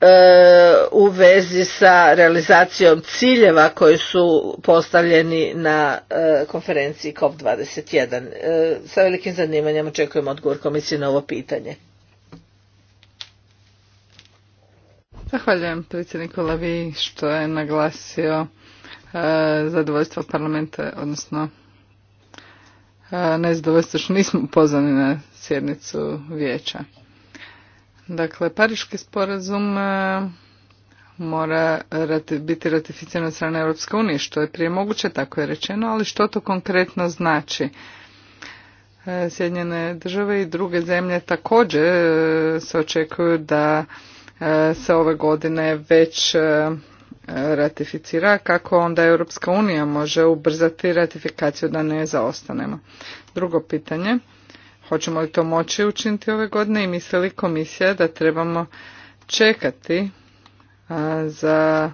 E, u vezi sa realizacijom ciljeva koji su postavljeni na e, konferenciji COP21. E, sa velikim zanimanjem očekujem odgovor komisije na ovo pitanje. Zahvaljujem predsjedniku što je naglasio zadovoljstvo parlamenta, odnosno nezadovoljstvo što nismo pozvani na sjednicu vijeća. Dakle, Pariški sporazum e, mora biti ratificiran od strane Europske unije, što je prije moguće, tako je rečeno, ali što to konkretno znači? E, Sjedinjene države i druge zemlje također e, se očekuju da se ove godine već ratificira, kako onda Europska unija može ubrzati ratifikaciju da ne zaostanemo. Drugo pitanje Hoćemo li to moći učiniti ove godine i misli li komisija da trebamo čekati za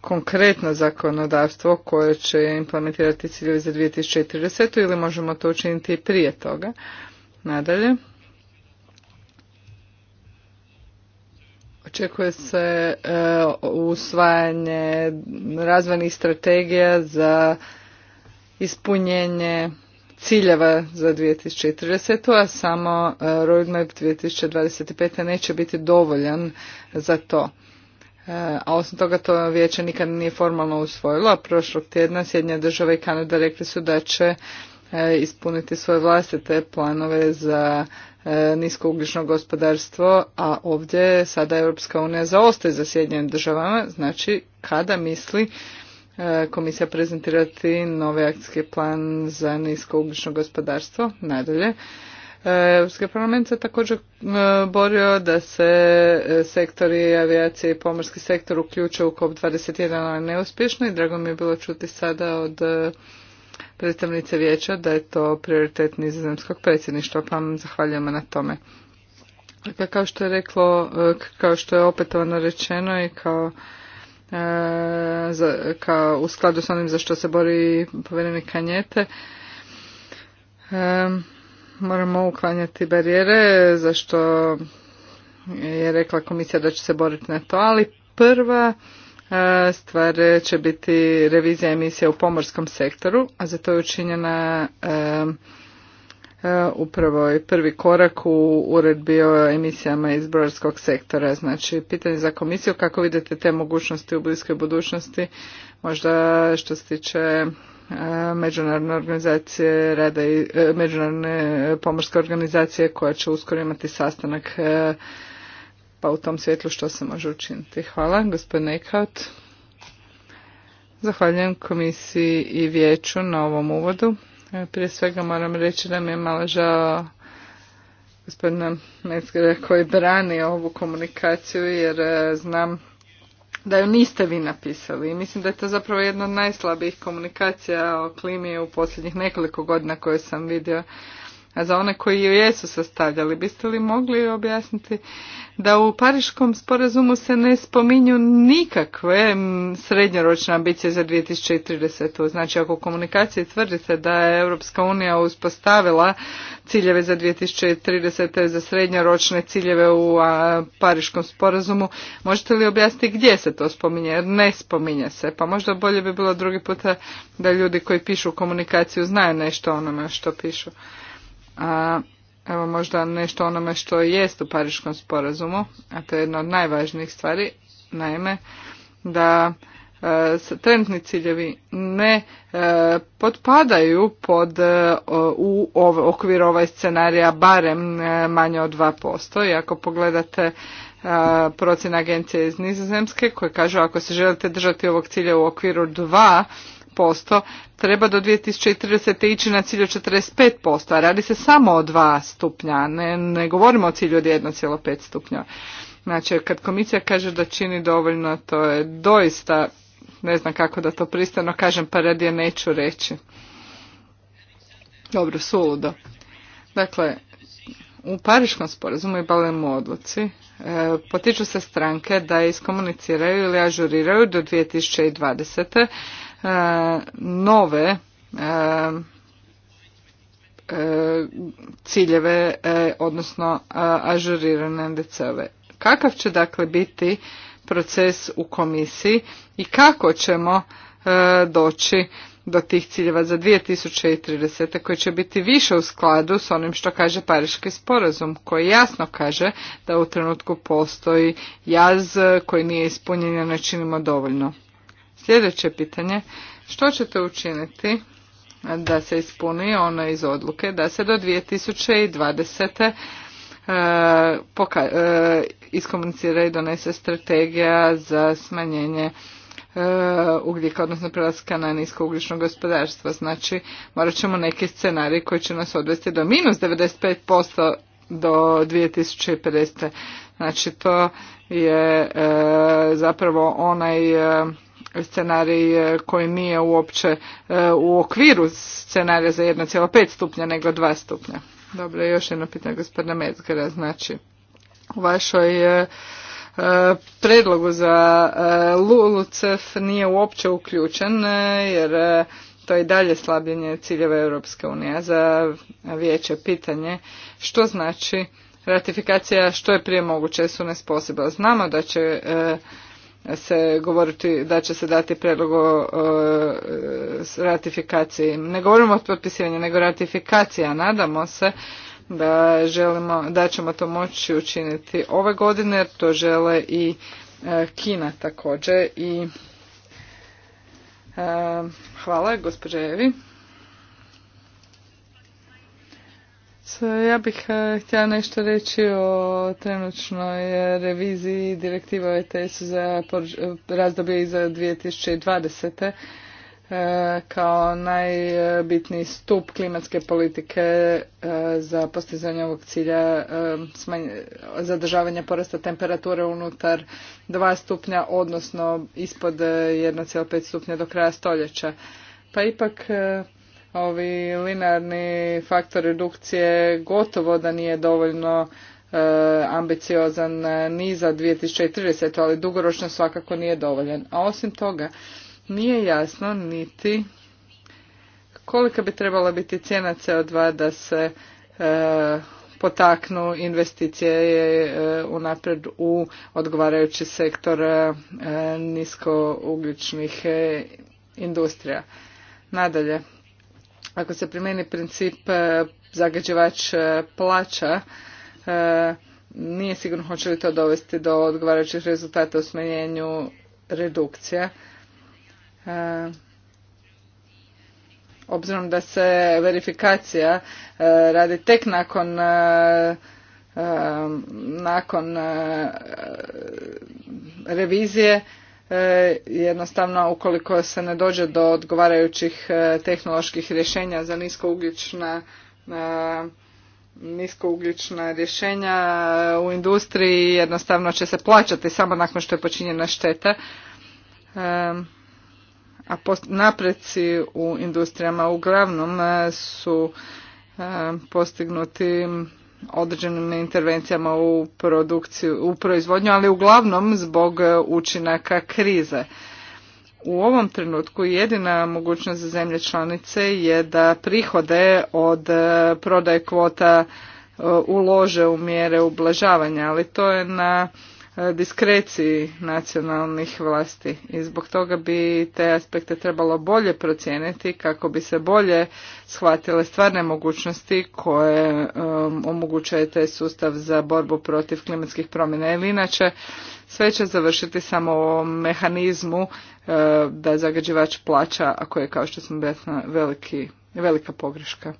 konkretno zakonodavstvo koje će implementirati ciljevi za 2030. ili možemo to učiniti i prije toga. Nadalje. Očekuje se e, usvajanje razvojnih strategija za ispunjenje ciljeva za 2030. a samo e, roadmap 2025. neće biti dovoljan za to. E, a osim toga to vijeće nikad nije formalno usvojilo, a prošlog tjedna Sjedinja država i Kanada rekli su da će e, ispuniti svoje vlastite planove za niskougljično gospodarstvo, a ovdje sada Europska unija zaostaje za Sjedinjenim državama, znači kada misli E, komisija prezentirati novi akcijski plan za niskougljično gospodarstvo. Nadalje, e, Europski parlament se također e, borio da se sektori avijacije i pomorski sektor uključe u COP21, ali neuspješno i drago mi je bilo čuti sada od predstavnice vijeća da je to prioritet nizozemskog predsjedništva, pa vam zahvaljujemo na tome. Dakle, kao što je reklo, kao što je opetovano rečeno i kao E, kao u skladu s onim za što se bori povjerenik Kanjete. E, moramo uklanjati barijere za što je rekla komisija da će se boriti na to, ali prva e, stvar će biti revizija emisije u pomorskom sektoru, a za to je učinjena E, upravo je prvi korak u uredbi o emisijama iz brodarskog sektora. Znači, pitanje za komisiju, kako vidite te mogućnosti u bliskoj budućnosti, možda što se tiče e, međunarodne organizacije rada i e, međunarodne pomorske organizacije koja će uskoro imati sastanak pa u tom svjetlu što se može učiniti. Hvala, gospodine Eichhout. Zahvaljujem komisiji i vijeću na ovom uvodu. Prije svega moram reći da mi je malo žao gospodina Metzgera koji brani ovu komunikaciju jer e, znam da ju niste vi napisali i mislim da je to zapravo jedna od najslabijih komunikacija o klimi u posljednjih nekoliko godina koje sam vidio a za one koji ju jesu sastavljali. Biste li mogli objasniti da u Pariškom sporazumu se ne spominju nikakve srednjoročne ambicije za 2030. Znači ako u komunikaciji tvrdite da je Europska unija uspostavila ciljeve za 2030. za srednjoročne ciljeve u Pariškom sporazumu, možete li objasniti gdje se to spominje? Jer ne spominje se. Pa možda bolje bi bilo drugi puta da ljudi koji pišu komunikaciju znaju nešto o onome što pišu. A evo možda nešto onome što jest u Pariškom sporazumu, a to je jedna od najvažnijih stvari, naime da e, trenutni ciljevi ne e, potpadaju pod e, u ov, okvir ovaj scenarija barem e, manje od 2%. I ako pogledate procjene agencije iz Nizozemske koje kažu ako se želite držati ovog cilja u okviru 2, posto treba do 2030. ići na cilj od 45%, a radi se samo o dva stupnja, ne, govorimo o cilju od 1,5 stupnja. Znači, kad komisija kaže da čini dovoljno, to je doista, ne znam kako da to pristano kažem, pa radije neću reći. Dobro, suludo. Dakle, u Pariškom sporazumu i u odluci e, potiču se stranke da iskomuniciraju ili ažuriraju do 2020. E, nove e, e, ciljeve, odnosno ažurirane NDC-ove. Kakav će dakle biti proces u komisiji i kako ćemo doći do tih ciljeva za 2030. koji će biti više u skladu s onim što kaže Pariški sporazum koji jasno kaže da u trenutku postoji jaz koji nije ispunjen i ne činimo dovoljno. Sljedeće pitanje, što ćete učiniti da se ispuni ono iz odluke da se do 2020. E, poka e, iskomunicira i donese strategija za smanjenje e, ugljika, odnosno prelaska na nisko ugljično gospodarstvo. Znači, morat ćemo neki scenarij koji će nas odvesti do minus 95% do 2050. Znači, to je e, zapravo onaj scenarij e, koji nije uopće e, u okviru scenarija za 1,5 stupnja nego 2 stupnja. Dobro, još jedno pitanje gospodina Metzgera, znači u vašoj e, predlogu za LULUCEF nije uopće uključen jer to je i dalje slabljenje ciljeva Europske unije za vijeće pitanje što znači ratifikacija što je prije moguće su nesposiba. Znamo da će se govoriti da će se dati predlog o ratifikaciji. Ne govorimo o potpisivanju, nego ratifikacija. Nadamo se da, želimo, da ćemo to moći učiniti ove godine, jer to žele i e, Kina također. I, e, hvala, gospođe Evi. Ja bih e, htjela nešto reći o trenutnoj e, reviziji direktiva ETS za e, razdoblje iza 2020 kao najbitniji stup klimatske politike za postizanje ovog cilja zadržavanja porasta temperature unutar 2 stupnja, odnosno ispod 1,5 stupnja do kraja stoljeća. Pa ipak ovi linearni faktor redukcije gotovo da nije dovoljno e, ambiciozan ni za 2030. ali dugoročno svakako nije dovoljan. A osim toga nije jasno niti kolika bi trebala biti cijena CO2 da se e, potaknu investicije e, unaprijed u odgovarajući sektor niskougličnih industrija. Nadalje, ako se primjeni princip e, zagađivač e, plaća, e, nije sigurno hoće li to dovesti do odgovarajućih rezultata u smanjenju redukcija. Obzirom da se verifikacija radi tek nakon nakon revizije E, jednostavno ukoliko se ne dođe do odgovarajućih e, tehnoloških rješenja za niskougljična e, niskougljična rješenja u industriji jednostavno će se plaćati samo nakon što je počinjena šteta a napreci u industrijama uglavnom su postignuti određenim intervencijama u produkciju, u proizvodnju, ali uglavnom zbog e, učinaka krize. U ovom trenutku jedina mogućnost za zemlje članice je da prihode od e, prodaje kvota e, ulože u mjere ublažavanja, ali to je na E, diskreciji nacionalnih vlasti i zbog toga bi te aspekte trebalo bolje procijeniti kako bi se bolje shvatile stvarne mogućnosti koje um, omogućuje taj sustav za borbu protiv klimatskih promjena ili inače sve će završiti samo u ovom mehanizmu uh, da zagađivač plaća, ako je kao što sam rekla velika pogreška.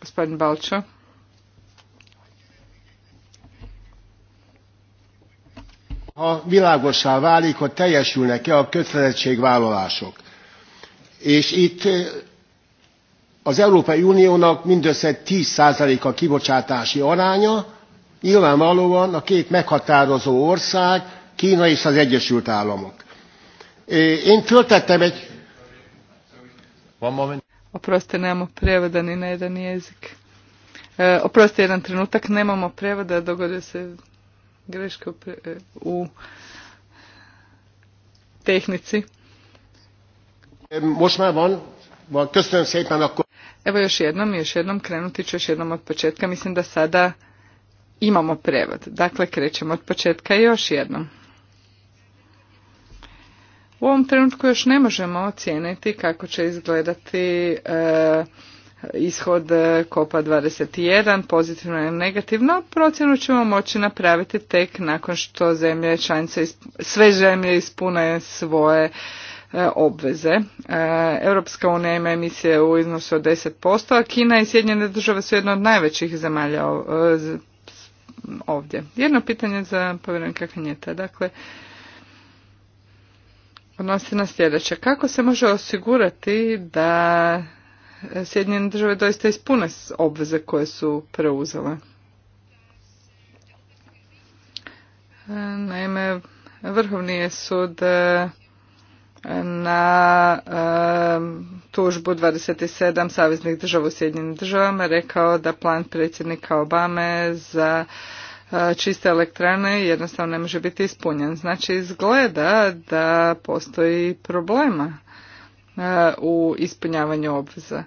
Gospodin Balčo. ha világosá válik, hogy teljesülnek-e a kötelezettségvállalások. És itt eh, az Európai Uniónak mindössze 10% a kibocsátási aránya, nyilvánvalóan a két meghatározó ország, Kína és az Egyesült Államok. Eh, én föltettem egy... One moment. Oprosti, nemamo prevoda ni na jedan jezik. E, eh, oprosti, jedan trenutak, nemamo prevoda, dogodio se greške u tehnici. Evo još jednom, još jednom krenuti ću još jednom od početka. Mislim da sada imamo prevod. Dakle, krećemo od početka još jednom. U ovom trenutku još ne možemo ocijeniti kako će izgledati e, ishod e, kopa 21 pozitivno ili negativno, procjenu ćemo moći napraviti tek nakon što zemlje članice, sve zemlje ispune svoje e, obveze. E, Europska unija ima emisije u iznosu od 10%, a Kina i Sjedinjene države su jedna od najvećih zemalja ovdje. Jedno pitanje za povjerenika Kanjeta. Dakle, odnosi na sljedeće. Kako se može osigurati da Sjedinjene države doista ispune obveze koje su preuzele. Naime, Vrhovni je sud e, na e, tužbu 27 saveznih država u Sjedinjenim državama rekao da plan predsjednika Obame za e, čiste elektrane jednostavno ne može biti ispunjen. Znači izgleda da postoji problema E, u ispunjavanju obveza.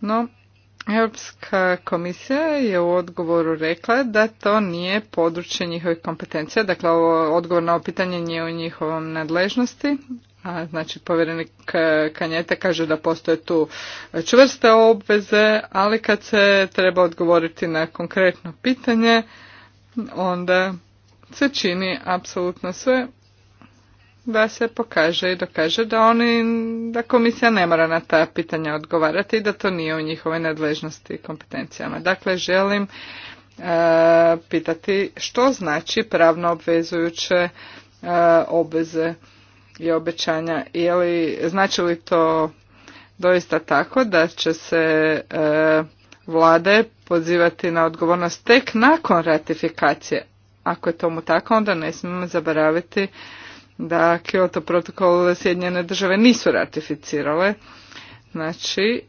No, Europska komisija je u odgovoru rekla da to nije područje njihovih kompetencija, dakle ovo odgovor na ovo pitanje nije u njihovom nadležnosti, a znači povjerenik Kanjete kaže da postoje tu čvrste obveze, ali kad se treba odgovoriti na konkretno pitanje, onda se čini apsolutno sve da se pokaže i dokaže da oni, da komisija ne mora na ta pitanja odgovarati i da to nije u njihovoj nadležnosti i kompetencijama. Dakle, želim e, pitati što znači pravno obvezujuće e, obveze i obećanja ili znači li to doista tako da će se e, vlade pozivati na odgovornost tek nakon ratifikacije. Ako je tomu tako, onda ne smijemo zaboraviti da Kyoto protokol Sjedinjene države nisu ratificirale. Znači,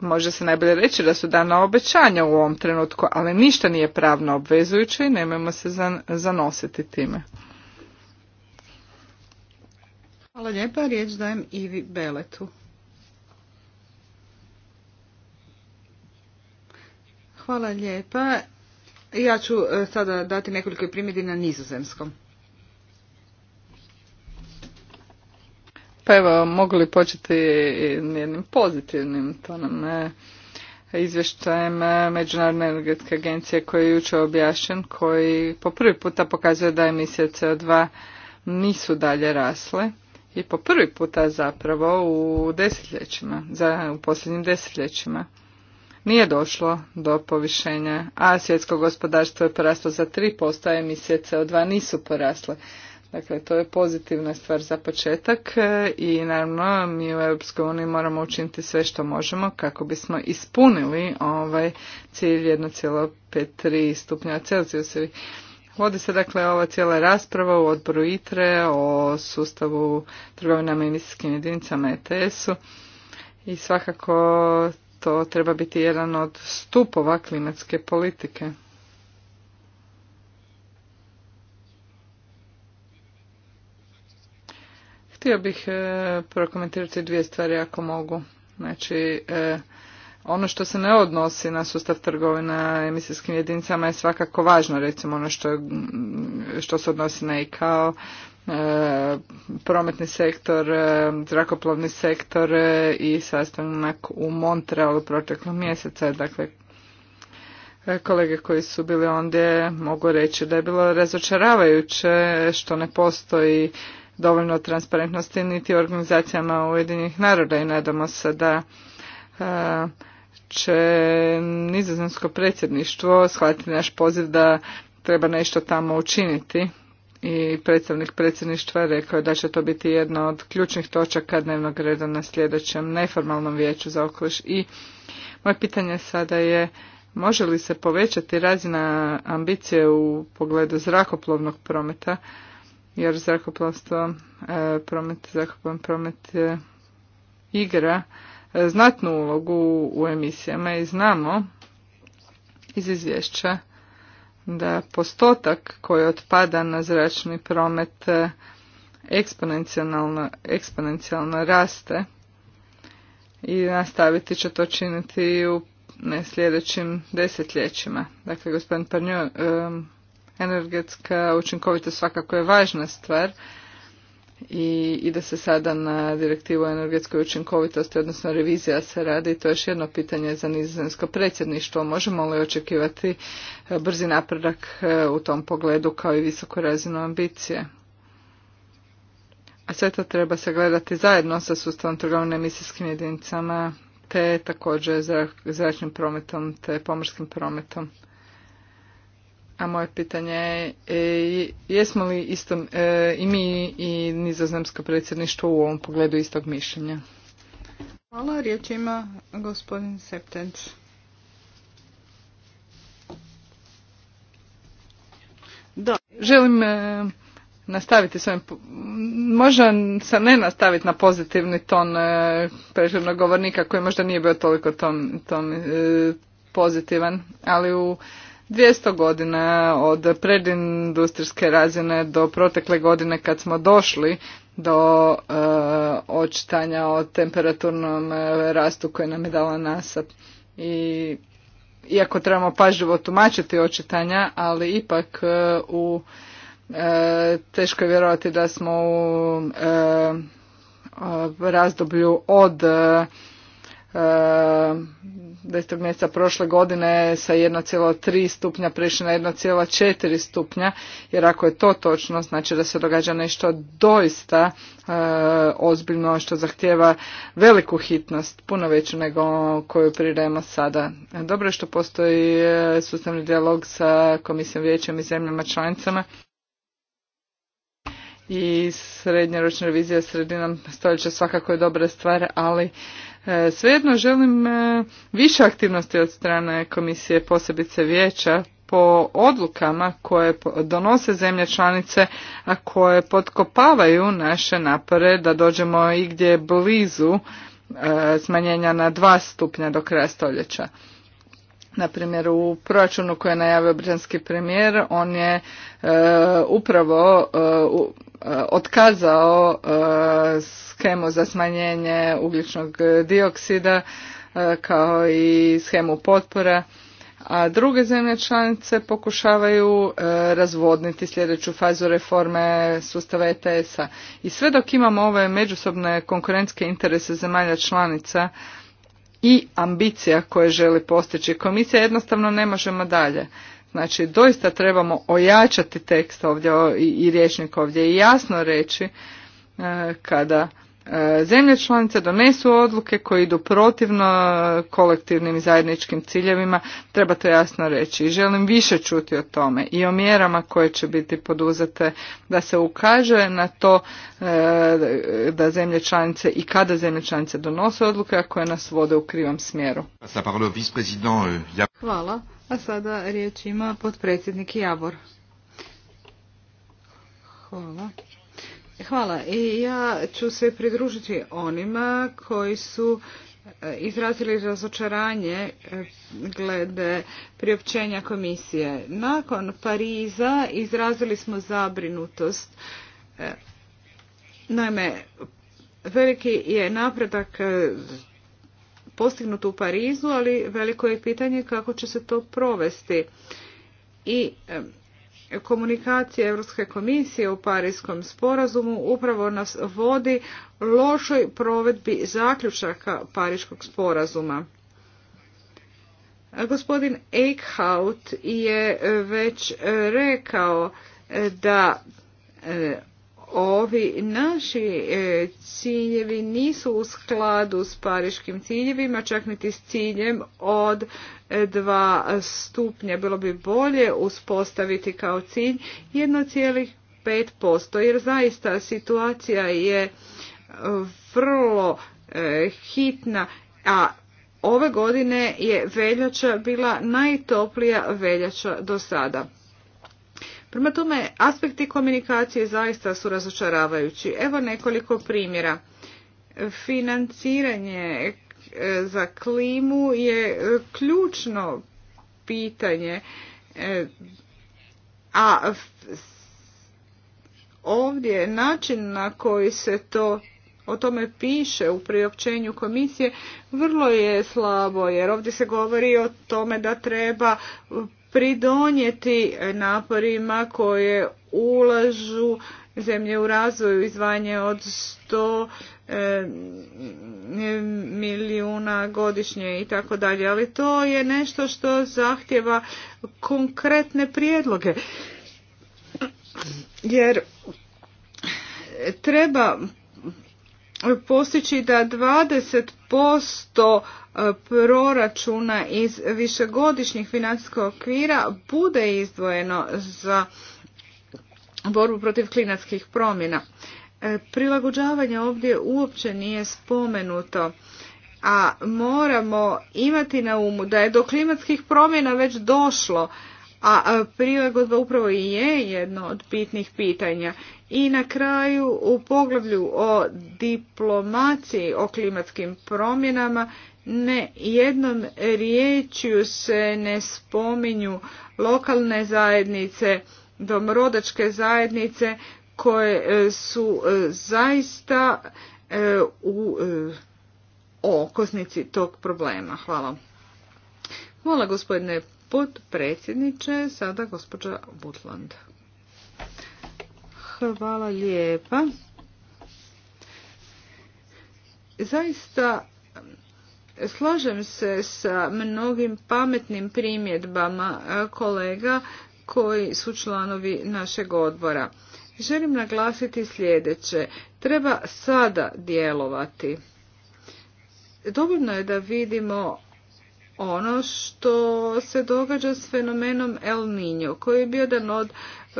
može se najbolje reći da su dana obećanja u ovom trenutku, ali ništa nije pravno obvezujuće i nemojmo se zanositi time. Hvala lijepa, riječ dajem Ivi Beletu. Hvala lijepa. Ja ću eh, sada dati nekoliko primjedbi na nizozemskom. Pa evo, mogu li početi jednim pozitivnim tonom e, izvještajem Međunarodne energetske agencije koji je jučer objašnjen, koji po prvi puta pokazuje da emisije CO2 nisu dalje rasle i po prvi puta zapravo u desetljećima, za, u posljednjim desetljećima nije došlo do povišenja, a svjetsko gospodarstvo je poraslo za 3%, a emisije CO2 nisu porasle. Dakle, to je pozitivna stvar za početak e, i naravno mi u EU moramo učiniti sve što možemo kako bismo ispunili ovaj cilj 1,53 stupnja Celsijusa. Vodi se dakle ova cijela rasprava u odboru ITRE o sustavu trgovina i jedinicama ETS-u i svakako to treba biti jedan od stupova klimatske politike. Htio bih e, prokomentirati dvije stvari ako mogu. Znači, e, ono što se ne odnosi na sustav trgovina emisijskim jedinicama je svakako važno, recimo ono što, mm, što se odnosi na ICAO, e, prometni sektor, zrakoplovni sektor i sastanak u Montrealu proteklog mjeseca. Dakle, kolege koji su bili ondje mogu reći da je bilo razočaravajuće što ne postoji dovoljno transparentnosti niti organizacijama Ujedinjenih naroda i nadamo se da e, će nizozemsko predsjedništvo shvatiti naš poziv da treba nešto tamo učiniti i predstavnik predsjedništva rekao da će to biti jedna od ključnih točaka dnevnog reda na sljedećem neformalnom vijeću za okoliš i moje pitanje sada je može li se povećati razina ambicije u pogledu zrakoplovnog prometa jer zrakoplovstvo, e, promet, zrakoplan promet e, igra e, znatnu ulogu u emisijama i znamo iz izvješća da postotak koji otpada na zračni promet eksponencijalno, eksponencijalno raste i nastaviti će to činiti u sljedećim desetljećima. Dakle, gospodin Parnjo, energetska učinkovitost svakako je važna stvar i ide se sada na direktivu o energetskoj učinkovitosti, odnosno revizija se radi i to je još jedno pitanje za nizozemsko predsjedništvo. Možemo li očekivati e, brzi napredak e, u tom pogledu kao i visoku razinu ambicije? A sve to treba se gledati zajedno sa sustavom trgovine emisijskim jedinicama te također zračnim prometom te pomorskim prometom. A moje pitanje je, e, jesmo li isto e, i mi i nizozemsko predsjedništvo u ovom pogledu istog mišljenja? Hvala, riječ ima gospodin Septenč. želim e, nastaviti s možda se ne nastaviti na pozitivni ton prethodnog govornika koji možda nije bio toliko ton pozitivan, ali u 200 godina od predindustrijske razine do protekle godine kad smo došli do e, očitanja o temperaturnom e, rastu koje nam je dala NASA. I, iako trebamo pažljivo tumačiti očitanja, ali ipak e, u e, teško je vjerovati da smo u razdoblju od desetog mjeseca prošle godine sa 1,3 stupnja prešli na 1,4 stupnja, jer ako je to točno, znači da se događa nešto doista e, ozbiljno što zahtjeva veliku hitnost, puno veću nego koju pridajemo sada. Dobro je što postoji e, sustavni dijalog sa komisijom vijećem i zemljama članicama i srednjoročna revizija sredinom stoljeća svakako je dobra stvar, ali E, svejedno želim e, više aktivnosti od strane komisije posebice vijeća po odlukama koje donose zemlje članice, a koje potkopavaju naše napore da dođemo i gdje blizu e, smanjenja na dva stupnja do kraja stoljeća. Na primjer, u proračunu koje je najavio britanski premijer, on je e, upravo e, u, e, otkazao e, za smanjenje ugljičnog dioksida e, kao i schemu potpora, a druge zemlje članice pokušavaju razvodniti sljedeću fazu reforme sustava ETS-a. I sve dok imamo ove međusobne konkurentske interese zemalja članica, i ambicija koje želi postići komisija jednostavno ne možemo dalje znači doista trebamo ojačati tekst ovdje i, rječnik ovdje i jasno reći e, kada E, zemlje članice donesu odluke koje idu protivno e, kolektivnim i zajedničkim ciljevima, treba to jasno reći. I želim više čuti o tome i o mjerama koje će biti poduzete da se ukaže na to e, da zemlje članice i kada zemlje članice donose odluke, a koje nas vode u krivom smjeru. Euh, Hvala. A sada riječ ima potpredsjednik Javor. Hvala. Hvala. I ja ću se pridružiti onima koji su e, izrazili razočaranje e, glede priopćenja komisije. Nakon Pariza izrazili smo zabrinutost. E, naime, veliki je napredak postignut u Parizu, ali veliko je pitanje kako će se to provesti. I komunikacije Europske komisije u Parijskom sporazumu upravo nas vodi lošoj provedbi zaključaka Pariškog sporazuma. Gospodin Eichhout je već rekao da e, ovi naši e, ciljevi nisu u skladu s pariškim ciljevima, čak niti s ciljem od e, dva stupnja. Bilo bi bolje uspostaviti kao cilj 1,5%, jer zaista situacija je vrlo e, hitna, a ove godine je veljača bila najtoplija veljača do sada. Prema tome, aspekti komunikacije zaista su razočaravajući. Evo nekoliko primjera. Financiranje e, za klimu je e, ključno pitanje, e, a ovdje način na koji se to o tome piše u priopćenju komisije vrlo je slabo jer ovdje se govori o tome da treba pridonijeti naporima koje ulažu zemlje u razvoju izvanje od 100 e, milijuna godišnje i tako dalje. Ali to je nešto što zahtjeva konkretne prijedloge. Jer treba postići da 20% e, proračuna iz višegodišnjih financijskog okvira bude izdvojeno za borbu protiv klimatskih promjena. E, prilagođavanje ovdje uopće nije spomenuto, a moramo imati na umu da je do klimatskih promjena već došlo, a prilagodba upravo i je jedno od bitnih pitanja. I na kraju u poglavlju o diplomaciji o klimatskim promjenama ne jednom riječju se ne spominju lokalne zajednice, domrodačke zajednice koje e, su e, zaista e, u okosnici tog problema. Hvala. Hvala gospodine potpredsjedniče, sada gospođa Butland. Hvala lijepa. Zaista slažem se sa mnogim pametnim primjedbama kolega koji su članovi našeg odbora. Želim naglasiti sljedeće. Treba sada djelovati. Dovoljno je da vidimo ono što se događa s fenomenom El Niño, koji je bio jedan od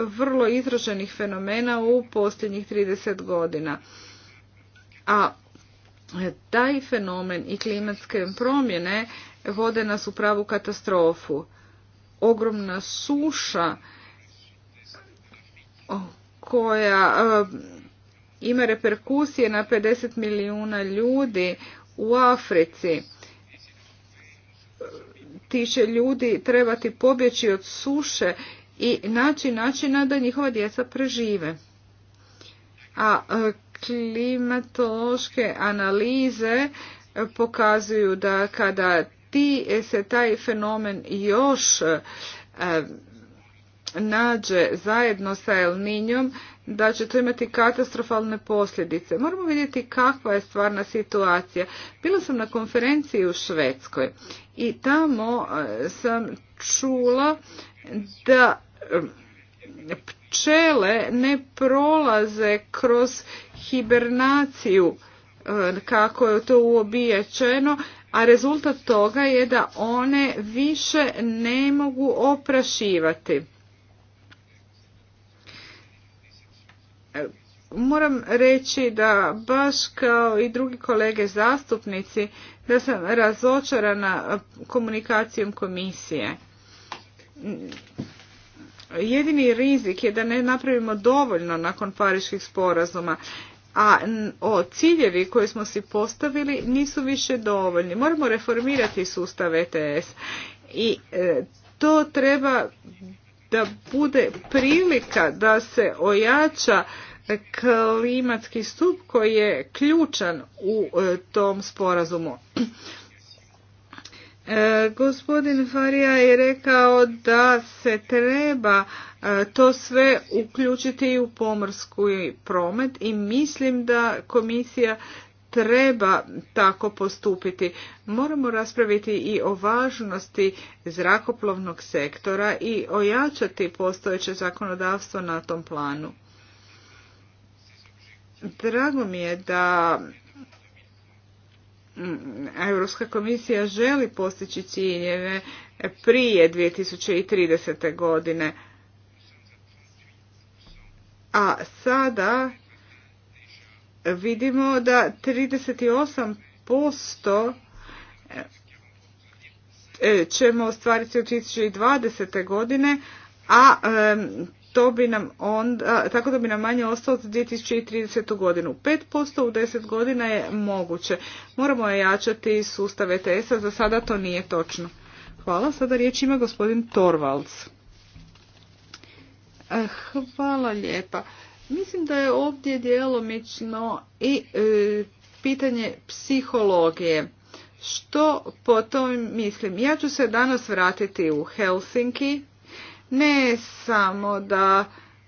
vrlo izraženih fenomena u posljednjih 30 godina. A taj fenomen i klimatske promjene vode nas u pravu katastrofu. Ogromna suša koja e, ima reperkusije na 50 milijuna ljudi u Africi. Ti će ljudi trebati pobjeći od suše i naći načina da njihova djeca prežive. A e, klimatološke analize e, pokazuju da kada ti e, se taj fenomen još nađe zajedno sa El da će to imati katastrofalne posljedice. Moramo vidjeti kakva je stvarna situacija. Bila sam na konferenciji u Švedskoj i tamo sam čula da pčele ne prolaze kroz hibernaciju e, kako je to uobijačeno, a rezultat toga je da one više ne mogu oprašivati. E, moram reći da baš kao i drugi kolege zastupnici da sam razočarana komunikacijom komisije. Jedini rizik je da ne napravimo dovoljno nakon pariških sporazuma, a o ciljevi koje smo si postavili nisu više dovoljni. Moramo reformirati sustav ETS i e, to treba da bude prilika da se ojača klimatski stup koji je ključan u e, tom sporazumu. E, gospodin Farija je rekao da se treba e, to sve uključiti i u pomorski promet i mislim da komisija treba tako postupiti. Moramo raspraviti i o važnosti zrakoplovnog sektora i ojačati postojeće zakonodavstvo na tom planu. Drago mi je da Europska komisija želi postići ciljeve prije 2030. godine. A sada vidimo da 38% e, ćemo ostvariti u 2020. godine, a to bi nam onda, tako da bi nam manje ostalo za 2030. godinu. 5% u 10 godina je moguće. Moramo jačati sustav ETS-a, za sada to nije točno. Hvala, sada riječ ima gospodin Torvalds. Eh, hvala lijepa. Mislim da je ovdje djelomično i e, pitanje psihologije. Što po tom mislim? Ja ću se danas vratiti u Helsinki ne samo da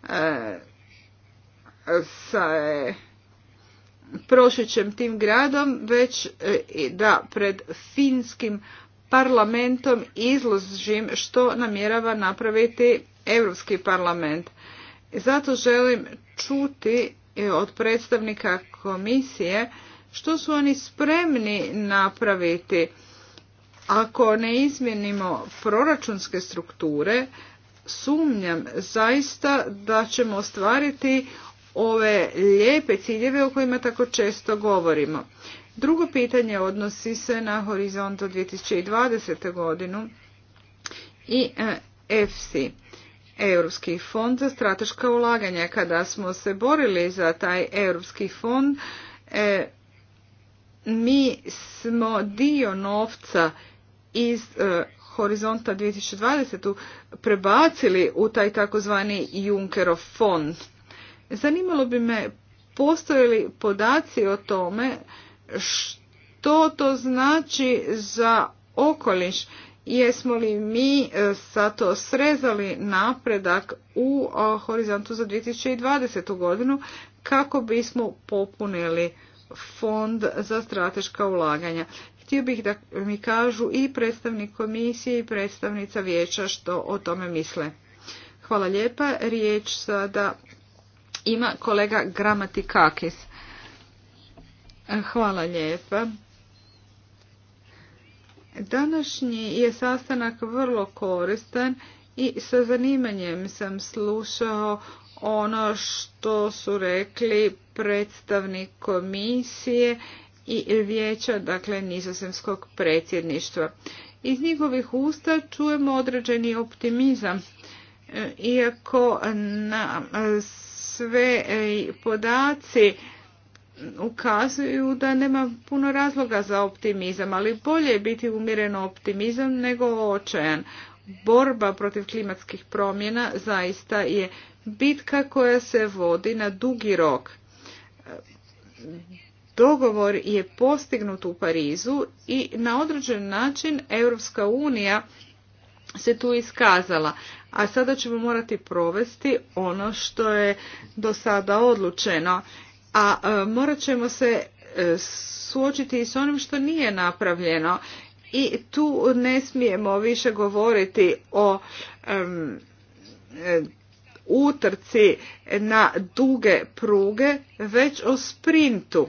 se sa e, prošećem tim gradom, već e, da pred finskim parlamentom izložim što namjerava napraviti Europski parlament. Zato želim čuti e, od predstavnika komisije što su oni spremni napraviti ako ne izmjenimo proračunske strukture, sumnjam zaista da ćemo ostvariti ove lijepe ciljeve o kojima tako često govorimo. Drugo pitanje odnosi se na horizont 2020. godinu i EFSI, Europski fond za strateška ulaganja. Kada smo se borili za taj Europski fond, e, mi smo dio novca iz e, horizonta 2020. prebacili u taj takozvani Junckerov fond. Zanimalo bi me postoje li podaci o tome što to znači za okoliš. Jesmo li mi e, sa to srezali napredak u horizontu za 2020. godinu kako bismo popunili fond za strateška ulaganja. Htio bih da mi kažu i predstavnik komisije i predstavnica vijeća što o tome misle. Hvala lijepa. Riječ sada ima kolega Gramatikakis. Hvala lijepa. Današnji je sastanak vrlo koristan i sa zanimanjem sam slušao ono što su rekli predstavnik komisije i vijeća, dakle nizozemskog predsjedništva. Iz njihovih usta čujemo određeni optimizam, e, iako na sve e, podaci ukazuju da nema puno razloga za optimizam, ali bolje je biti umjeren optimizam nego očajan. Borba protiv klimatskih promjena zaista je bitka koja se vodi na dugi rok dogovor je postignut u Parizu i na određen način Europska unija se tu iskazala, a sada ćemo morati provesti ono što je do sada odlučeno, a e, morat ćemo se e, suočiti i s onim što nije napravljeno i tu ne smijemo više govoriti o e, utrci na duge pruge, već o sprintu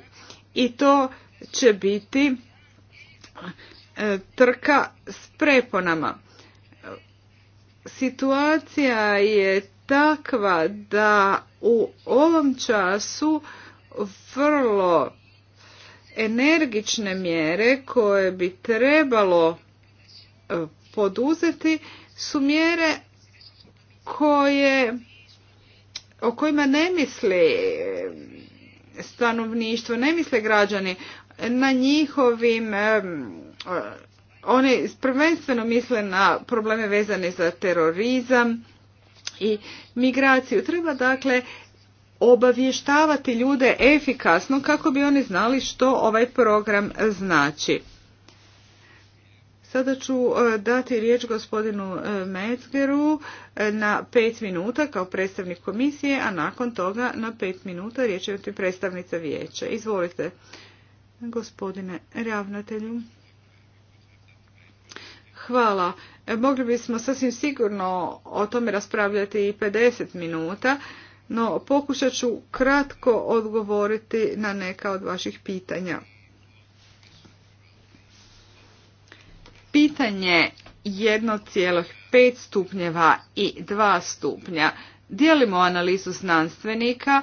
i to će biti e, trka s preponama. Situacija je takva da u ovom času vrlo energične mjere koje bi trebalo e, poduzeti su mjere koje o kojima ne misli stanovništvo, ne misle građani na njihovim eh, oni prvenstveno misle na probleme vezane za terorizam i migraciju. Treba dakle obavještavati ljude efikasno kako bi oni znali što ovaj program znači. Sada ću e, dati riječ gospodinu e, Metzgeru e, na pet minuta kao predstavnik komisije, a nakon toga na pet minuta riječ je ti predstavnica vijeća. Izvolite, gospodine ravnatelju. Hvala. Mogli bismo sasvim sigurno o tome raspravljati i 50 minuta, no pokušat ću kratko odgovoriti na neka od vaših pitanja. pitanje 1,5 stupnjeva i 2 stupnja. Dijelimo analizu znanstvenika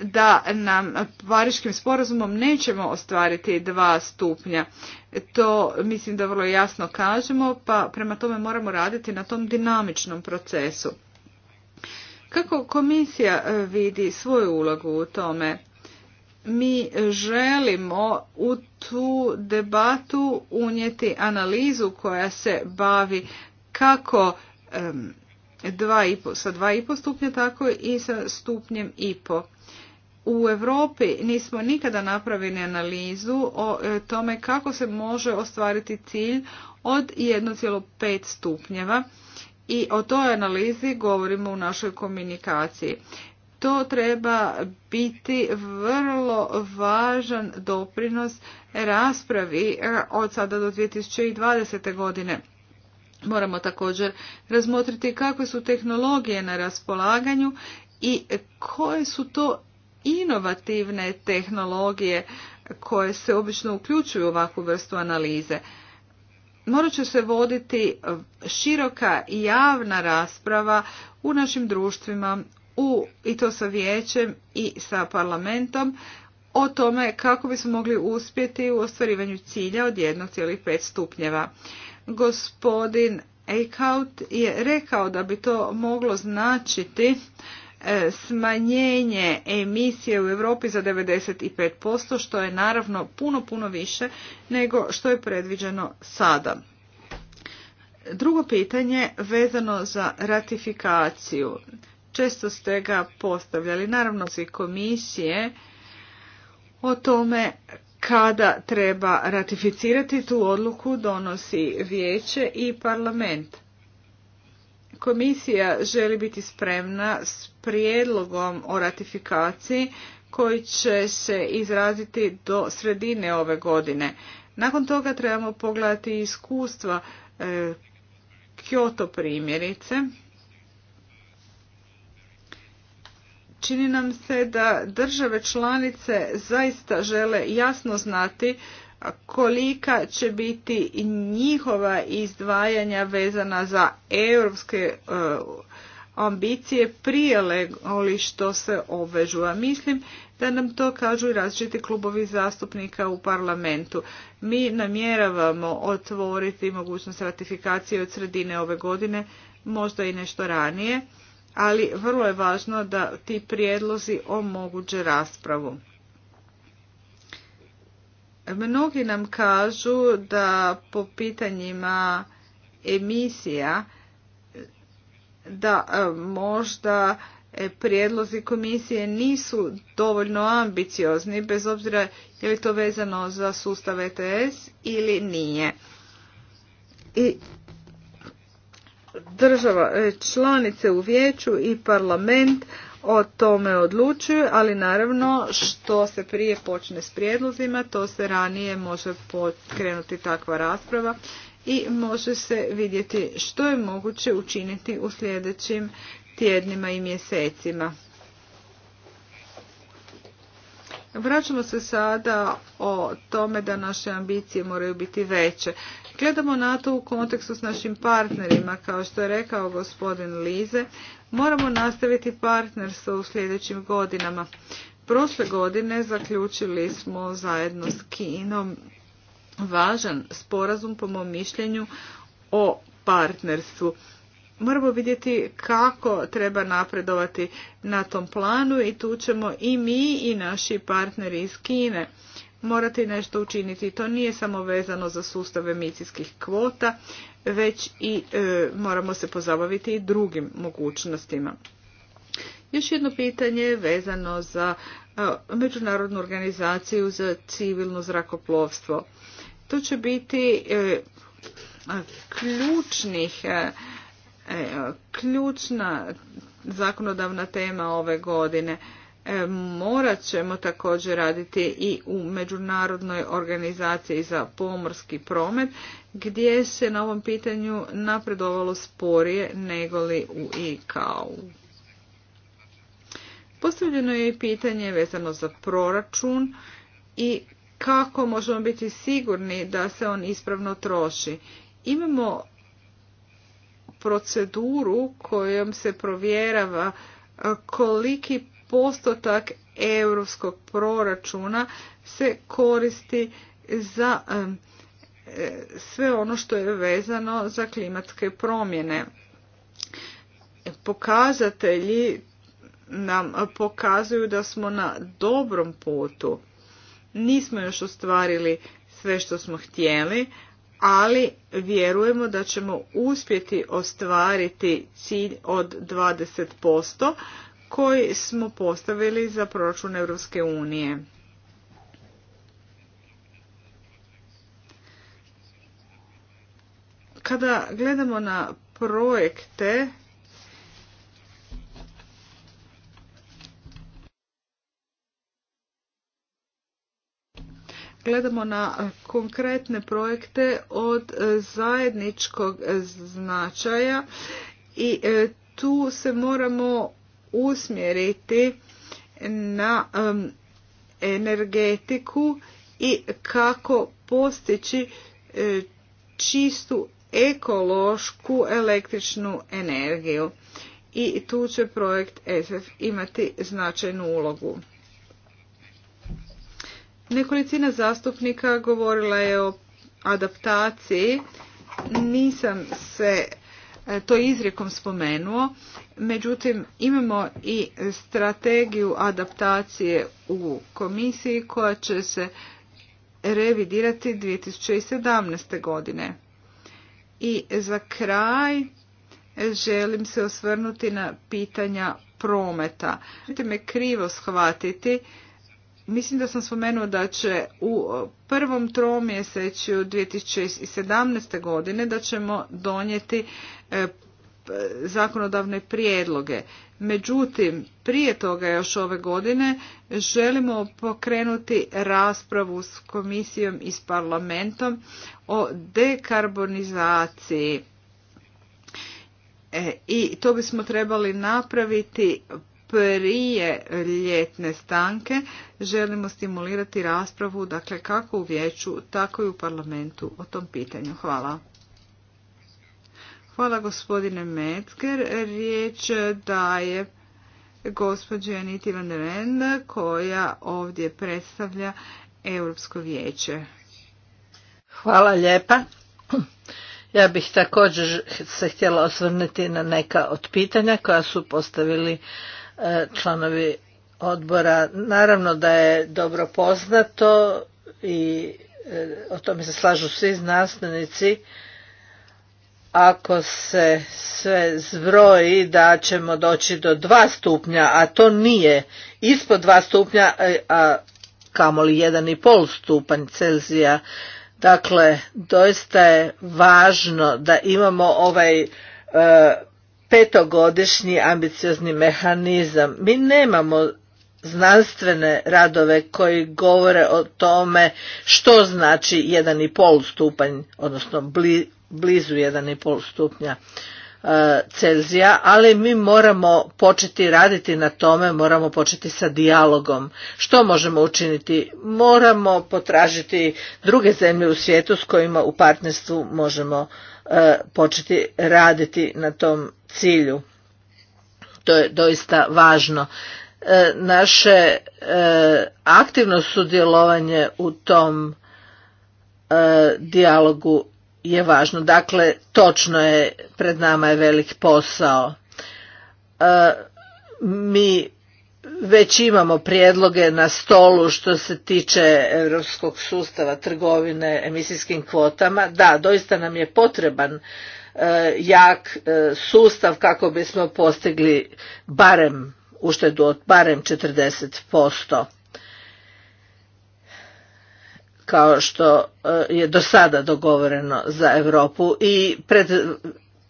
da nam pariškim sporazumom nećemo ostvariti dva stupnja. To mislim da vrlo jasno kažemo, pa prema tome moramo raditi na tom dinamičnom procesu. Kako komisija vidi svoju ulogu u tome? mi želimo u tu debatu unijeti analizu koja se bavi kako dva i po, sa 2,5 stupnja, tako i sa stupnjem i po. U Europi nismo nikada napravili analizu o e, tome kako se može ostvariti cilj od 1,5 stupnjeva i o toj analizi govorimo u našoj komunikaciji to treba biti vrlo važan doprinos raspravi eh, od sada do 2020. godine. Moramo također razmotriti kakve su tehnologije na raspolaganju i koje su to inovativne tehnologije koje se obično uključuju u ovakvu vrstu analize. Morat će se voditi široka i javna rasprava u našim društvima u, i to sa vijećem i sa parlamentom o tome kako bismo mogli uspjeti u ostvarivanju cilja od 1,5 stupnjeva. Gospodin Eichhout je rekao da bi to moglo značiti e, smanjenje emisije u Europi za 95%, što je naravno puno, puno više nego što je predviđeno sada. Drugo pitanje vezano za ratifikaciju često ste ga postavljali. Naravno, svi komisije o tome kada treba ratificirati tu odluku donosi vijeće i parlament. Komisija želi biti spremna s prijedlogom o ratifikaciji koji će se izraziti do sredine ove godine. Nakon toga trebamo pogledati iskustva e, Kyoto primjerice. čini nam se da države članice zaista žele jasno znati kolika će biti njihova izdvajanja vezana za europske e, ambicije prije li što se obvežu. A mislim da nam to kažu i različiti klubovi zastupnika u parlamentu. Mi namjeravamo otvoriti mogućnost ratifikacije od sredine ove godine, možda i nešto ranije ali vrlo je važno da ti prijedlozi omoguće raspravu. Mnogi nam kažu da po pitanjima emisija da e, možda e, prijedlozi komisije nisu dovoljno ambiciozni, bez obzira je li to vezano za sustav ETS ili nije. I država e, članice u vijeću i parlament o tome odlučuju, ali naravno što se prije počne s prijedlozima, to se ranije može krenuti takva rasprava i može se vidjeti što je moguće učiniti u sljedećim tjednima i mjesecima. Vraćamo se sada o tome da naše ambicije moraju biti veće. Gledamo na to u kontekstu s našim partnerima, kao što je rekao gospodin Lize, moramo nastaviti partnerstvo u sljedećim godinama. Prošle godine zaključili smo zajedno s Kinom važan sporazum po mom mišljenju o partnerstvu. Moramo vidjeti kako treba napredovati na tom planu i tu ćemo i mi i naši partneri iz Kine morati nešto učiniti. To nije samo vezano za sustav emisijskih kvota, već i e, moramo se pozabaviti i drugim mogućnostima. Još jedno pitanje je vezano za e, Međunarodnu organizaciju za civilno zrakoplovstvo. To će biti e, ključnih ključna zakonodavna tema ove godine. E, morat ćemo također raditi i u Međunarodnoj organizaciji za pomorski promet gdje se na ovom pitanju napredovalo sporije nego li u ICAO-u. Postavljeno je i pitanje vezano za proračun i kako možemo biti sigurni da se on ispravno troši. Imamo proceduru kojom se provjerava e, koliki postotak europskog proračuna se koristi za e, sve ono što je vezano za klimatske promjene. Pokazatelji nam pokazuju da smo na dobrom putu. Nismo još ostvarili sve što smo htjeli, ali vjerujemo da ćemo uspjeti ostvariti cilj od 20%, koji smo postavili za proračun Europske unije. Kada gledamo na projekte gledamo na konkretne projekte od zajedničkog značaja i e, tu se moramo usmjeriti na energetiku i kako postići e, čistu ekološku električnu energiju. I tu će projekt SF imati značajnu ulogu. Nekolicina zastupnika govorila je o adaptaciji. Nisam se e, to izrijekom spomenuo, Međutim, imamo i strategiju adaptacije u komisiji koja će se revidirati 2017. godine. I za kraj želim se osvrnuti na pitanja prometa. Možete me krivo shvatiti. Mislim da sam spomenuo da će u prvom tromjeseću 2017. godine da ćemo donijeti e, zakonodavne prijedloge. Međutim, prije toga još ove godine želimo pokrenuti raspravu s komisijom i s parlamentom o dekarbonizaciji. E, I to bismo trebali napraviti prije ljetne stanke. Želimo stimulirati raspravu dakle, kako u vijeću, tako i u parlamentu o tom pitanju. Hvala. Hvala gospodine Metker. Riječ daje gospođe Aniti van koja ovdje predstavlja Europsko vijeće. Hvala lijepa. Ja bih također se htjela osvrnuti na neka od pitanja koja su postavili e, članovi odbora. Naravno da je dobro poznato i e, o tome se slažu svi znanstvenici ako se sve zbroji da ćemo doći do dva stupnja, a to nije ispod dva stupnja, e, a kamoli jedan i pol stupanj Celzija. Dakle, doista je važno da imamo ovaj e, petogodišnji ambiciozni mehanizam. Mi nemamo znanstvene radove koji govore o tome što znači 1,5 stupanj, odnosno bli, blizu 1,5 stupnja e, Celzija, ali mi moramo početi raditi na tome, moramo početi sa dijalogom. Što možemo učiniti? Moramo potražiti druge zemlje u svijetu s kojima u partnerstvu možemo e, početi raditi na tom cilju. To je doista važno. E, naše aktivno sudjelovanje u tom dijalogu je važno. Dakle, točno je, pred nama je velik posao. E, mi već imamo prijedloge na stolu što se tiče europskog sustava trgovine emisijskim kvotama. Da, doista nam je potreban e, jak e, sustav kako bismo postigli barem uštedu od barem 40% kao što e, je do sada dogovoreno za Europu i pred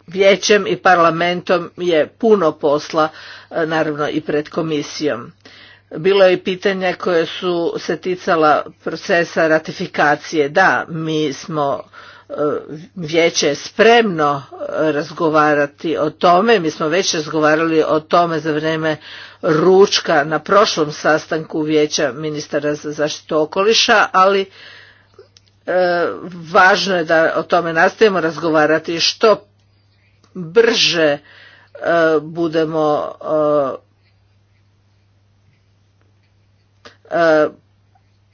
vijećem i parlamentom je puno posla e, naravno i pred komisijom. Bilo je i pitanja koje su se ticala procesa ratifikacije. Da, mi smo e, vijeće spremno razgovarati o tome. Mi smo već razgovarali o tome za vrijeme ručka na prošlom sastanku vijeća ministara za zaštitu okoliša, ali e, važno je da o tome nastavimo razgovarati što brže e, budemo e,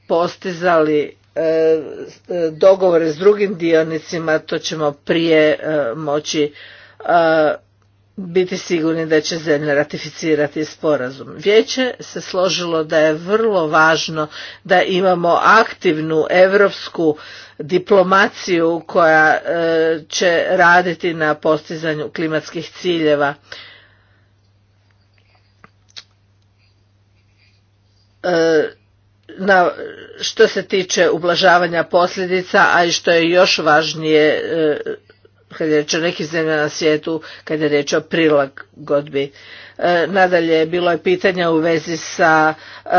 postizali dogovore s drugim dionicima, to ćemo prije moći biti sigurni da će zemlja ratificirati sporazum. Vijeće se složilo da je vrlo važno da imamo aktivnu europsku diplomaciju koja e, će raditi na postizanju klimatskih ciljeva. E, na, što se tiče ublažavanja posljedica, a i što je još važnije e, kad je reč o nekih zemlja na svijetu, kad je riječ o prilagodbi. E, nadalje, bilo je pitanja u vezi sa e,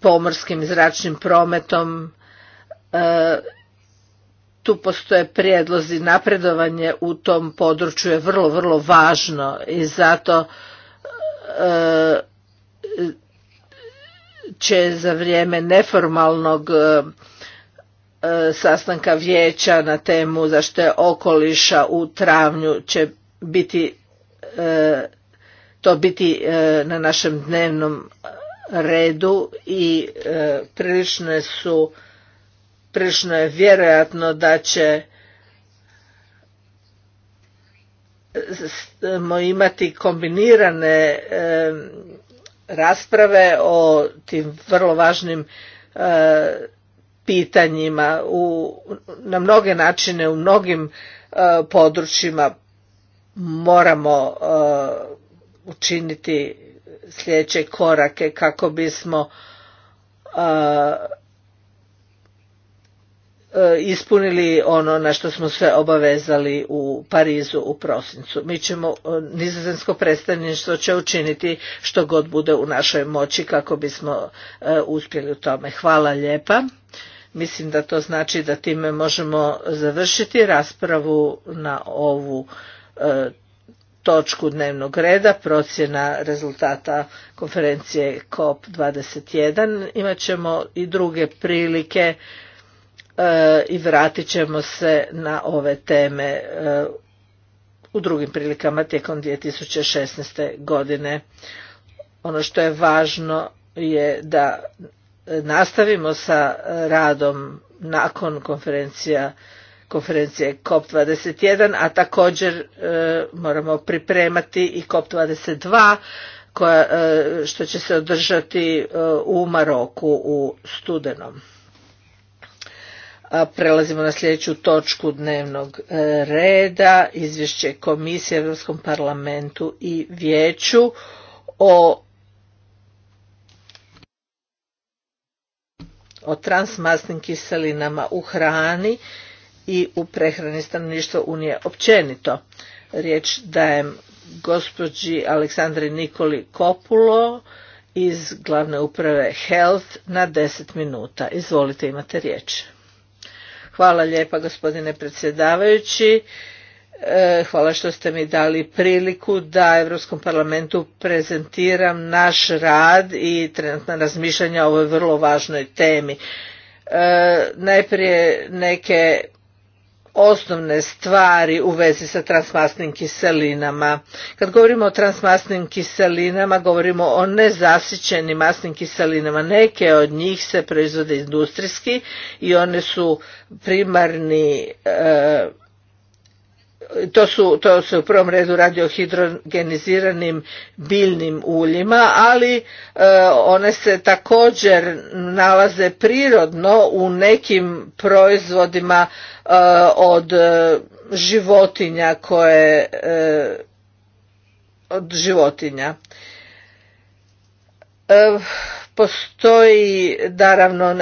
pomorskim zračnim prometom. E, tu postoje prijedlozi, napredovanje u tom području je vrlo, vrlo važno i zato će za vrijeme neformalnog E, sastanka vijeća na temu zaštite okoliša u travnju će biti e, to biti e, na našem dnevnom redu i prilično su prilično je vjerojatno da će imati kombinirane rasprave o tim vrlo važnim pitanjima u, na mnoge načine u mnogim e, područjima moramo e, učiniti sljedeće korake kako bismo e, E, ispunili ono na što smo se obavezali u Parizu u prosincu. Mi ćemo, e, nizozemsko predstavništvo će učiniti što god bude u našoj moći kako bismo e, uspjeli u tome. Hvala lijepa. Mislim da to znači da time možemo završiti raspravu na ovu točku dnevnog reda, procjena rezultata konferencije COP21. Imaćemo i druge prilike E, i vratit ćemo se na ove teme e, u drugim prilikama tijekom 2016. godine. Ono što je važno je da nastavimo sa radom nakon konferencija konferencije COP21, a također e, moramo pripremati i COP22 koja, što će se održati u Maroku u studenom. Prelazimo na sljedeću točku dnevnog e, reda, izvješće Komisije Europskom parlamentu i vijeću o o transmasnim kiselinama u hrani i u prehrani stanovništva Unije općenito. Riječ dajem gospođi Aleksandri Nikoli Kopulo iz glavne uprave Health na 10 minuta. Izvolite, imate riječ. Hvala lijepa gospodine predsjedavajući. E, hvala što ste mi dali priliku da Europskom parlamentu prezentiram naš rad i trenutna razmišljanja o ovoj vrlo važnoj temi. E, najprije neke osnovne stvari u vezi sa transmasnim kiselinama. Kad govorimo o transmasnim kiselinama, govorimo o nezasićenim masnim kiselinama. Neke od njih se proizvode industrijski i one su primarni e, to su, to se u prvom redu radi o hidrogeniziranim biljnim uljima, ali e, one se također nalaze prirodno u nekim proizvodima e, e, od životinja koje od životinja. E, postoji naravno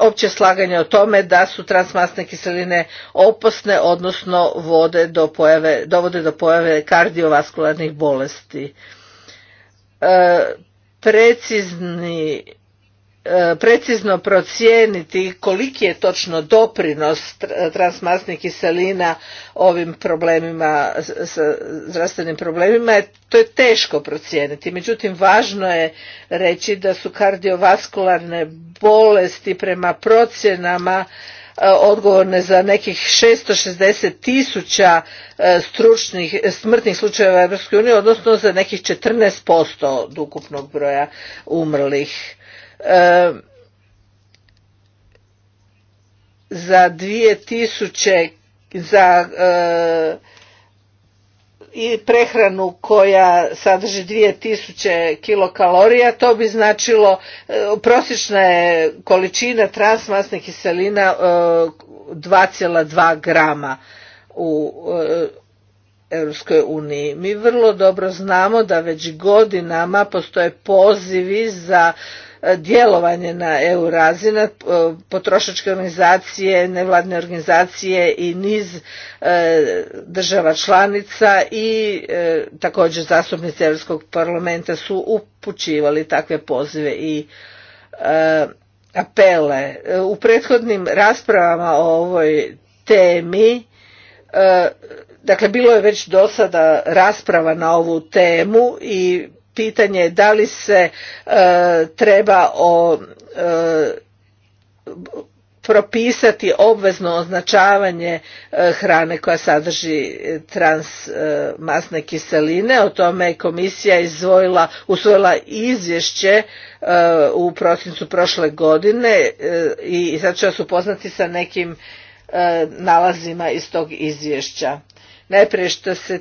opće slaganje o tome da su transmasne kiseline opasne odnosno vode do pojave, dovode do pojave kardiovaskularnih bolesti e, precizni E, precizno procijeniti koliki je točno doprinos transmasnih kiselina ovim problemima, zdravstvenim problemima, to je teško procijeniti. Međutim, važno je reći da su kardiovaskularne bolesti prema procjenama e, odgovorne za nekih 660 tisuća e, stručnih smrtnih slučajeva u EU, odnosno za nekih 14% od ukupnog broja umrlih E, za 2000 za e, i prehranu koja sadrži 2000 kilokalorija, to bi značilo e, prosječna je količina transmasnih kiselina 2,2 grama u Europskoj uniji. Mi vrlo dobro znamo da već godinama postoje pozivi za E, djelovanje na EU razine, potrošačke organizacije, nevladne organizacije i niz e, država članica i e, također zastupnici Europskog parlamenta su upućivali takve pozive i apele. U prethodnim raspravama o ovoj temi dakle bilo je već do sada rasprava na ovu temu i pitanje da li se e, treba o e, propisati obvezno označavanje e, hrane koja sadrži transmasne kiseline. O tome je komisija izvojila, usvojila izvješće u prosincu prošle godine i sad ću vas upoznati sa nekim nalazima iz tog izvješća. Najprije što se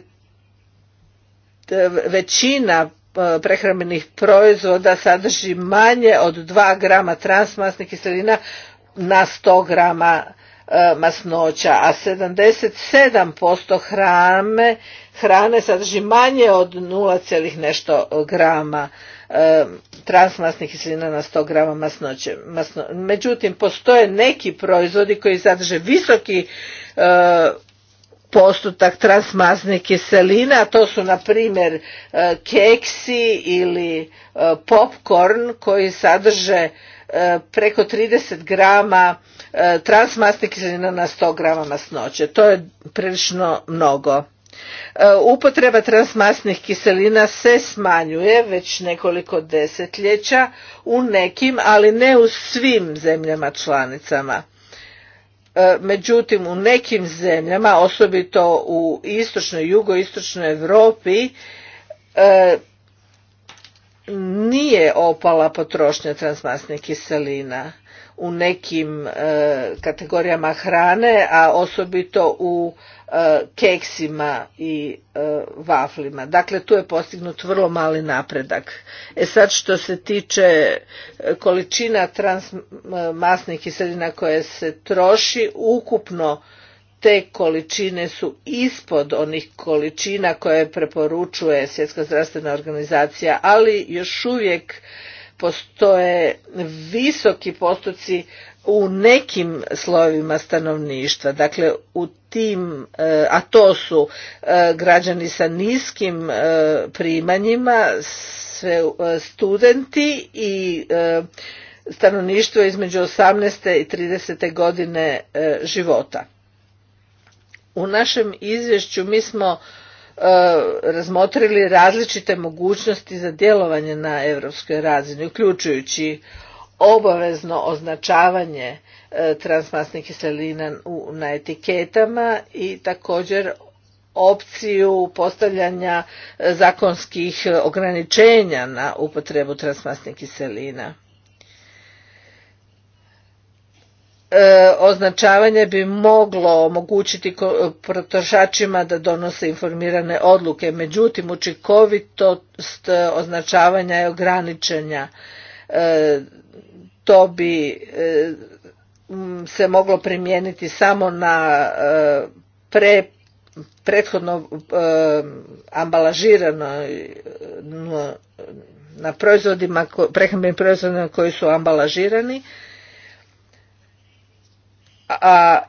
većina E, prehrambenih proizvoda sadrži manje od 2 grama transmasnih kiselina na 100 grama e, masnoća, a 77% hrane, hrane sadrži manje od 0, nešto grama e, transmasnih kiselina na 100 grama masnoće. Međutim, postoje neki proizvodi koji sadrže visoki postotak transmasnih kiselina, a to su na primjer e, keksi ili e, popcorn koji sadrže e, preko 30 grama transmasnih kiselina na 100 grama masnoće. To je prilično mnogo. Upotreba transmasnih kiselina se smanjuje već nekoliko desetljeća u nekim, ali ne u svim zemljama članicama. E, međutim u nekim zemljama osobito u istočnoj jugoistočnoj Europi e, nije opala potrošnja transmasnih kiselina u nekim e, kategorijama hrane a osobito u E, keksima i e, vaflima. Dakle, tu je postignut vrlo mali napredak. E sad što se tiče e, količina transmasnih kiselina koje se troši, ukupno te količine su ispod onih količina koje preporučuje Svjetska zdravstvena organizacija, ali još uvijek postoje visoki postoci u nekim slojevima stanovništva, dakle u tim, e, a to su e, građani sa niskim e, primanjima, sve studenti i stanovništvo između 18. i 30. godine života. U našem izvješću mi smo razmotrili različite mogućnosti za djelovanje na europskoj razini, uključujući obavezno označavanje e, transmasnih kiselina na etiketama i također opciju postavljanja e, zakonskih ograničenja na upotrebu transmasnih kiselina. E, označavanje bi moglo omogućiti potrošačima da donose informirane odluke, međutim učinkovitost označavanja je ograničenja E, to bi e, se moglo primijeniti samo na e, pre prethodno ambalažirano na proizvodima prehrambenim proizvodima koji su ambalažirani a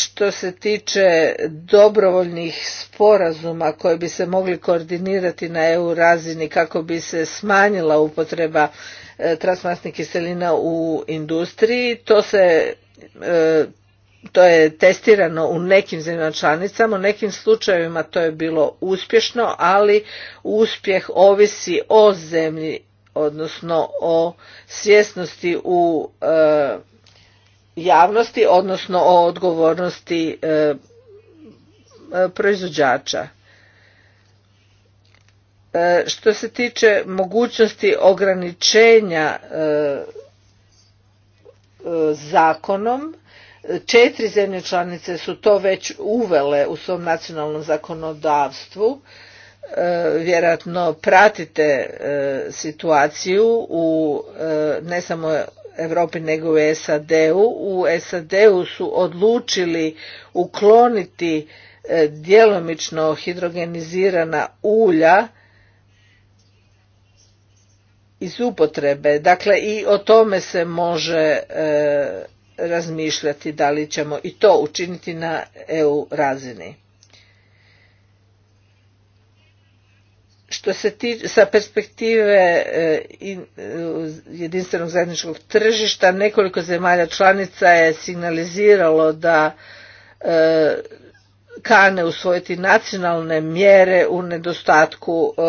što se tiče dobrovoljnih sporazuma koji bi se mogli koordinirati na EU razini kako bi se smanjila upotreba e, transmasnih kiselina u industriji, to se e, to je testirano u nekim zemljama članicama, u nekim slučajevima to je bilo uspješno, ali uspjeh ovisi o zemlji, odnosno o svjesnosti u e, javnosti, odnosno o odgovornosti e, e, proizvođača. E, što se tiče mogućnosti ograničenja zakonom, četiri zemlje članice su to već uvele u svom nacionalnom zakonodavstvu. Vjerojatno pratite situaciju u ne samo Europi nego u SAD-u. U SAD-u su odlučili ukloniti e, djelomično hidrogenizirana ulja iz upotrebe. Dakle i o tome se može e, razmišljati da li ćemo i to učiniti na EU razini. što se tiče sa perspektive e, e, jedinstvenog zajedničkog tržišta nekoliko zemalja članica je signaliziralo da e, kane usvojiti nacionalne mjere u nedostatku e,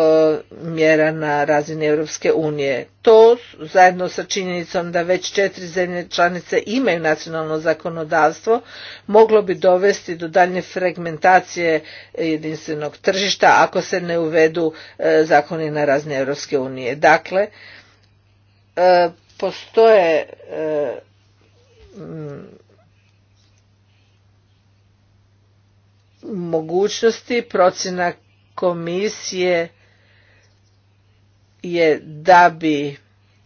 mjera na razini Europske unije. To zajedno sa činjenicom da već četiri zemlje članice imaju nacionalno zakonodavstvo moglo bi dovesti do daljnje fragmentacije jedinstvenog tržišta ako se ne uvedu e, zakoni na razini Europske unije. Dakle, e, postoje mogućnosti procjena komisije je da bi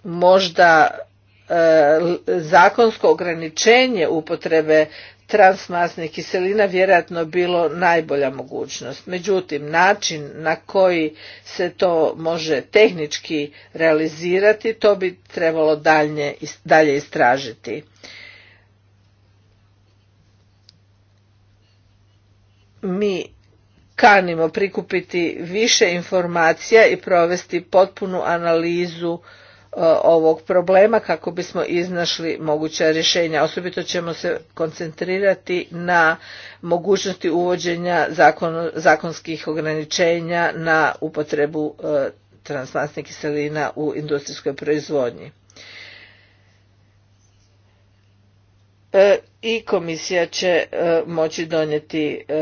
možda e, zakonsko ograničenje upotrebe transmasne kiselina vjerojatno bilo najbolja mogućnost. Međutim, način na koji se to može tehnički realizirati, to bi trebalo dalje istražiti. mi kanimo prikupiti više informacija i provesti potpunu analizu e, ovog problema kako bismo iznašli moguća rješenja. Osobito ćemo se koncentrirati na mogućnosti uvođenja zakonskih ograničenja na upotrebu e, transmasne kiselina u industrijskoj proizvodnji. E, i komisija će e, moći donijeti e,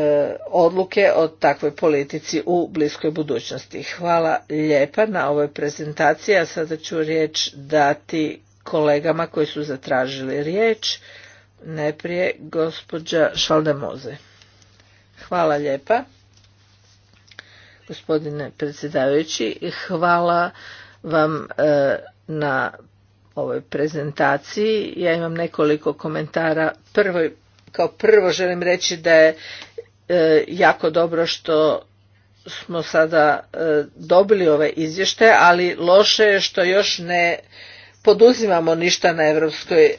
odluke o takvoj politici u bliskoj budućnosti. Hvala lijepa na ovoj prezentaciji, a sada ću riječ dati kolegama koji su zatražili riječ. Najprije gospođa Šaldemoze. Hvala lijepa gospodine predsjedavajući hvala vam na ovoj prezentaciji. Ja imam nekoliko komentara. Prvo, kao prvo želim reći da je e, jako dobro što smo sada e, dobili ove izvješte, ali loše je što još ne poduzimamo ništa na europskoj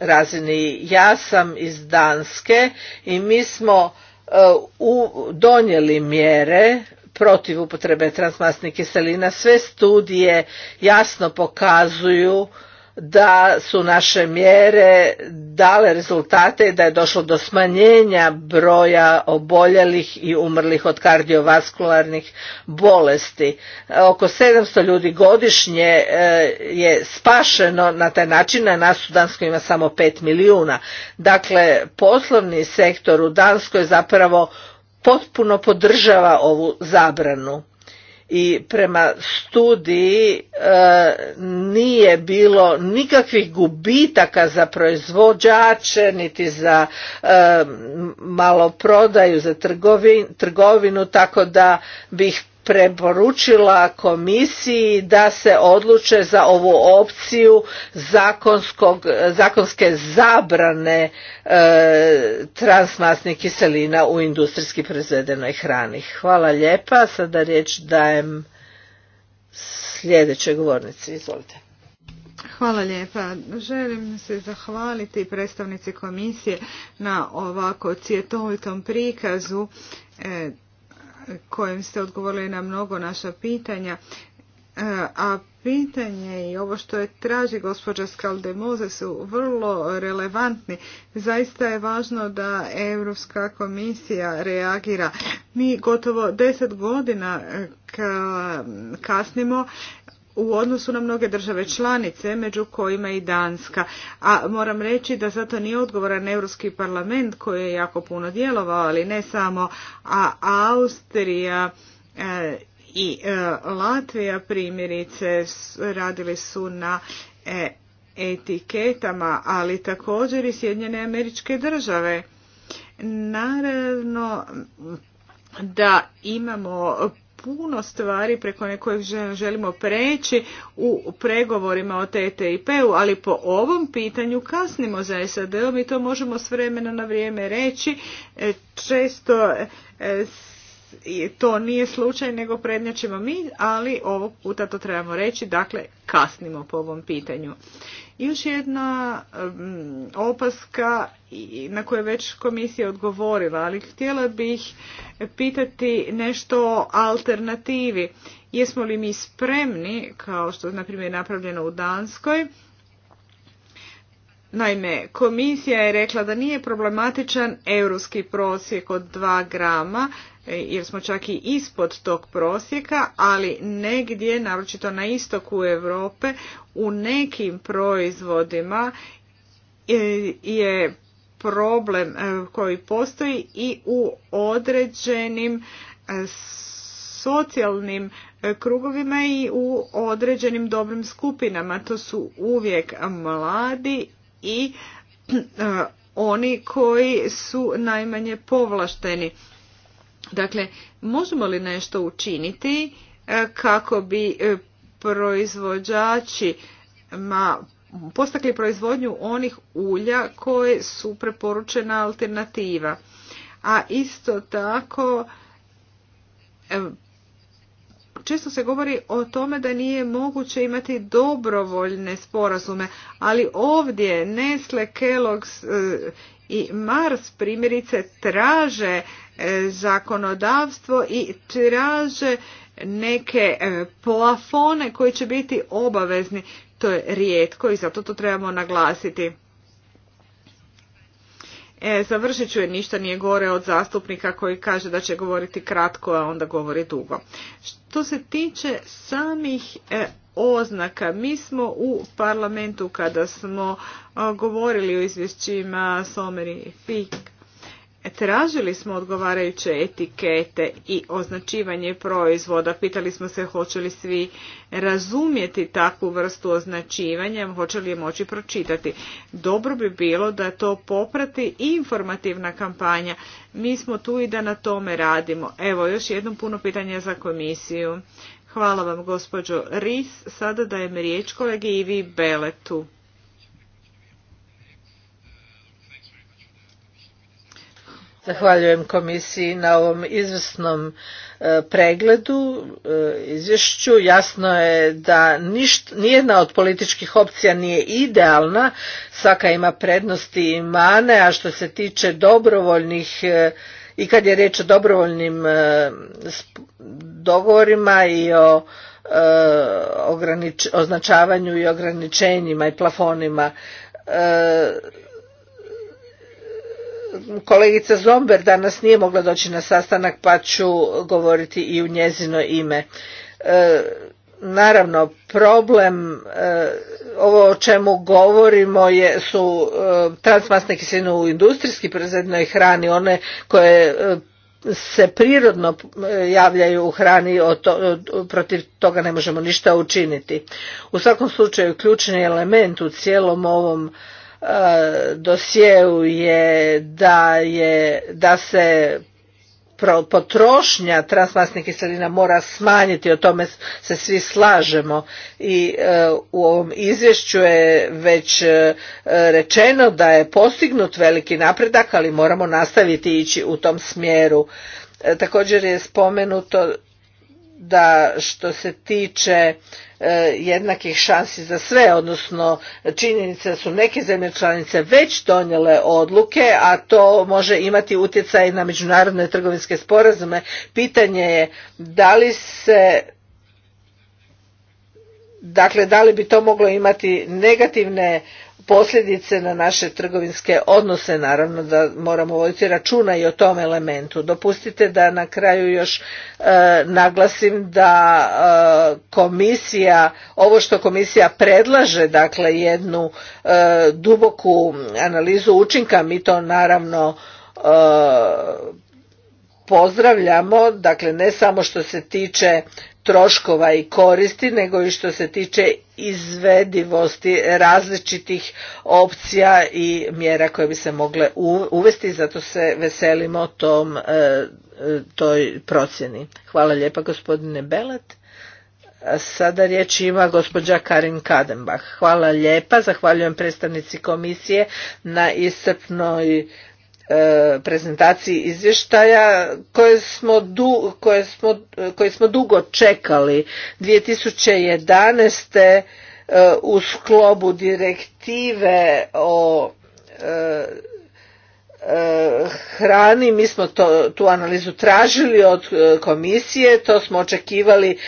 razini. Ja sam iz Danske i mi smo e, u donijeli mjere protiv upotrebe transmasnih kiselina. Sve studije jasno pokazuju da su naše mjere dale rezultate da je došlo do smanjenja broja oboljelih i umrlih od kardiovaskularnih bolesti. Oko 700 ljudi godišnje e, je spašeno na taj način, a nas u Danskoj ima samo 5 milijuna. Dakle, poslovni sektor u Danskoj zapravo potpuno podržava ovu zabranu i prema studiji e, nije bilo nikakvih gubitaka za proizvođače niti za e, maloprodaju za trgovinu tako da bih preporučila komisiji da se odluče za ovu opciju zakonske zabrane e, transmasnih kiselina u industrijski proizvedenoj hrani. Hvala lijepa. Sada riječ dajem sljedećoj govornici. Izvolite. Hvala lijepa. Želim se zahvaliti predstavnici komisije na ovako cjetovitom prikazu e, kojim ste odgovorili na mnogo naša pitanja. E, a pitanje i ovo što je traži gospođa Skaldemoze su vrlo relevantni. Zaista je važno da Europska komisija reagira. Mi gotovo deset godina e, kasnimo u odnosu na mnoge države članice, među kojima i Danska. A moram reći da zato nije odgovoran Europski parlament koji je jako puno djelovao, ali ne samo a Austrija e, i e, Latvija primjerice radili su na e, etiketama, ali također i Sjedinjene američke države. Naravno da imamo puno stvari preko nekojeg želimo preći u pregovorima o TTIP-u, ali po ovom pitanju kasnimo za SAD-om i to možemo s vremena na vrijeme reći. E, često e, to nije slučaj nego prednjačimo mi, ali ovog puta to trebamo reći, dakle kasnimo po ovom pitanju. Još jedna opaska na koju je već komisija odgovorila, ali htjela bih pitati nešto o alternativi. Jesmo li mi spremni, kao što je na napravljeno u Danskoj, Naime, komisija je rekla da nije problematičan europski prosjek od 2 grama E, jer smo čak i ispod tog prosjeka, ali negdje, naročito na istoku Europe, u nekim proizvodima e, je problem e, koji postoji i u određenim socijalnim krugovima i u određenim dobrim skupinama. To su uvijek mladi i oni koji su najmanje povlašteni. Dakle, možemo li nešto učiniti e, kako bi e, proizvođači postakli proizvodnju onih ulja koje su preporučena alternativa. A isto tako e, često se govori o tome da nije moguće imati dobrovoljne sporazume, ali ovdje Nestle, Kellogg's i Mars primjerice traže E, zakonodavstvo i traže neke e, plafone koji će biti obavezni. To je rijetko i zato to trebamo naglasiti. E, završit ću ništa nije gore od zastupnika koji kaže da će govoriti kratko, a onda govori dugo. Što se tiče samih e, oznaka, mi smo u parlamentu kada smo govorili o izvješćima Someri i Fik, Tražili smo odgovarajuće etikete i označivanje proizvoda. Pitali smo se hoće li svi razumjeti takvu vrstu označivanja, hoće li je moći pročitati. Dobro bi bilo da to poprati informativna kampanja. Mi smo tu i da na tome radimo. Evo, još jedno puno pitanja za komisiju. Hvala vam, gospođo Ris. Sada dajem riječ kolegi Ivi Beletu. Zahvaljujem komisiji na ovom izvrsnom e, pregledu, e, izvješću. Jasno je da nijedna od političkih opcija nije idealna, svaka ima prednosti i mane, a što se tiče dobrovoljnih e, i kad je riječ o dobrovoljnim dogovorima i o označavanju i ograničenjima i plafonima, kolegica Zomber danas nije mogla doći na sastanak pa ću govoriti i u njezino ime. E, naravno problem e, ovo o čemu govorimo je, su e, transmasne kiseline u industrijski proizvodnoj hrani, one koje se prirodno javljaju u hrani, to, protiv toga ne možemo ništa učiniti. U svakom slučaju ključni element u cijelom ovom dosjeu je da, je da se potrošnja transmasnih kiselina mora smanjiti, o tome se svi slažemo i e, u ovom izvješću je već e, rečeno da je postignut veliki napredak, ali moramo nastaviti ići u tom smjeru. E, također je spomenuto da što se tiče E, jednakih šansi za sve, odnosno činjenica su neke zemlje članice već donijele odluke, a to može imati utjecaj na međunarodne trgovinske sporazume. Pitanje je da li se dakle da li bi to moglo imati negativne posljedice na naše trgovinske odnose naravno da moramo voditi računa i o tom elementu dopustite da na kraju još e, naglasim da e, komisija ovo što komisija predlaže dakle jednu e, duboku analizu učinka mi to naravno pozdravljamo dakle ne samo što se tiče troškova i koristi, nego i što se tiče izvedivosti različitih opcija i mjera koje bi se mogle uvesti, zato se veselimo tom, e, e, toj procjeni. Hvala lijepa gospodine Belat. Sada riječ ima gospođa Karin Kadenbach. Hvala lijepa, zahvaljujem predstavnici komisije na iscrpnoj E, prezentaciji izvještaja koje smo, koje smo, koje smo dugo čekali 2011. E, u sklobu direktive o e, hrani, mi smo to, tu analizu tražili od e, komisije, to smo očekivali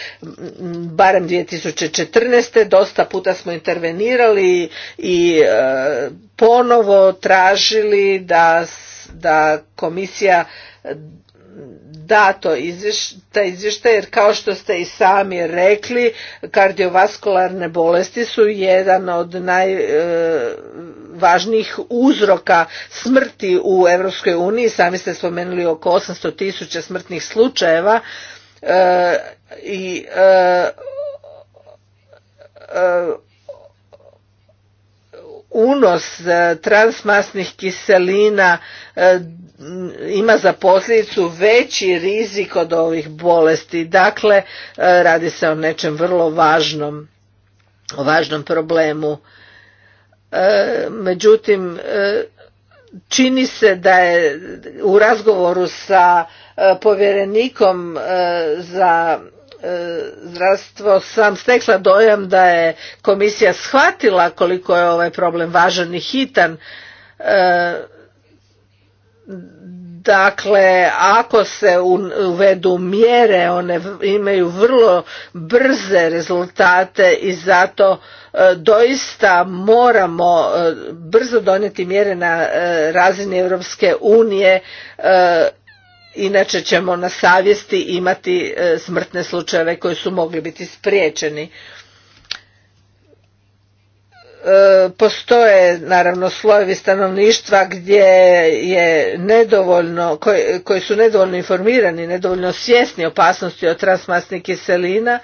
barem 2014. Dosta puta smo intervenirali i e, ponovo tražili da, da komisija dato ta izvještaj jer kao što ste i sami rekli kardiovaskularne bolesti su jedan od najvažnijih e, uzroka smrti u Europskoj uniji sami ste spomenuli oko 800 tisuća smrtnih slučajeva e, i e, unos e, transmasnih kiselina e, ima za posljedicu veći rizik od ovih bolesti. Dakle, e, radi se o nečem vrlo važnom, o važnom problemu. Međutim, čini se da je u razgovoru sa povjerenikom za E, zdravstvo sam stekla dojam da je komisija shvatila koliko je ovaj problem važan i hitan. E, dakle, ako se uvedu mjere, one imaju vrlo brze rezultate i zato e, doista moramo brzo donijeti mjere na razini Europske unije inače ćemo na savjesti imati e, smrtne slučajeve koji su mogli biti spriječeni e, postoje naravno slojevi stanovništva gdje je nedovoljno koji, su nedovoljno informirani nedovoljno svjesni opasnosti od transmasnih kiselina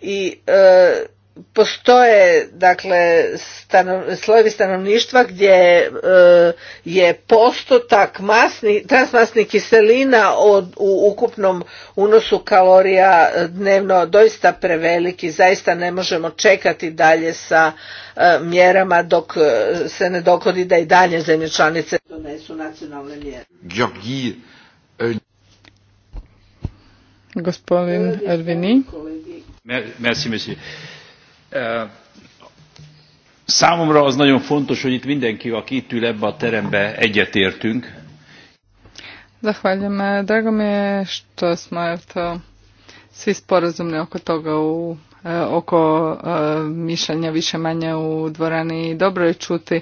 i e, postoje dakle stano, slojevi stanovništva gdje e, je postotak masni, transmasnih kiselina od, u ukupnom unosu kalorija e, dnevno doista preveliki. zaista ne možemo čekati dalje sa e, mjerama dok se ne dogodi da i dalje zemlje članice donesu nacionalne mjere. Gospodin Ervini. Merci, számomra az nagyon fontos, hogy itt mindenki, aki itt ül ebbe a terembe, egyetértünk. Zahvaljujem. Eh, drago mi je što smo eto, svi sporazumni oko toga u eh, oko eh, mišljenja više manje u dvorani i dobro je čuti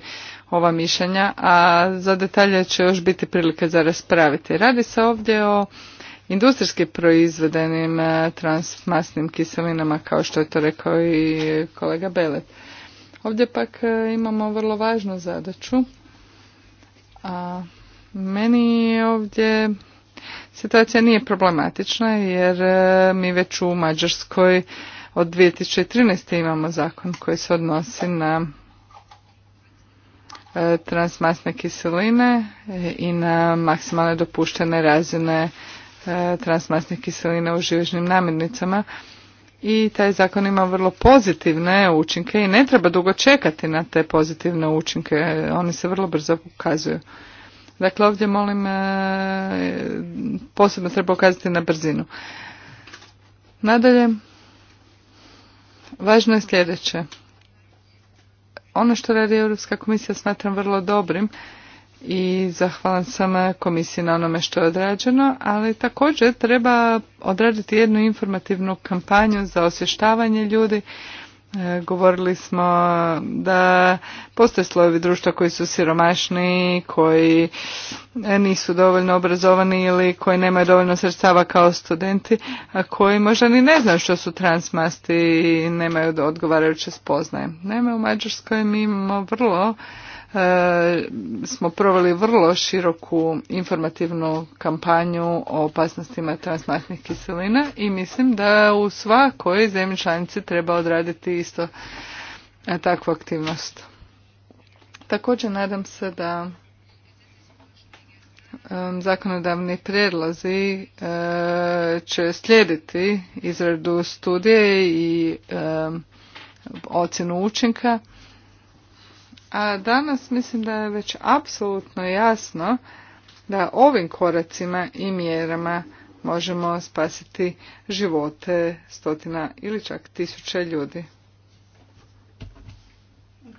ova mišljenja, a za detalje će još biti prilike za raspraviti. Radi se ovdje o industrijski proizvedenim e, transmasnim kiselinama kao što je to rekao i kolega Belet. Ovdje pak e, imamo vrlo važnu zadaću. A meni ovdje situacija nije problematična jer e, mi već u Mađarskoj od 2013. imamo zakon koji se odnosi na transmasne kiseline i na maksimalne dopuštene razine E, transmasnih kiselina u živežnim namirnicama i taj zakon ima vrlo pozitivne učinke i ne treba dugo čekati na te pozitivne učinke, oni se vrlo brzo ukazuju. Dakle, ovdje molim, e, posebno treba ukazati na brzinu. Nadalje, važno je sljedeće. Ono što radi Europska komisija smatram vrlo dobrim, i zahvalan sam eh, komisiji na onome što je odrađeno, ali također treba odraditi jednu informativnu kampanju za osvještavanje ljudi. Eh, govorili smo da postoje slojevi društva koji su siromašni, koji eh, nisu dovoljno obrazovani ili koji nemaju dovoljno sredstava kao studenti, a koji možda ni ne znaju što su transmasti i nemaju odgovarajuće spoznaje. Naime, u Mađarskoj mi imamo vrlo E, smo proveli vrlo široku informativnu kampanju o opasnostima transmasnih kiselina i mislim da u svakoj zemlji članici treba odraditi isto e, takvu aktivnost. Također nadam se da e, zakonodavni prijedlozi će slijediti izradu studije i ocjenu učinka a danas mislim da je već apsolutno jasno da ovim koracima i mjerama možemo spasiti živote stotina ili čak tisuća ljudi.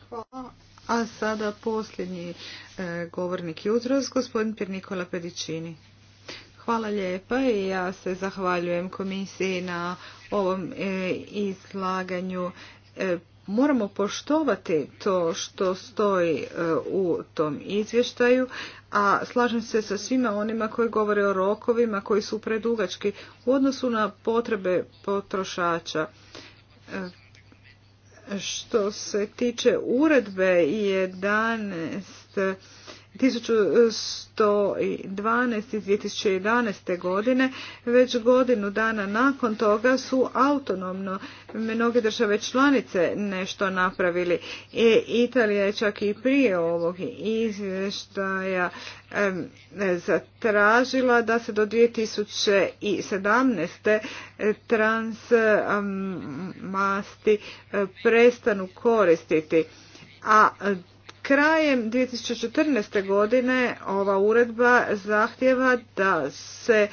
Hvala. A sada posljednji e, govornik jutros, gospodin Pir Nikola Pedicini. Hvala lijepa i ja se zahvaljujem komisiji na ovom e, izlaganju e, moramo poštovati to što stoji e, u tom izvještaju, a slažem se sa svima onima koji govore o rokovima koji su predugački u odnosu na potrebe potrošača. E, što se tiče uredbe 11 1112 iz 2011. godine, već godinu dana nakon toga su autonomno mnoge države članice nešto napravili. i e, Italija je čak i prije ovog izvještaja zatražila da se do 2017. trans masti prestanu koristiti. A Krajem 2014. godine ova uredba zahtjeva da se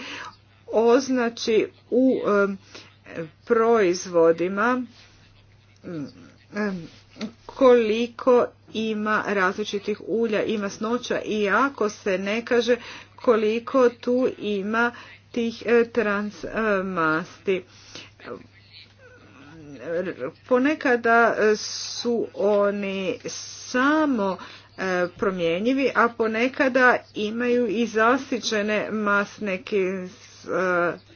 označi u proizvodima koliko ima različitih ulja, i masnoća i ako se ne kaže koliko tu ima tih eh, transmasti ponekada e, su oni samo e, promjenjivi, a ponekada imaju i zasičene masne e,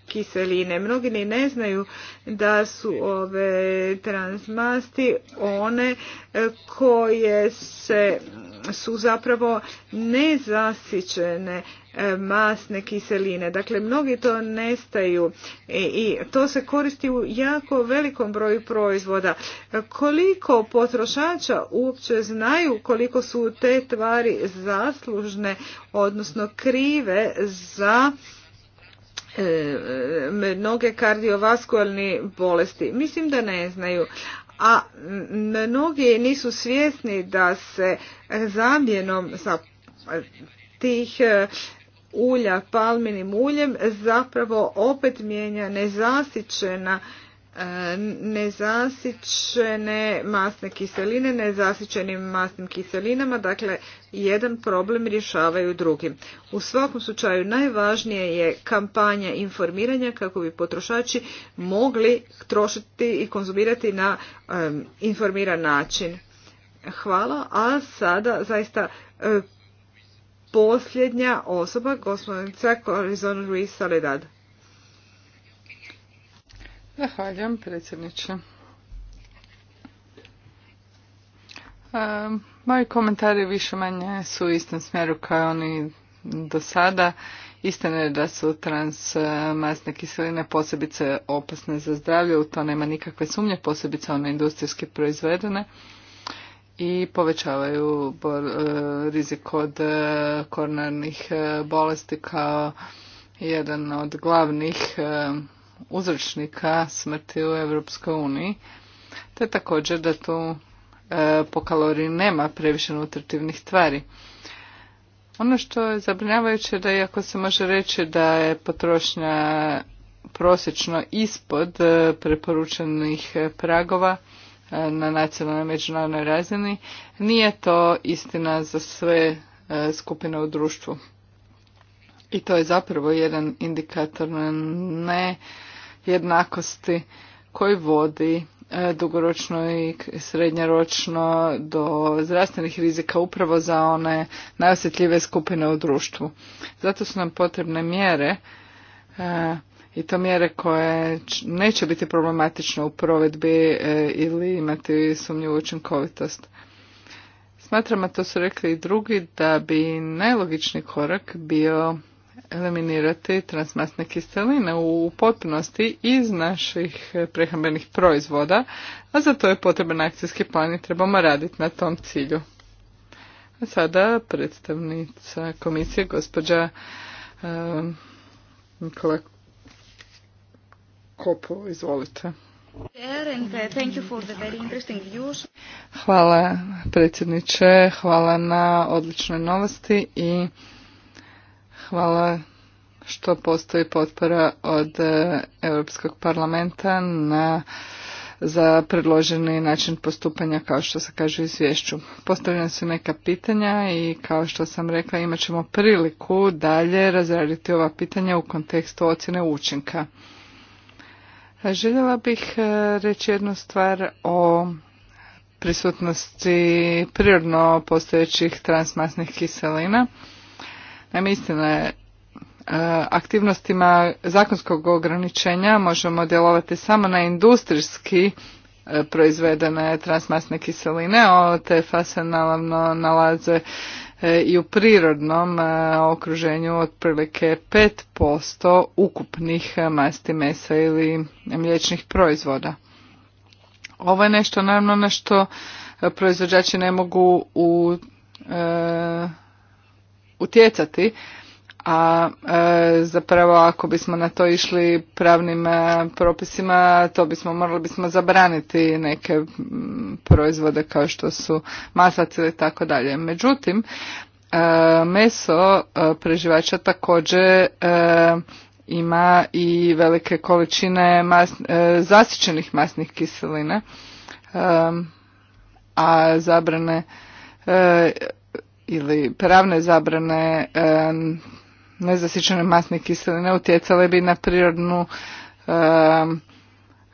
kiseline. Mnogi ni ne znaju da su ove transmasti one koje se su zapravo nezasićene e, masne kiseline. Dakle, mnogi to nestaju i to se koristi u jako velikom broju proizvoda. Koliko potrošača uopće znaju koliko su te tvari zaslužne, odnosno krive za e, mnoge kardiovaskularne bolesti. Mislim da ne znaju a mnogi nisu svjesni da se zamjenom sa tih e, ulja palminim uljem zapravo opet mijenja nezasićena E, nezasičene masne kiseline, nezasičenim masnim kiselinama, dakle jedan problem rješavaju drugim. U svakom slučaju najvažnije je kampanja informiranja kako bi potrošači mogli trošiti i konzumirati na informiran način. Hvala, a sada zaista e, posljednja osoba, gospodin Corizon Ruiz Soledad. Zahvaljujem, predsjedniče. Moji komentari više manje su u istom smjeru kao oni do sada. Istina je da su transmasne kiseline posebice opasne za zdravlje, u to nema nikakve sumnje, posebice one industrijske proizvedene i povećavaju e, rizik od e, koronarnih e, bolesti kao jedan od glavnih uzročnika smrti u Europskoj uniji, te također da tu e, po kaloriji nema previše nutritivnih tvari. Ono što je zabrinjavajuće da iako se može reći da je potrošnja prosječno ispod e, preporučenih pragova e, na nacionalnoj i međunarodnoj razini, nije to istina za sve skupine u društvu i to je zapravo jedan indikator ne jednakosti koji vodi e, dugoročno i srednjoročno do zdravstvenih rizika upravo za one najosjetljive skupine u društvu. Zato su nam potrebne mjere e, i to mjere koje neće biti problematične u provedbi e, ili imati sumnju učinkovitost. Smatramo, to su rekli i drugi, da bi najlogični korak bio eliminirati transmasne kiseline u potpunosti iz naših prehrambenih proizvoda, a za to je potreban akcijski plan i trebamo raditi na tom cilju. A sada predstavnica komisije, gospođa eh, Nikola Kopu, izvolite. Hvala predsjedniče, hvala na odličnoj novosti i Hvala što postoji potpora od e, Europskog parlamenta na za predloženi način postupanja kao što se kaže u izvješću. Postavljena su neka pitanja i kao što sam rekla imat ćemo priliku dalje razraditi ova pitanja u kontekstu ocjene učinka. Željela bih e, reći jednu stvar o prisutnosti prirodno postojećih transmasnih kiselina na istina e, aktivnostima zakonskog ograničenja možemo djelovati samo na industrijski e, proizvedene transmasne kiseline, o TFA se naravno nalaze e, i u prirodnom okruženju otprilike 5% ukupnih masti mesa ili mliječnih proizvoda. Ovo je nešto naravno na što proizvođači ne mogu u utjecati, a e, zapravo ako bismo na to išli pravnim e, propisima, to bismo morali bismo zabraniti neke proizvode kao što su masac ili tako dalje. Međutim, e, meso preživača također ima i velike količine mas, zasićenih masnih kiselina, a zabrane ili pravne zabrane e, nezasičene masne kiseline utjecale bi na prirodnu e,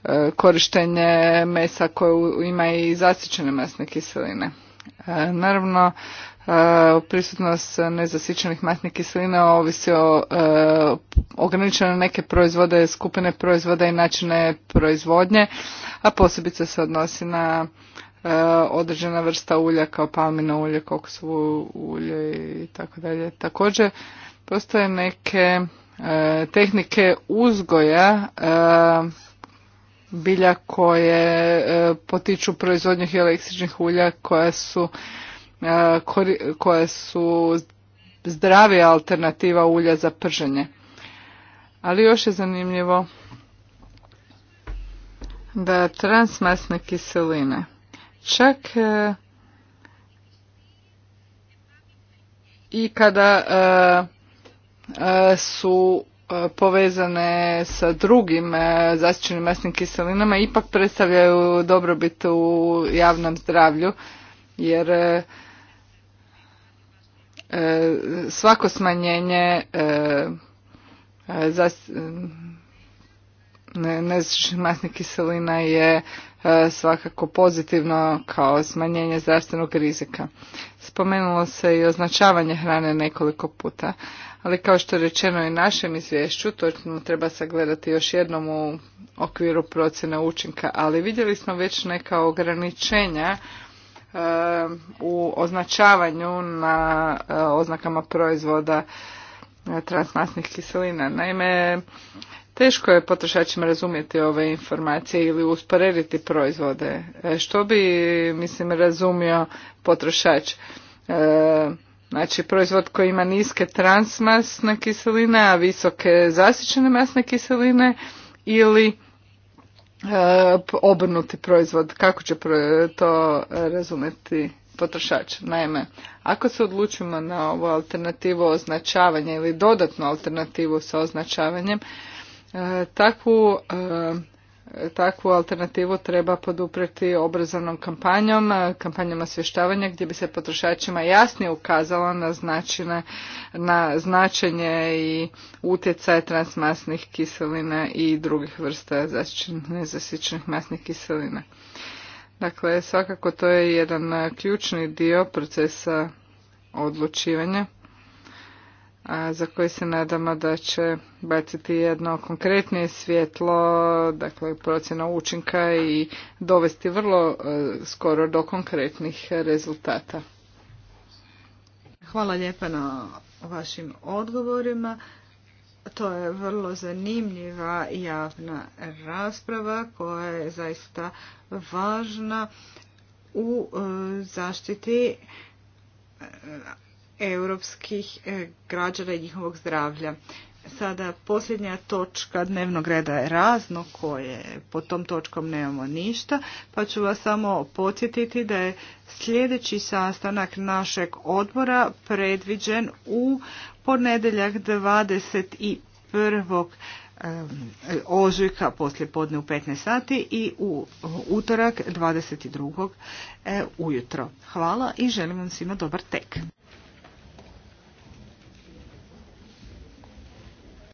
e, korištenje mesa koje ima i zasičene masne kiseline. Naravno, prisutnost nezasićenih masnih kiselina ovisi o ograničeno neke proizvode, skupine proizvoda i načine proizvodnje, a posebice se odnosi na E, određena vrsta ulja kao palmino ulje, koksovo ulje i tako dalje. Također postoje neke e, tehnike uzgoja e, bilja koje potiču proizvodnju električnih ulja koja su koje su zdravija alternativa ulja za prženje. Ali još je zanimljivo da transmasne kiseline Čak e, i kada e, e, su povezane sa drugim zasičenim masnim kiselinama ipak predstavljaju dobrobit u javnom zdravlju jer svako smanjenje nezačišćeni masnih kiselina je e, svakako pozitivno kao smanjenje zdravstvenog rizika. Spomenulo se i označavanje hrane nekoliko puta, ali kao što je rečeno i našem izvješću, točno treba sagledati još jednom u okviru procjene učinka, ali vidjeli smo već neka ograničenja e, u označavanju na e, oznakama proizvoda transmasnih kiselina. Naime, Teško je potrošačima razumjeti ove informacije ili usporediti proizvode. E, što bi, mislim, razumio potrošač? E, znači, proizvod koji ima niske transmasne kiseline, a visoke zasičene masne kiseline ili e, obrnuti proizvod. Kako će to razumjeti potrošač? Naime, ako se odlučimo na ovu alternativu označavanja ili dodatnu alternativu sa označavanjem, Takvu e, takvu alternativu treba poduprijeti obrazovnom kampanjom, e, kampanjom osvještavanja gdje bi se potrošačima jasnije ukazalo na, značine, na značenje i utjecaj transmasnih kiselina i drugih vrsta nezasičenih masnih kiselina. Dakle, svakako to je jedan e, ključni dio procesa odlučivanja a za koje se nadamo da će baciti jedno konkretnije svjetlo, dakle procjena učinka i dovesti vrlo e, skoro do konkretnih rezultata. Hvala lijepa na vašim odgovorima. To je vrlo zanimljiva javna rasprava koja je zaista važna u e, zaštiti e, europskih e, građana i njihovog zdravlja. Sada posljednja točka dnevnog reda je razno koje pod tom točkom nemamo ništa, pa ću vas samo podsjetiti da je sljedeći sastanak našeg odbora predviđen u ponedeljak 21 ožujka poslije podne u 15 sati i u utorak 22. E, ujutro. Hvala i želim vam svima dobar tek.